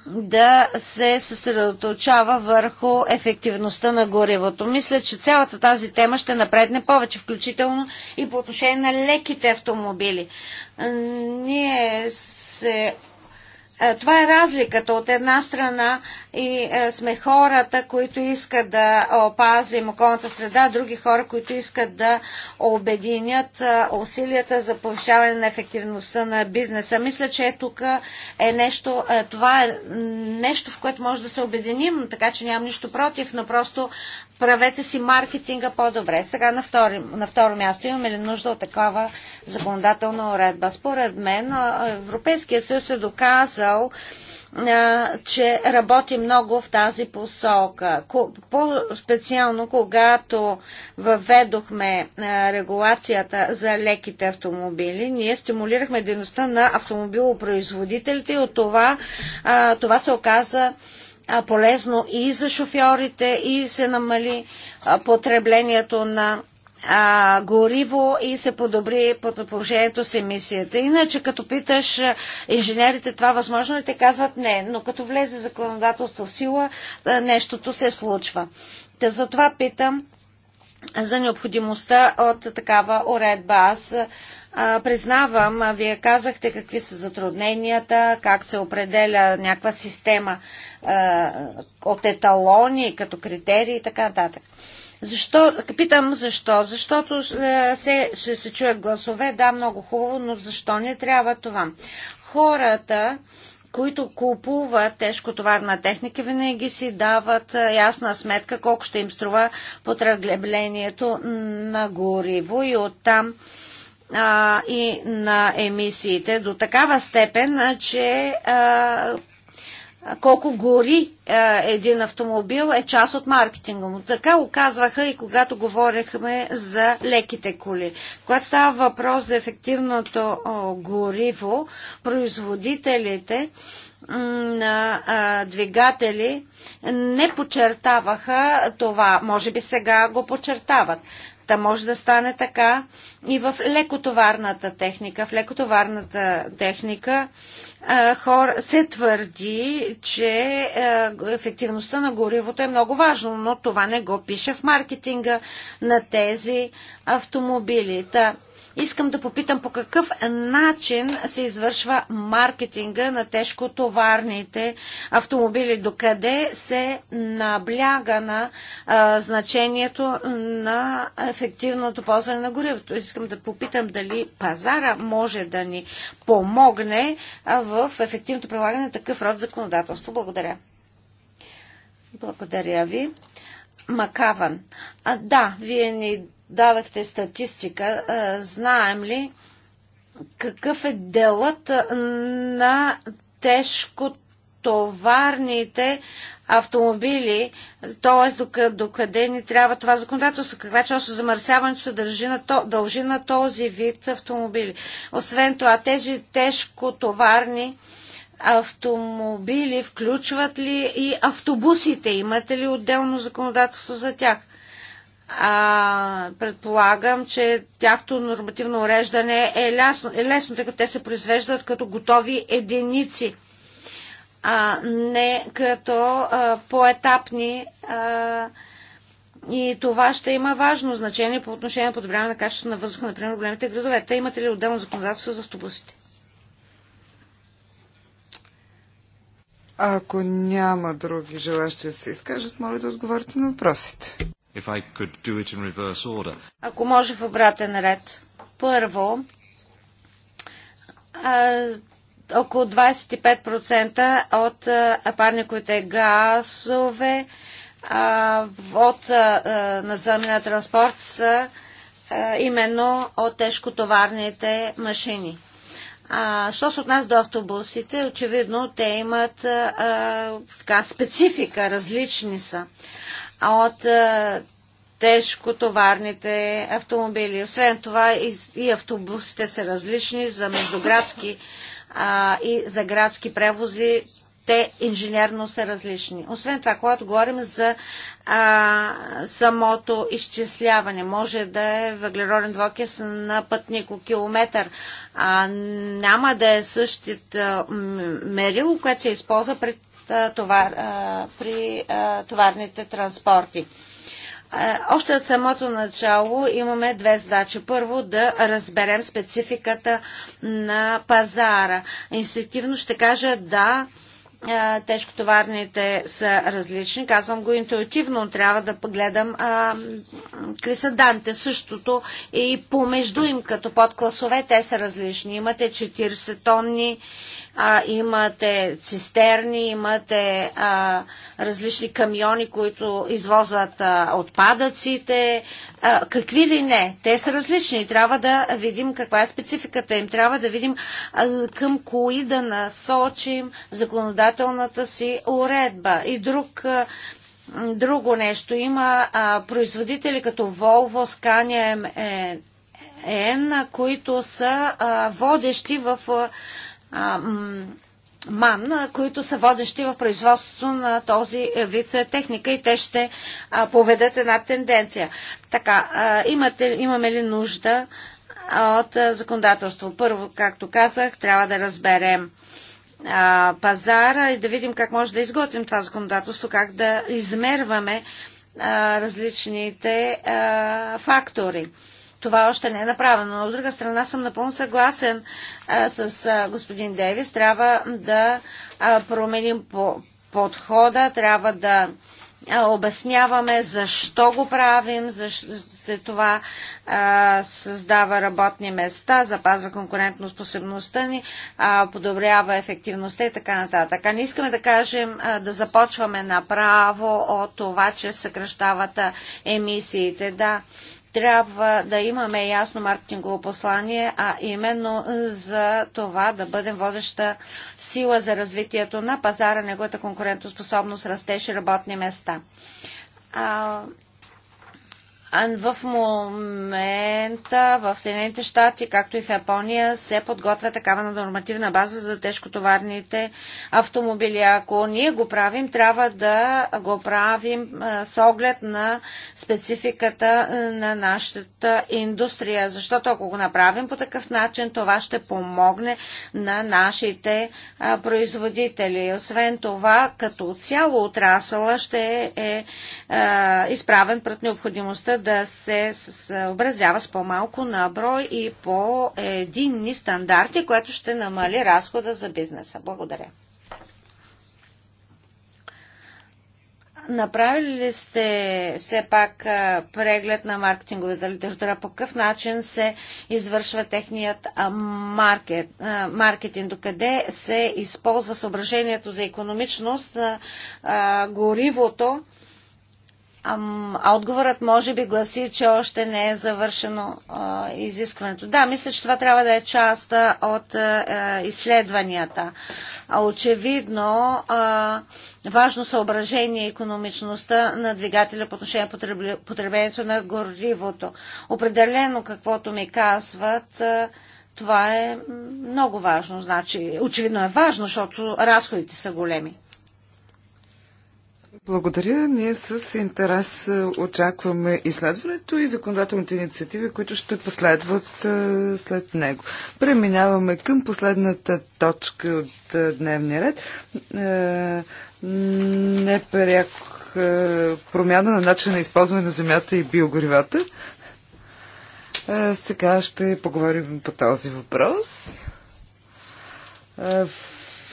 да се съсредоточава върху ефективността на горивото. Мисля, че цялата тази тема ще напредне повече, включително и по отношение на леките автомобили. Ние се е, това е разликата. От една страна и е, сме хората, които искат да опазим околната среда, други хора, които искат да обединят е, усилията за повишаване на ефективността на бизнеса. Мисля, че е, тук е нещо, е, това е нещо, в което може да се обединим, така че нямам нищо против, но просто правете си маркетинга по-добре. Сега на, втори, на второ място имаме ли нужда от такава законодателна уредба? Според мен Европейския съюз е доказал че работи много в тази посока. По-специално, когато въведохме регулацията за леките автомобили, ние стимулирахме дейността на автомобилопроизводителите и от това, това се оказа полезно и за шофьорите, и се намали потреблението на гориво и се подобри под положението с емисията. Иначе, като питаш инженерите това възможно ли, те казват не, но като влезе законодателство в сила, нещото се случва. Та затова питам за необходимостта от такава уредба. Аз признавам, вие казахте какви са затрудненията, как се определя някаква система от еталони като критерии и така нататък. Защо? Питам защо. Защото е, се, ще се чуят гласове, да, много хубаво, но защо не трябва това? Хората, които купуват тежкотоварна техника, винаги си дават е, ясна сметка колко ще им струва потреблението на гориво и оттам там а, и на емисиите до такава степен, че а, колко гори а, един автомобил е част от маркетинга му. Така оказваха и когато говорихме за леките коли. Когато става въпрос за ефективното гориво, производителите на двигатели не подчертаваха това. Може би сега го подчертават. Та може да стане така и в лекотоварната техника. В лекотоварната техника а, хор, се твърди, че а, ефективността на горивото е много важно, но това не го пише в маркетинга на тези автомобили. Та, Искам да попитам по какъв начин се извършва маркетинга на тежкотоварните автомобили, докъде се набляга на а, значението на ефективното ползване на горивото. Искам да попитам дали пазара може да ни помогне в ефективното прилагане на такъв род законодателство. Благодаря. Благодаря ви. Макаван. А, да, вие ни дадахте статистика, знаем ли какъв е делът на тежкотоварните автомобили, т.е. Докъде, къде ни трябва това законодателство, каква част от замърсяването се на, то, дължи на този вид автомобили. Освен това, тези тежкотоварни автомобили включват ли и автобусите? Имате ли отделно законодателство за тях? а, предполагам, че тяхто нормативно уреждане е лесно, е лесно, тъй като те се произвеждат като готови единици, а не като а, поетапни а, и това ще има важно значение по отношение на подобряване на качеството на въздуха, например, в големите градове. Те имат ли отделно законодателство за автобусите? Ако няма други желащи да се изкажат, моля да отговорите на въпросите if I could do it in reverse order. Ако може в обратен ред. Първо, а, около 25% от а, парниковите газове а, от наземния транспорт са а, именно от тежкотоварните машини. А, що се отнася до автобусите, очевидно те имат а, така, специфика, различни са от е, тежкотоварните автомобили. Освен това и, и автобусите са различни за междуградски а, и за градски превози. Те инженерно са различни. Освен това, когато говорим за а, самото изчисляване, може да е въглероден двокис на пътнико километър. А, няма да е същото мерило, което се използва при товар, при товарните транспорти. Още от самото начало имаме две задачи. Първо да разберем спецификата на пазара. Инстинктивно ще кажа да, тежкотоварните са различни. Казвам го интуитивно, трябва да погледам а, какви са данните. Същото е и помежду им като подкласове те са различни. Имате 40 тонни а, имате цистерни, имате а, различни камиони, които извозват а, отпадъците, а, какви ли не. Те са различни. Трябва да видим каква е спецификата им. Трябва да видим а, към кои да насочим законодателната си уредба. И друг. А, Друго нещо. Има а, производители като Volvo, Scania, N, които са а, водещи в а, МАН, които са водещи в производството на този вид техника и те ще поведат една тенденция. Така, имате, имаме ли нужда от законодателство? Първо, както казах, трябва да разберем пазара и да видим как може да изготвим това законодателство, как да измерваме различните фактори това още не е направено. Но от друга страна съм напълно съгласен а, с а, господин Девис. Трябва да а, променим по, подхода, трябва да обясняваме защо го правим, защо това а, създава работни места, запазва конкурентно способността ни, а, подобрява ефективността и така нататък. А не искаме да кажем а, да започваме направо от това, че съкръщават емисиите. Да, трябва да имаме ясно маркетингово послание, а именно за това да бъдем водеща сила за развитието на пазара, неговата конкурентоспособност, растеж и работни места. А, в момента в Съединените щати, както и в Япония, се подготвя такава на нормативна база за тежкотоварните автомобили. Ако ние го правим, трябва да го правим с оглед на спецификата на нашата индустрия, защото ако го направим по такъв начин, това ще помогне на нашите производители. Освен това, като цяло отрасъла ще е изправен пред необходимостта да се съобразява с по-малко наброй и по единни стандарти, което ще намали разхода за бизнеса. Благодаря. Направили ли сте все пак преглед на маркетинговата литература? По какъв начин се извършва техният маркет, маркетинг? Докъде се използва съображението за економичност на горивото? А отговорът може би гласи, че още не е завършено а, изискването. Да, мисля, че това трябва да е част от а, е, изследванията. А очевидно, а, важно съображение е економичността на двигателя по отношение на потреблението на горивото. Определено, каквото ми казват, а, това е много важно. Значи, очевидно е важно, защото разходите са големи. Благодаря. Ние с интерес е, очакваме изследването и законодателните инициативи, които ще последват е, след него. Преминаваме към последната точка от е, дневния ред. Непряк промяна на начин на използване на земята и биогоривата. Сега ще поговорим по този въпрос.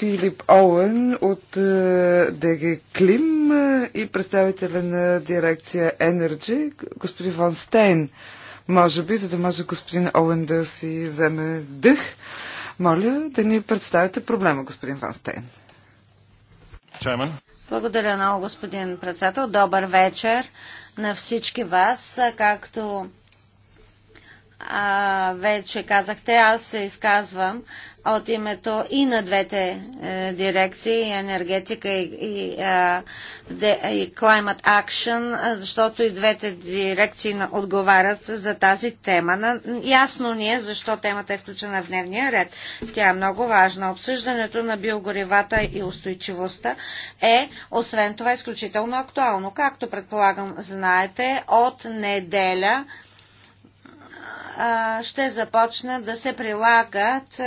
Филип Оуен от е, ДГ Клим е, и представителя на дирекция Energy, господин Ван Стейн. Може би, за да може господин Оуен да си вземе дъх, моля да ни представите проблема, господин Ван Стейн. Чайман. Благодаря много, господин председател. Добър вечер на всички вас. Както а, вече казахте, аз се изказвам от името и на двете е, дирекции, енергетика и, и, е, и Climate Action, е, защото и двете дирекции отговарят за тази тема. Ясно ни е защо темата е включена в дневния ред. Тя е много важна. Обсъждането на биогоривата и устойчивостта е, освен това, изключително актуално. Както предполагам, знаете, от неделя ще започнат да се прилагат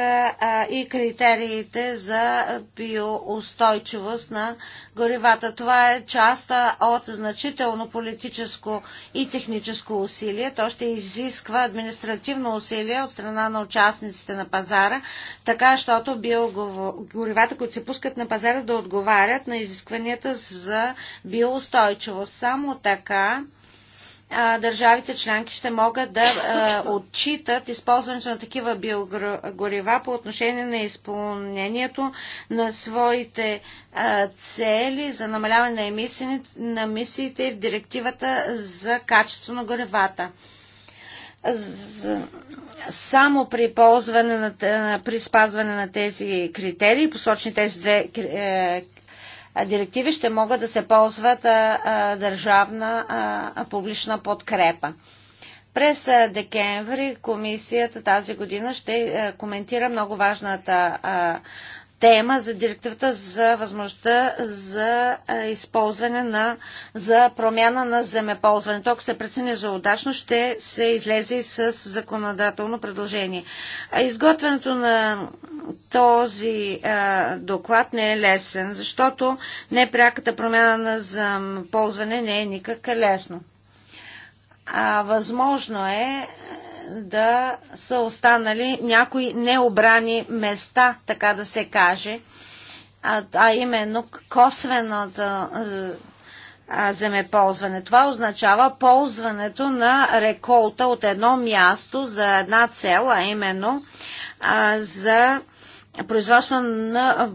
и критериите за биоустойчивост на горивата. Това е част от значително политическо и техническо усилие. То ще изисква административно усилие от страна на участниците на пазара, така защото биогоривата, които се пускат на пазара, да отговарят на изискванията за биоустойчивост. Само така държавите членки ще могат да отчитат използването на такива биогорива по отношение на изпълнението на своите цели за намаляване на, емисии, на емисиите в директивата за качество на горевата само при, ползване на, при спазване на тези критерии, посочени тези две е, директиви ще могат да се ползват държавна публична подкрепа. През декември комисията тази година ще коментира много важната тема за директивата за възможността за използване на, за промяна на земеползването. Ако се прецени за удачно, ще се излезе и с законодателно предложение. Изготвянето на този а, доклад не е лесен, защото непряката промяна на земеползване не е никак лесно. А, възможно е да са останали някои необрани места, така да се каже, а, а именно косвеното земеползване. Това означава ползването на реколта от едно място за една цел, а именно а, за производство на,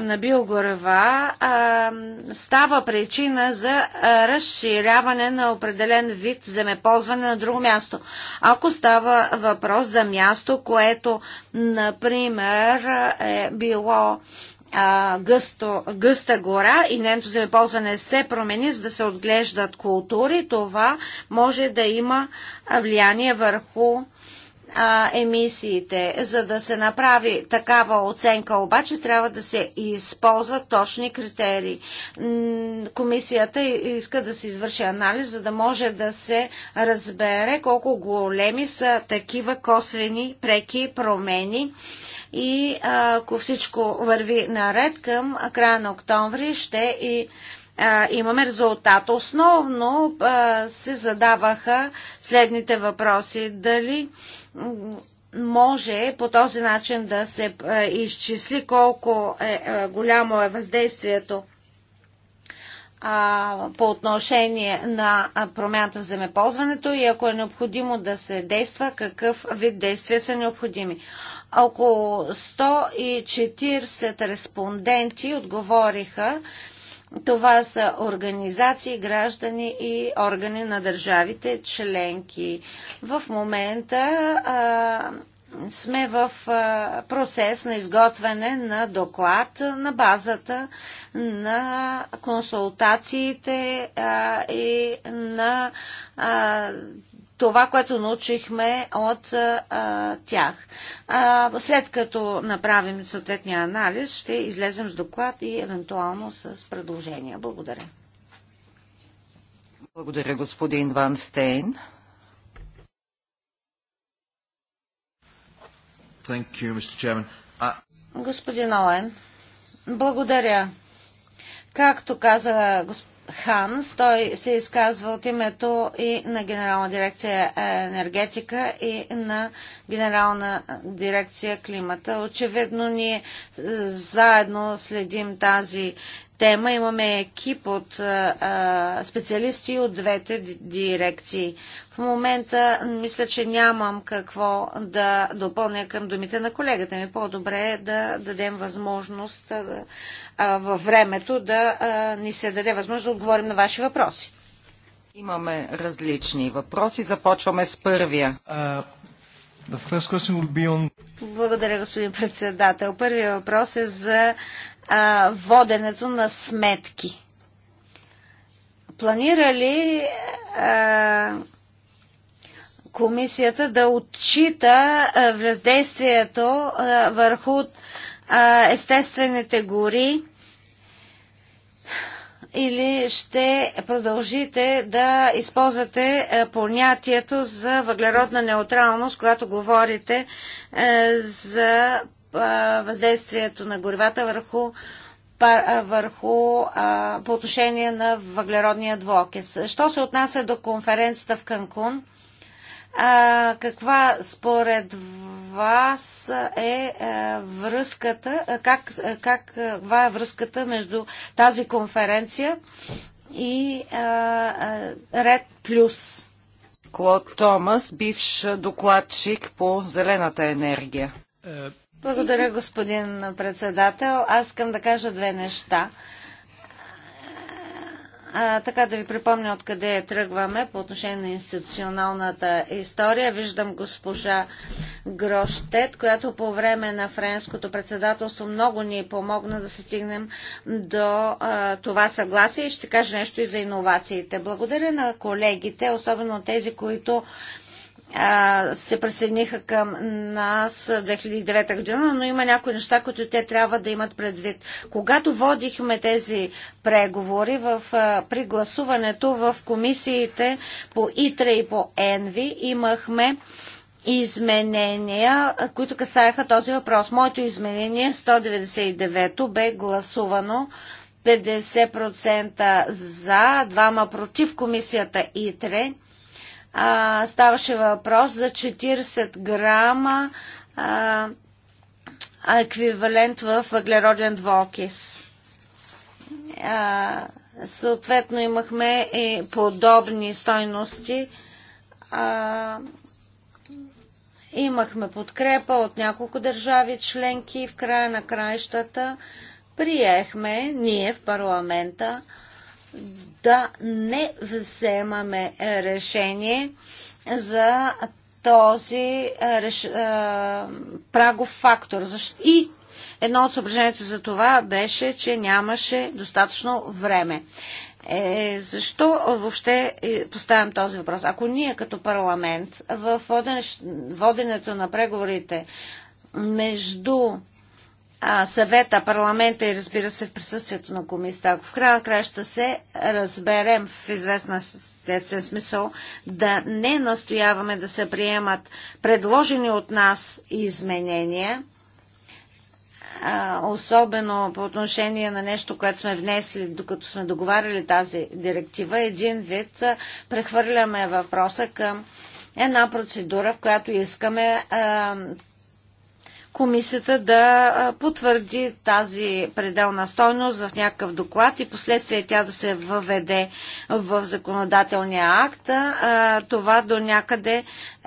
на биогорева а, става причина за разширяване на определен вид земеползване на друго място. Ако става въпрос за място, което, например, е било а, гъсто, гъста гора и нейното земеползване се промени, за да се отглеждат култури, това може да има влияние върху а, емисиите. За да се направи такава оценка, обаче трябва да се използват точни критерии. Комисията иска да се извърши анализ, за да може да се разбере колко големи са такива косвени преки промени и ако всичко върви наред към края на октомври ще и а, имаме резултат. Основно а, се задаваха следните въпроси. Дали а, може по този начин да се е, изчисли колко е, е, голямо е въздействието по отношение на промяната в земеползването и ако е необходимо да се действа, какъв вид действия са необходими. Около 140 респонденти отговориха, това са организации, граждани и органи на държавите членки. В момента а, сме в а, процес на изготвяне на доклад на базата на консултациите а, и на а, това, което научихме от а, тях. А, след като направим съответния анализ, ще излезем с доклад и евентуално с предложения. Благодаря. Благодаря, господин Ван Стейн. Thank you, Mr. Chairman. Господин Оен, благодаря. Както каза господин Ханс. Той се изказва от името и на Генерална дирекция е, енергетика и на Генерална дирекция климата. Очевидно ние е, заедно следим тази тема. Имаме екип от а, специалисти от двете дирекции. В момента мисля, че нямам какво да допълня към думите на колегата ми. По-добре е да дадем възможност а, във времето да а, ни се даде възможност да отговорим на ваши въпроси. Имаме различни въпроси. Започваме с първия. Uh, on... Благодаря, господин председател. Първият въпрос е за а, воденето на сметки. Планира ли а, комисията да отчита а, въздействието а, върху а, естествените гори или ще продължите да използвате понятието за въглеродна неутралност, когато говорите за въздействието на горивата върху върху а, по отношение на въглеродния двокис. Що се отнася до конференцията в Канкун, а, каква според вас е а, е, връзката, а, как, а, как, каква е връзката между тази конференция и а, а, Ред Плюс? Клод Томас, бивш докладчик по зелената енергия. Е, благодаря, господин председател. Аз искам да кажа две неща. А, така да ви припомня откъде тръгваме по отношение на институционалната история. Виждам госпожа Гроштет, която по време на френското председателство много ни помогна да се стигнем до а, това съгласие и ще кажа нещо и за иновациите. Благодаря на колегите, особено тези, които се присъединиха към нас в 2009 година, но има някои неща, които те трябва да имат предвид. Когато водихме тези преговори в, при гласуването в комисиите по ИТРА и по ЕНВИ, имахме изменения, които касаеха този въпрос. Моето изменение 199 бе гласувано 50% за, двама против комисията ИТРЕ а, ставаше въпрос за 40 грама а, еквивалент в въглероден двокис. А, съответно имахме и подобни стойности. А, имахме подкрепа от няколко държави членки в края на краищата приехме ние в парламента да не вземаме решение за този реш... прагов фактор. И едно от съображенията за това беше, че нямаше достатъчно време. Е, защо въобще е, поставям този въпрос? Ако ние като парламент в воденето на преговорите между а, съвета, парламента и разбира се в присъствието на комисията. Ако в края края ще се разберем в известна естествен смисъл да не настояваме да се приемат предложени от нас изменения, а, особено по отношение на нещо, което сме внесли, докато сме договаряли тази директива, един вид а, прехвърляме въпроса към една процедура, в която искаме а, комисията да потвърди тази пределна стойност в някакъв доклад и последствие тя да се въведе в законодателния акт. Това до някъде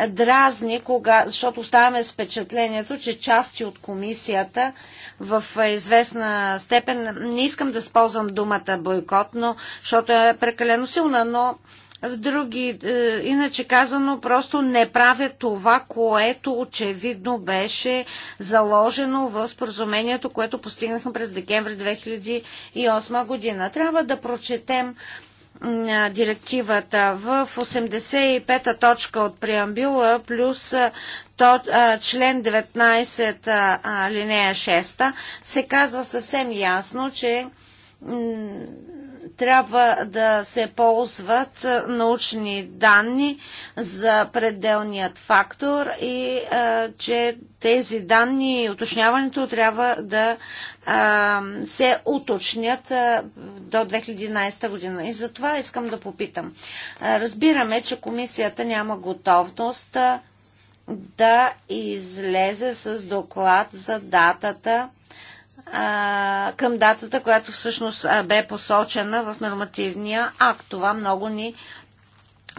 дразни, кога, защото оставаме с впечатлението, че части от комисията в известна степен, не искам да използвам думата бойкот, но, защото е прекалено силна, но в други, е, иначе казано, просто не правят това, което очевидно беше заложено в споразумението, което постигнахме през декември 2008 година. Трябва да прочетем е, директивата в 85-та точка от преамбюла плюс е, то, член 19 а, линия 6 се казва съвсем ясно, че трябва да се ползват е, научни данни за пределният фактор и а, е, че тези данни и уточняването трябва да а, е, се уточнят а, до 2011 година. И затова искам да попитам. А, разбираме, че комисията няма готовност а, да излезе с доклад за датата към датата, която всъщност бе посочена в нормативния акт. Това много ни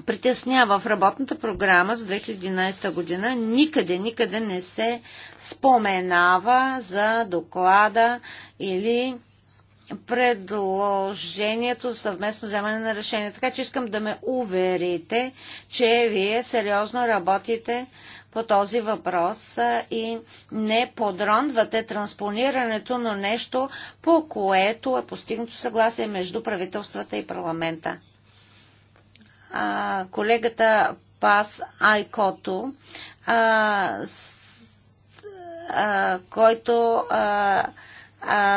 притеснява. В работната програма за 2011 година никъде, никъде не се споменава за доклада или предложението за съвместно вземане на решение. Така че искам да ме уверите, че вие сериозно работите по този въпрос и не подронвате транспонирането на нещо, по което е постигнато съгласие между правителствата и парламента. А, колегата Пас Айкото, а, с, а, който а,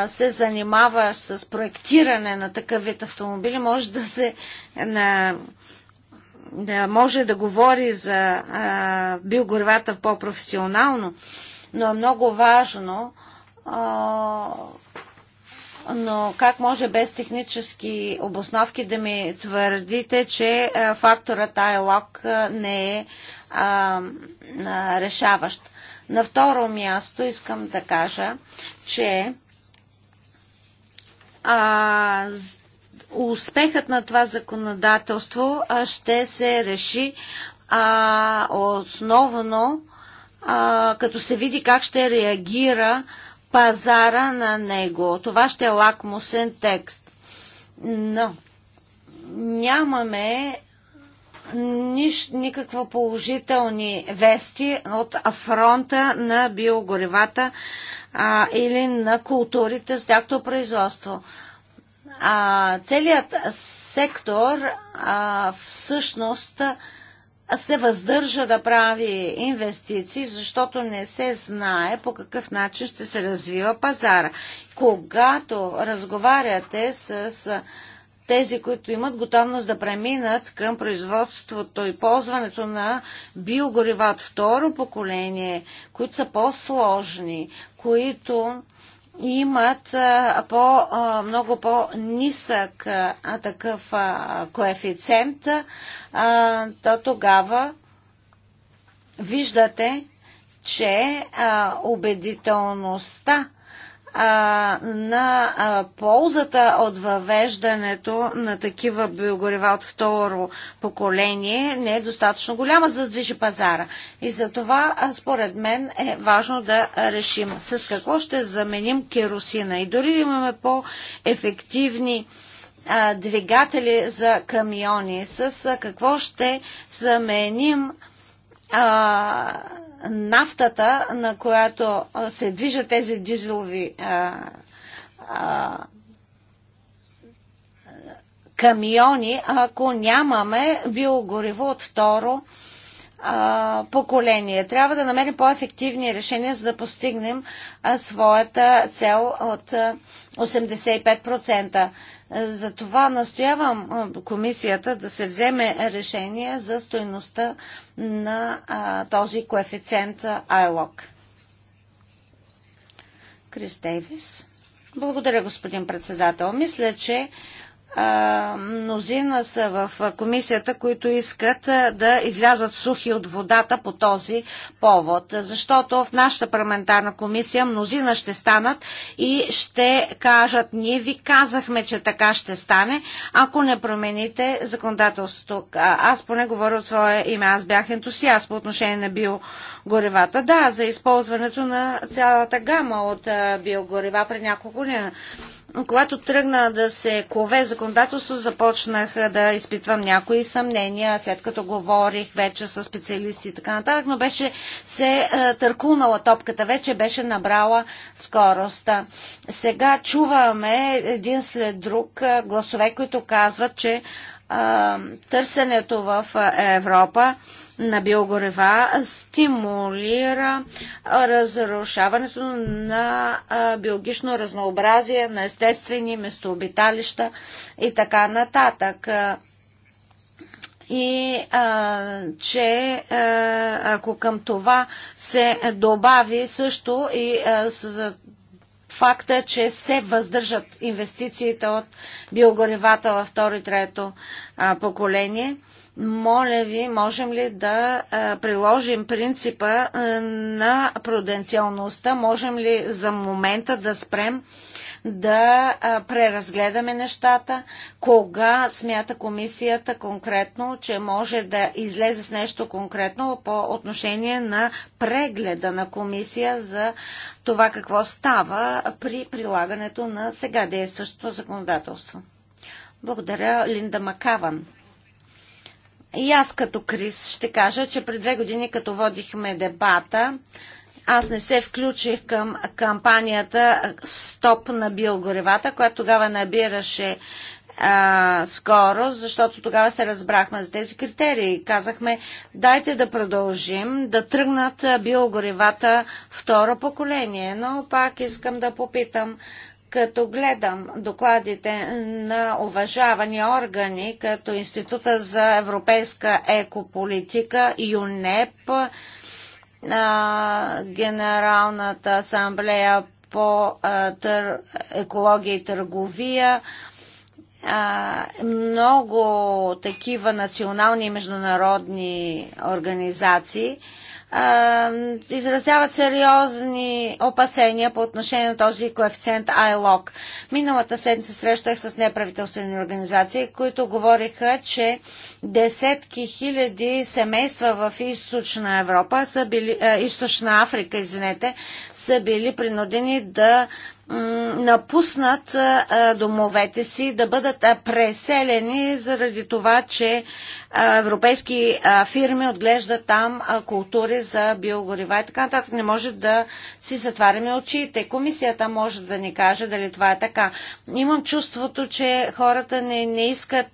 се занимава с проектиране на такъв вид автомобили, може да се на, да може да говори за биогоревата по-професионално, но е много важно но как може без технически обосновки да ми твърдите, че факторът ILOC не е а, а, решаващ? На второ място искам да кажа, че а, успехът на това законодателство ще се реши а, основно а, като се види как ще реагира пазара на него. Това ще е лакмусен текст. Но нямаме ниш, никаква положителни вести от фронта на биогоревата а, или на културите с тяхто производство а, целият сектор а, всъщност се въздържа да прави инвестиции, защото не се знае по какъв начин ще се развива пазара. Когато разговаряте с, с тези, които имат готовност да преминат към производството и ползването на биогорива от второ поколение, които са по-сложни, които имат по, много по-нисък такъв коефициент, то тогава виждате, че убедителността на ползата от въвеждането на такива биогорива от второ поколение не е достатъчно голяма, за да сдвижи пазара. И за това, според мен, е важно да решим с какво ще заменим керосина. И дори да имаме по-ефективни двигатели за камиони, с какво ще заменим а, нафтата, на която се движат тези дизелови а, а, камиони, ако нямаме биогориво от второ поколение. Трябва да намерим по-ефективни решения, за да постигнем а, своята цел от а, 85%. Затова настоявам комисията да се вземе решение за стоеността на а, този коефициент ILOC. Крис Дейвис. Благодаря, господин председател. Мисля, че а, мнозина са в комисията, които искат да излязат сухи от водата по този повод. Защото в нашата парламентарна комисия мнозина ще станат и ще кажат, ние ви казахме, че така ще стане, ако не промените законодателството. Аз поне говоря от своя име, аз бях ентусиаст по отношение на биогоревата. Да, за използването на цялата гама от биогорева при няколко години когато тръгна да се кове законодателство, започнах да изпитвам някои съмнения, след като говорих вече с специалисти и така нататък, но беше се е, търкунала топката, вече беше набрала скоростта. Сега чуваме един след друг гласове, които казват, че търсенето в Европа на биогорева стимулира разрушаването на биологично разнообразие, на естествени местообиталища и така нататък и а, че а, ако към това се добави също и а, с, факта, че се въздържат инвестициите от биогоревата във второ и трето а, поколение, моля ви, можем ли да приложим принципа на пруденциалността? Можем ли за момента да спрем да преразгледаме нещата? Кога смята комисията конкретно, че може да излезе с нещо конкретно по отношение на прегледа на комисия за това какво става при прилагането на сега действащото законодателство? Благодаря, Линда Макаван. И аз като Крис ще кажа, че пред две години, като водихме дебата, аз не се включих към кампанията Стоп на биогоревата, която тогава набираше а, скоро, защото тогава се разбрахме за тези критерии. Казахме, дайте да продължим да тръгнат биогоревата второ поколение. Но пак искам да попитам като гледам докладите на уважавани органи, като Института за европейска екополитика, ЮНЕП, Генералната асамблея по екология и търговия, много такива национални и международни организации – изразяват сериозни опасения по отношение на този коефициент ILOC. Миналата седмица срещах с неправителствени организации, които говориха, че десетки хиляди семейства в източна Европа са били, източна Африка, извинете, са били принудени да напуснат домовете си, да бъдат преселени заради това, че европейски фирми отглеждат там култури за биогорива и така нататък. Не може да си затваряме очите. Комисията може да ни каже дали това е така. Имам чувството, че хората не, не искат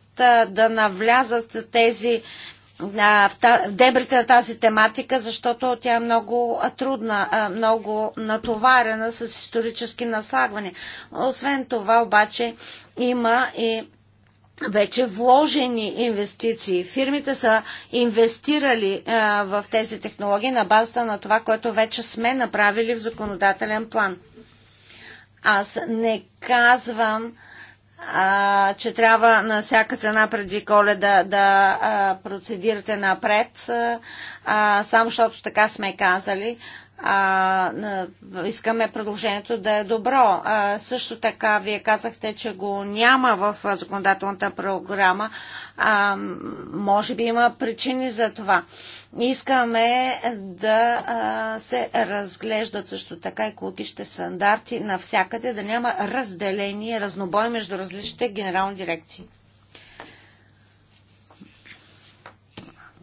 да навлязат тези в дебрите на тази тематика, защото тя е много трудна, много натоварена с исторически наслагване. Освен това обаче има и вече вложени инвестиции. Фирмите са инвестирали а, в тези технологии на базата на това, което вече сме направили в законодателен план. Аз не казвам, а, че трябва на всяка цена преди коледа да а, процедирате напред, а, само защото така сме казали. А, искаме предложението да е добро. А, също така, вие казахте, че го няма в законодателната програма. А, може би има причини за това. Искаме да а, се разглеждат също така екологичните стандарти навсякъде, да няма разделение, разнобой между различните генерални дирекции.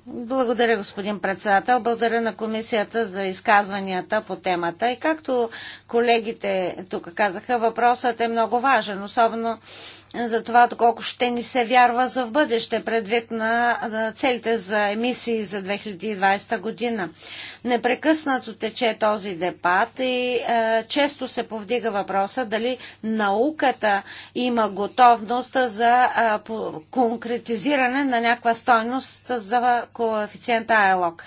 Благодаря, господин председател. Благодаря на комисията за изказванията по темата. И както колегите тук казаха, въпросът е много важен, особено за това доколко ще ни се вярва за в бъдеще, предвид на, целите за емисии за 2020 година. Непрекъснато тече този дебат и е, често се повдига въпроса дали науката има готовност за е, по, конкретизиране на някаква стойност за коефициента АЕЛОК.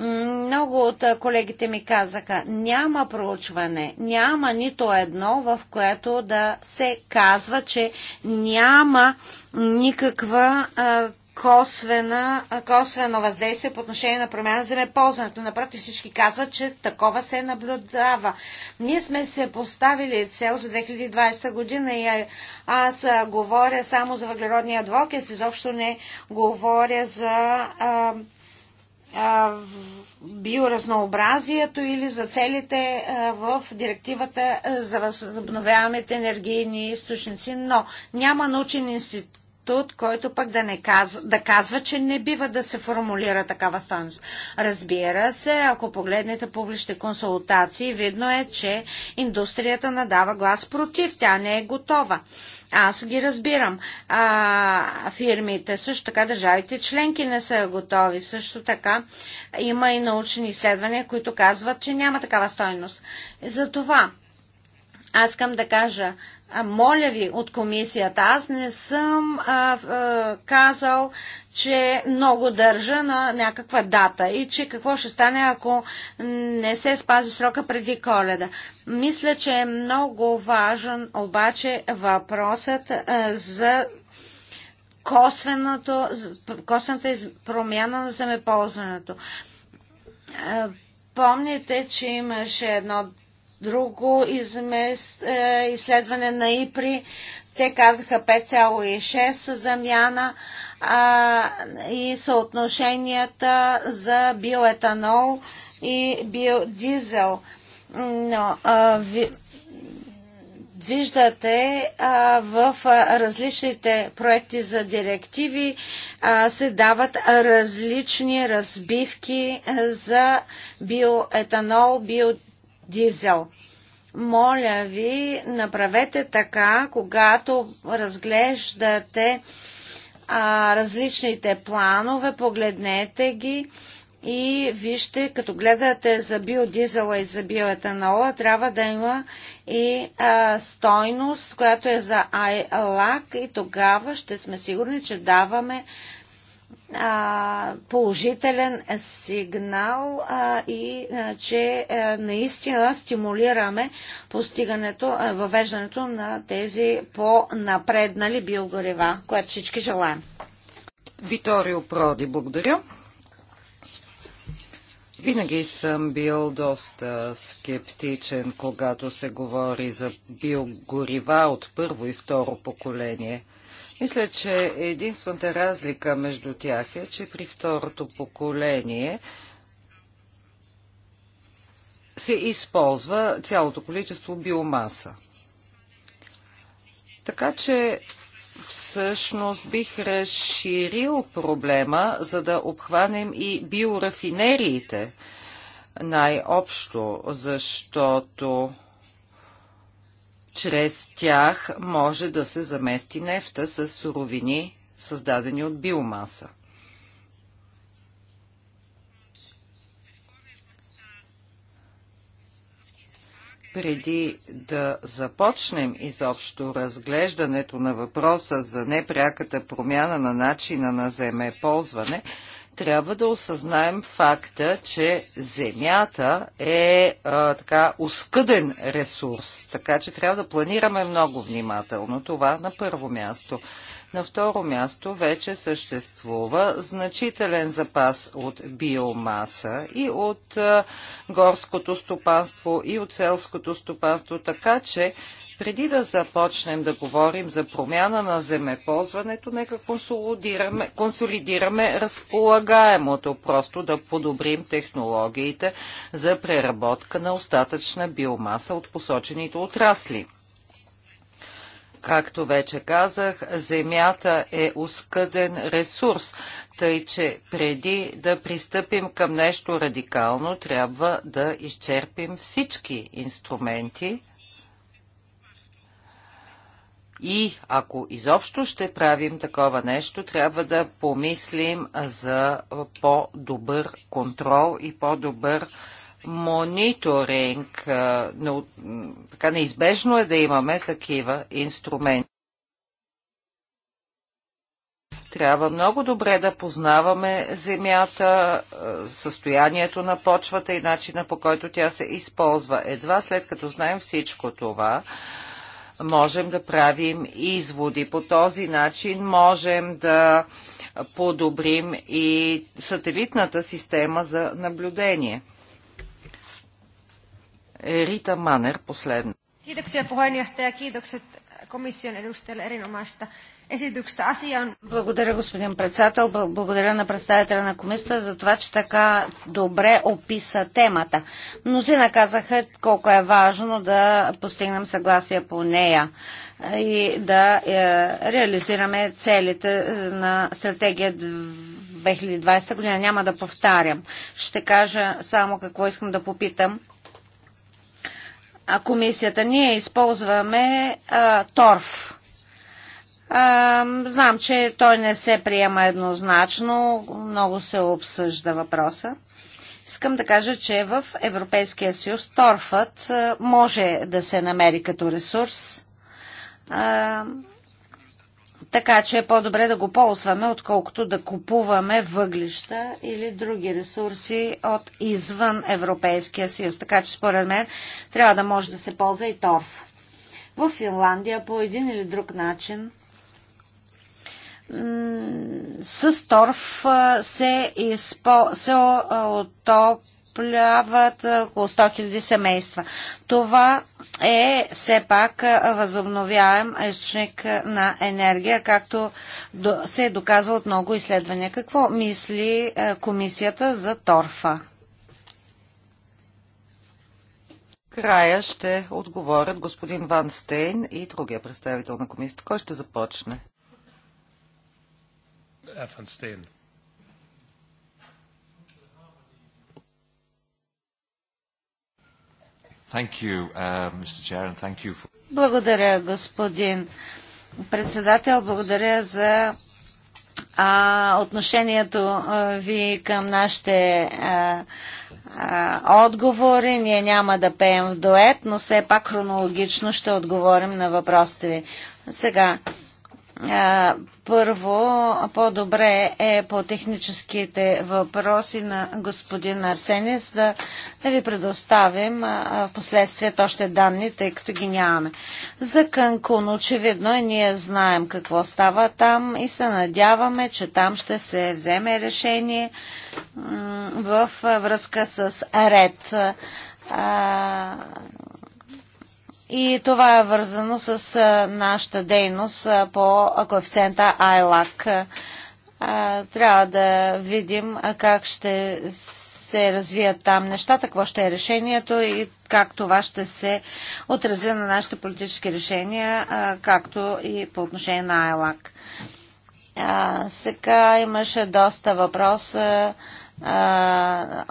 Много от колегите ми казаха, няма проучване, няма нито едно, в което да се казва, че няма никаква косвена, косвено въздействие по отношение на промяна на земеползването. Напротив, всички казват, че такова се наблюдава. Ние сме се поставили цел за 2020 година и аз говоря само за въглеродния аз изобщо не говоря за биоразнообразието или за целите в директивата за възобновяемите енергийни източници. Но няма научен институт статут, който пък да, не казва, да казва, че не бива да се формулира такава стоеност. Разбира се, ако погледнете публичните консултации, видно е, че индустрията надава глас против, тя не е готова. Аз ги разбирам. А, фирмите, също така държавите членки не са готови. Също така има и научни изследвания, които казват, че няма такава стойност. Затова аз искам да кажа, а, моля ви от комисията, аз не съм а, а, казал, че много държа на някаква дата и че какво ще стане, ако не се спази срока преди коледа. Мисля, че е много важен обаче въпросът а, за косвеното, косвената промяна на земеползването. А, помните, че имаше едно друго измест, е, изследване на ИПРИ. Те казаха 5,6 замяна а, и съотношенията за биоетанол и биодизел. Но а, ви, виждате а, в а, различните проекти за директиви а, се дават различни разбивки е, за биоетанол, биодизел дизел. Моля ви, направете така, когато разглеждате а, различните планове, погледнете ги и вижте, като гледате за биодизела и за биоетанола, трябва да има и а, стойност, която е за айлак и тогава ще сме сигурни, че даваме а, положителен сигнал а, и а, че а, наистина стимулираме постигането, а, въвеждането на тези по-напреднали биогорива, което всички желаем. Виторио Проди, благодаря. Винаги съм бил доста скептичен, когато се говори за биогорива от първо и второ поколение – мисля, че единствената разлика между тях е, че при второто поколение се използва цялото количество биомаса. Така че всъщност бих разширил проблема, за да обхванем и биорафинериите най-общо, защото чрез тях може да се замести нефта с суровини, създадени от биомаса. преди да започнем изобщо разглеждането на въпроса за непряката промяна на начина на земеползване, трябва да осъзнаем факта, че земята е а, така оскъден ресурс, така че трябва да планираме много внимателно това на първо място. На второ място вече съществува значителен запас от биомаса и от е, горското стопанство, и от селското стопанство, така че преди да започнем да говорим за промяна на земеползването, нека консолидираме, консолидираме разполагаемото, просто да подобрим технологиите за преработка на остатъчна биомаса от посочените отрасли. Както вече казах, земята е оскъден ресурс, тъй че преди да пристъпим към нещо радикално, трябва да изчерпим всички инструменти и ако изобщо ще правим такова нещо, трябва да помислим за по-добър контрол и по-добър мониторинг. Но, така неизбежно е да имаме такива инструменти. Трябва много добре да познаваме земята, състоянието на почвата и начина по който тя се използва. Едва след като знаем всичко това, можем да правим изводи. По този начин можем да подобрим и сателитната система за наблюдение. Rita Манер последно. Kiitoksia puheenjohtaja, kiitokset erinomaista esityksestä. Благодаря, господин председател. Благодаря на представителя на комисията за това, че така добре описа темата. Мнозина казаха колко е важно да постигнем съгласие по нея и да е, реализираме целите е, на стратегия 2020 година. Няма да повтарям. Ще кажа само какво искам да попитам комисията. Ние използваме а, торф. А, знам, че той не се приема еднозначно, много се обсъжда въпроса. Искам да кажа, че в Европейския съюз торфът а, може да се намери като ресурс. А, така че е по-добре да го ползваме, отколкото да купуваме въглища или други ресурси от извън Европейския съюз. Така че според мен трябва да може да се ползва и торф. В Финландия по един или друг начин с торф се, изпо... се отоп около 100 000 семейства. Това е все пак възобновяем източник на енергия, както се е доказва от много изследвания. Какво мисли комисията за торфа? Края ще отговорят господин Ван Стейн и другия представител на комисията. Кой ще започне? Е, Ван Стейн. Uh, Благодаря, господин председател. Благодаря за отношението ви към нашите отговори. Ние няма да пеем в дует, но все пак хронологично ще отговорим на въпросите ви. Сега, първо, по-добре е по техническите въпроси на господин Арсенис да, да ви предоставим в последствие още данни, тъй като ги нямаме. За Канкун очевидно и ние знаем какво става там и се надяваме, че там ще се вземе решение в връзка с ред и това е вързано с нашата дейност по коефициента айлак. Трябва да видим как ще се развият там нещата, какво ще е решението и как това ще се отрази на нашите политически решения, както и по отношение на айлак. Сега имаше доста въпроса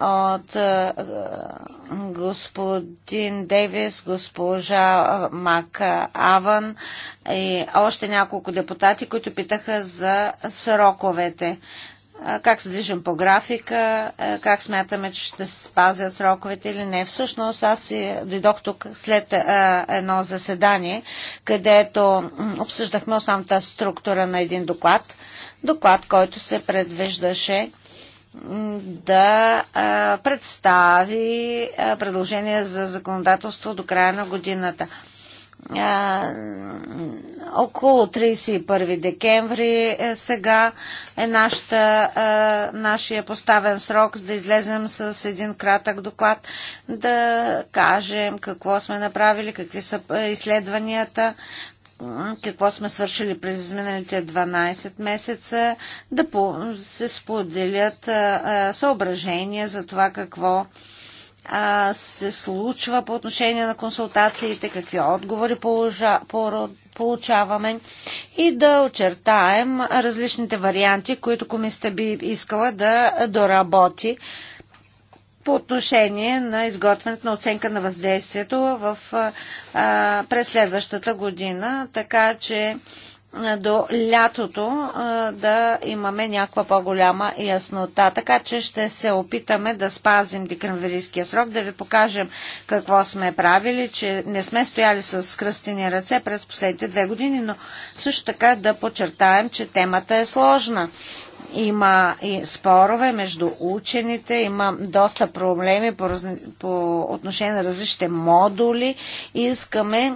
от господин Дейвис, госпожа Мак Аван и още няколко депутати, които питаха за сроковете. Как се движим по графика, как смятаме, че ще се спазят сроковете или не. Всъщност аз дойдох тук след едно заседание, където обсъждахме основната структура на един доклад. Доклад, който се предвиждаше да а, представи а, предложение за законодателство до края на годината. А, около 31 декември е, сега е нашата, а, нашия поставен срок за да излезем с един кратък доклад, да кажем какво сме направили, какви са изследванията, какво сме свършили през изминалите 12 месеца, да се споделят съображения за това какво се случва по отношение на консултациите, какви отговори получаваме и да очертаем различните варианти, които комисията би искала да доработи по отношение на изготвянето на оценка на въздействието в, а, през следващата година, така че до лятото да имаме някаква по-голяма яснота. Така че ще се опитаме да спазим декемврийския срок, да ви покажем какво сме правили, че не сме стояли с кръстени ръце през последните две години, но също така да подчертаем, че темата е сложна има и спорове между учените, има доста проблеми по, разни, по отношение на различните модули. Искаме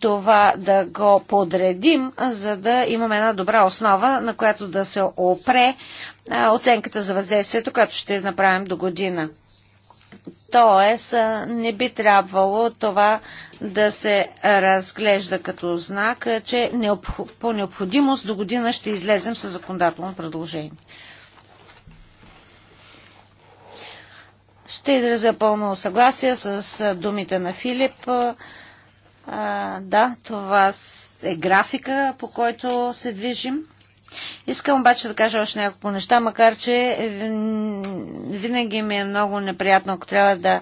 това да го подредим, за да имаме една добра основа, на която да се опре оценката за въздействието, която ще направим до година. Тоест, не би трябвало това да се разглежда като знак, че по необходимост до година ще излезем с законодателно предложение. Ще изразя пълно съгласие с думите на Филип. да, това е графика, по който се движим. Искам обаче да кажа още няколко неща, макар че е, винаги ми е много неприятно, ако трябва да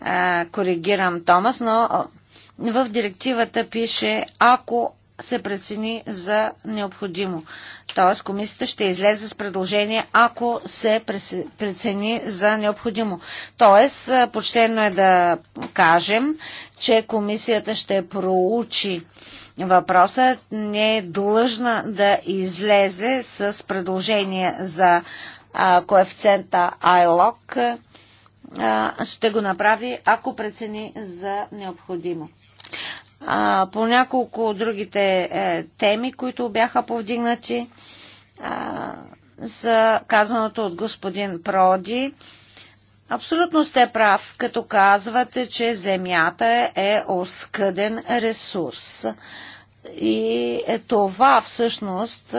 а, коригирам Томас, но в директивата пише, ако се прецени за необходимо. Т.е. комисията ще излезе с предложение, ако се прецени за необходимо. Т.е. почтено е да кажем, че комисията ще проучи Въпросът не е длъжна да излезе с предложение за а, коефициента ILOC. А, ще го направи, ако прецени за необходимо. А, по няколко другите е, теми, които бяха повдигнати за казаното от господин Проди, Абсолютно сте прав, като казвате, че земята е оскъден ресурс. И е това всъщност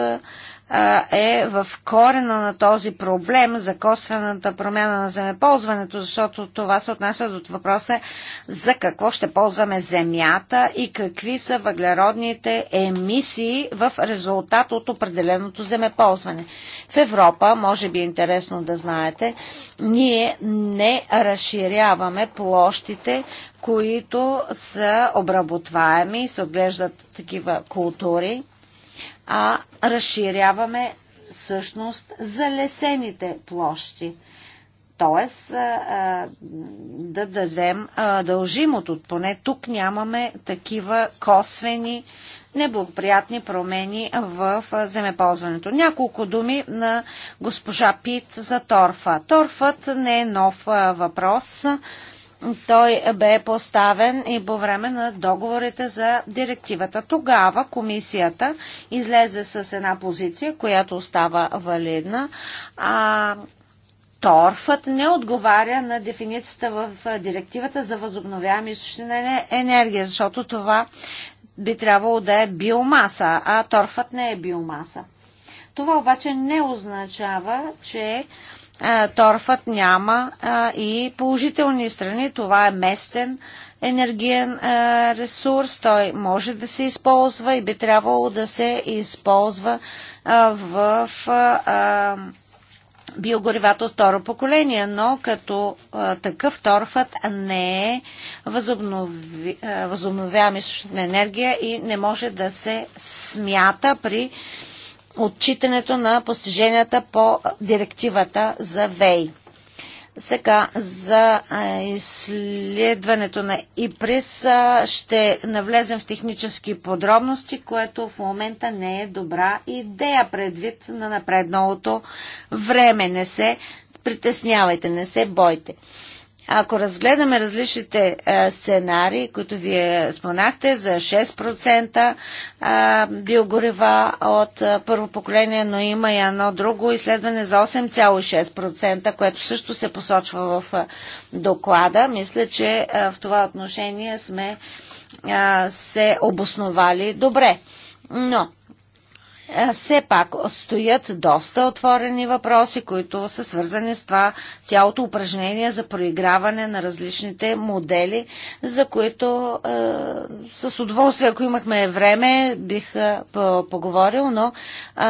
е в корена на този проблем за косвената промяна на земеползването, защото това се отнася до въпроса за какво ще ползваме земята и какви са въглеродните емисии в резултат от определеното земеползване. В Европа, може би е интересно да знаете, ние не разширяваме площите, които са обработваеми, се отглеждат такива култури а разширяваме всъщност залесените площи. Тоест да дадем дължимото, поне тук нямаме такива косвени неблагоприятни промени в земеползването. Няколко думи на госпожа Пит за торфа. Торфът не е нов въпрос. Той бе поставен и по време на договорите за директивата. Тогава комисията излезе с една позиция, която остава валидна. А, торфът не отговаря на дефиницията в директивата за възобновяеми източни на енергия, защото това би трябвало да е биомаса, а торфът не е биомаса. Това обаче не означава, че е, торфът няма е, и положителни страни. Това е местен енергиен е, ресурс, той може да се използва и би трябвало да се използва в биогоривата от второ поколение, но като а, такъв торфът не е възобнови, възобновяем източник на енергия и не може да се смята при отчитането на постиженията по директивата за ВЕИ. Сега за изследването на ИПРИС ще навлезем в технически подробности, което в момента не е добра идея предвид на напредналото време. Не се притеснявайте, не се бойте. Ако разгледаме различните е, сценарии, които вие спонахте за 6% е, биогорева от е, първо поколение, но има и едно друго изследване за 8,6%, което също се посочва в доклада. Мисля, че в това отношение сме се обосновали добре. Но е, все пак стоят доста отворени въпроси, които са свързани с това цялото упражнение за проиграване на различните модели, за които е, с удоволствие, ако имахме време, бих е, поговорил, но е,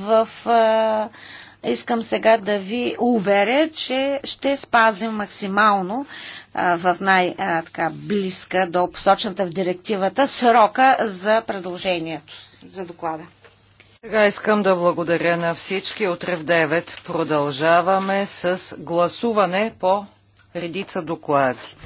в. Е, Искам сега да ви уверя, че ще спазим максимално в най-близка до посочната в директивата срока за предложението, за доклада. Сега искам да благодаря на всички. Утре в 9 продължаваме с гласуване по редица доклади.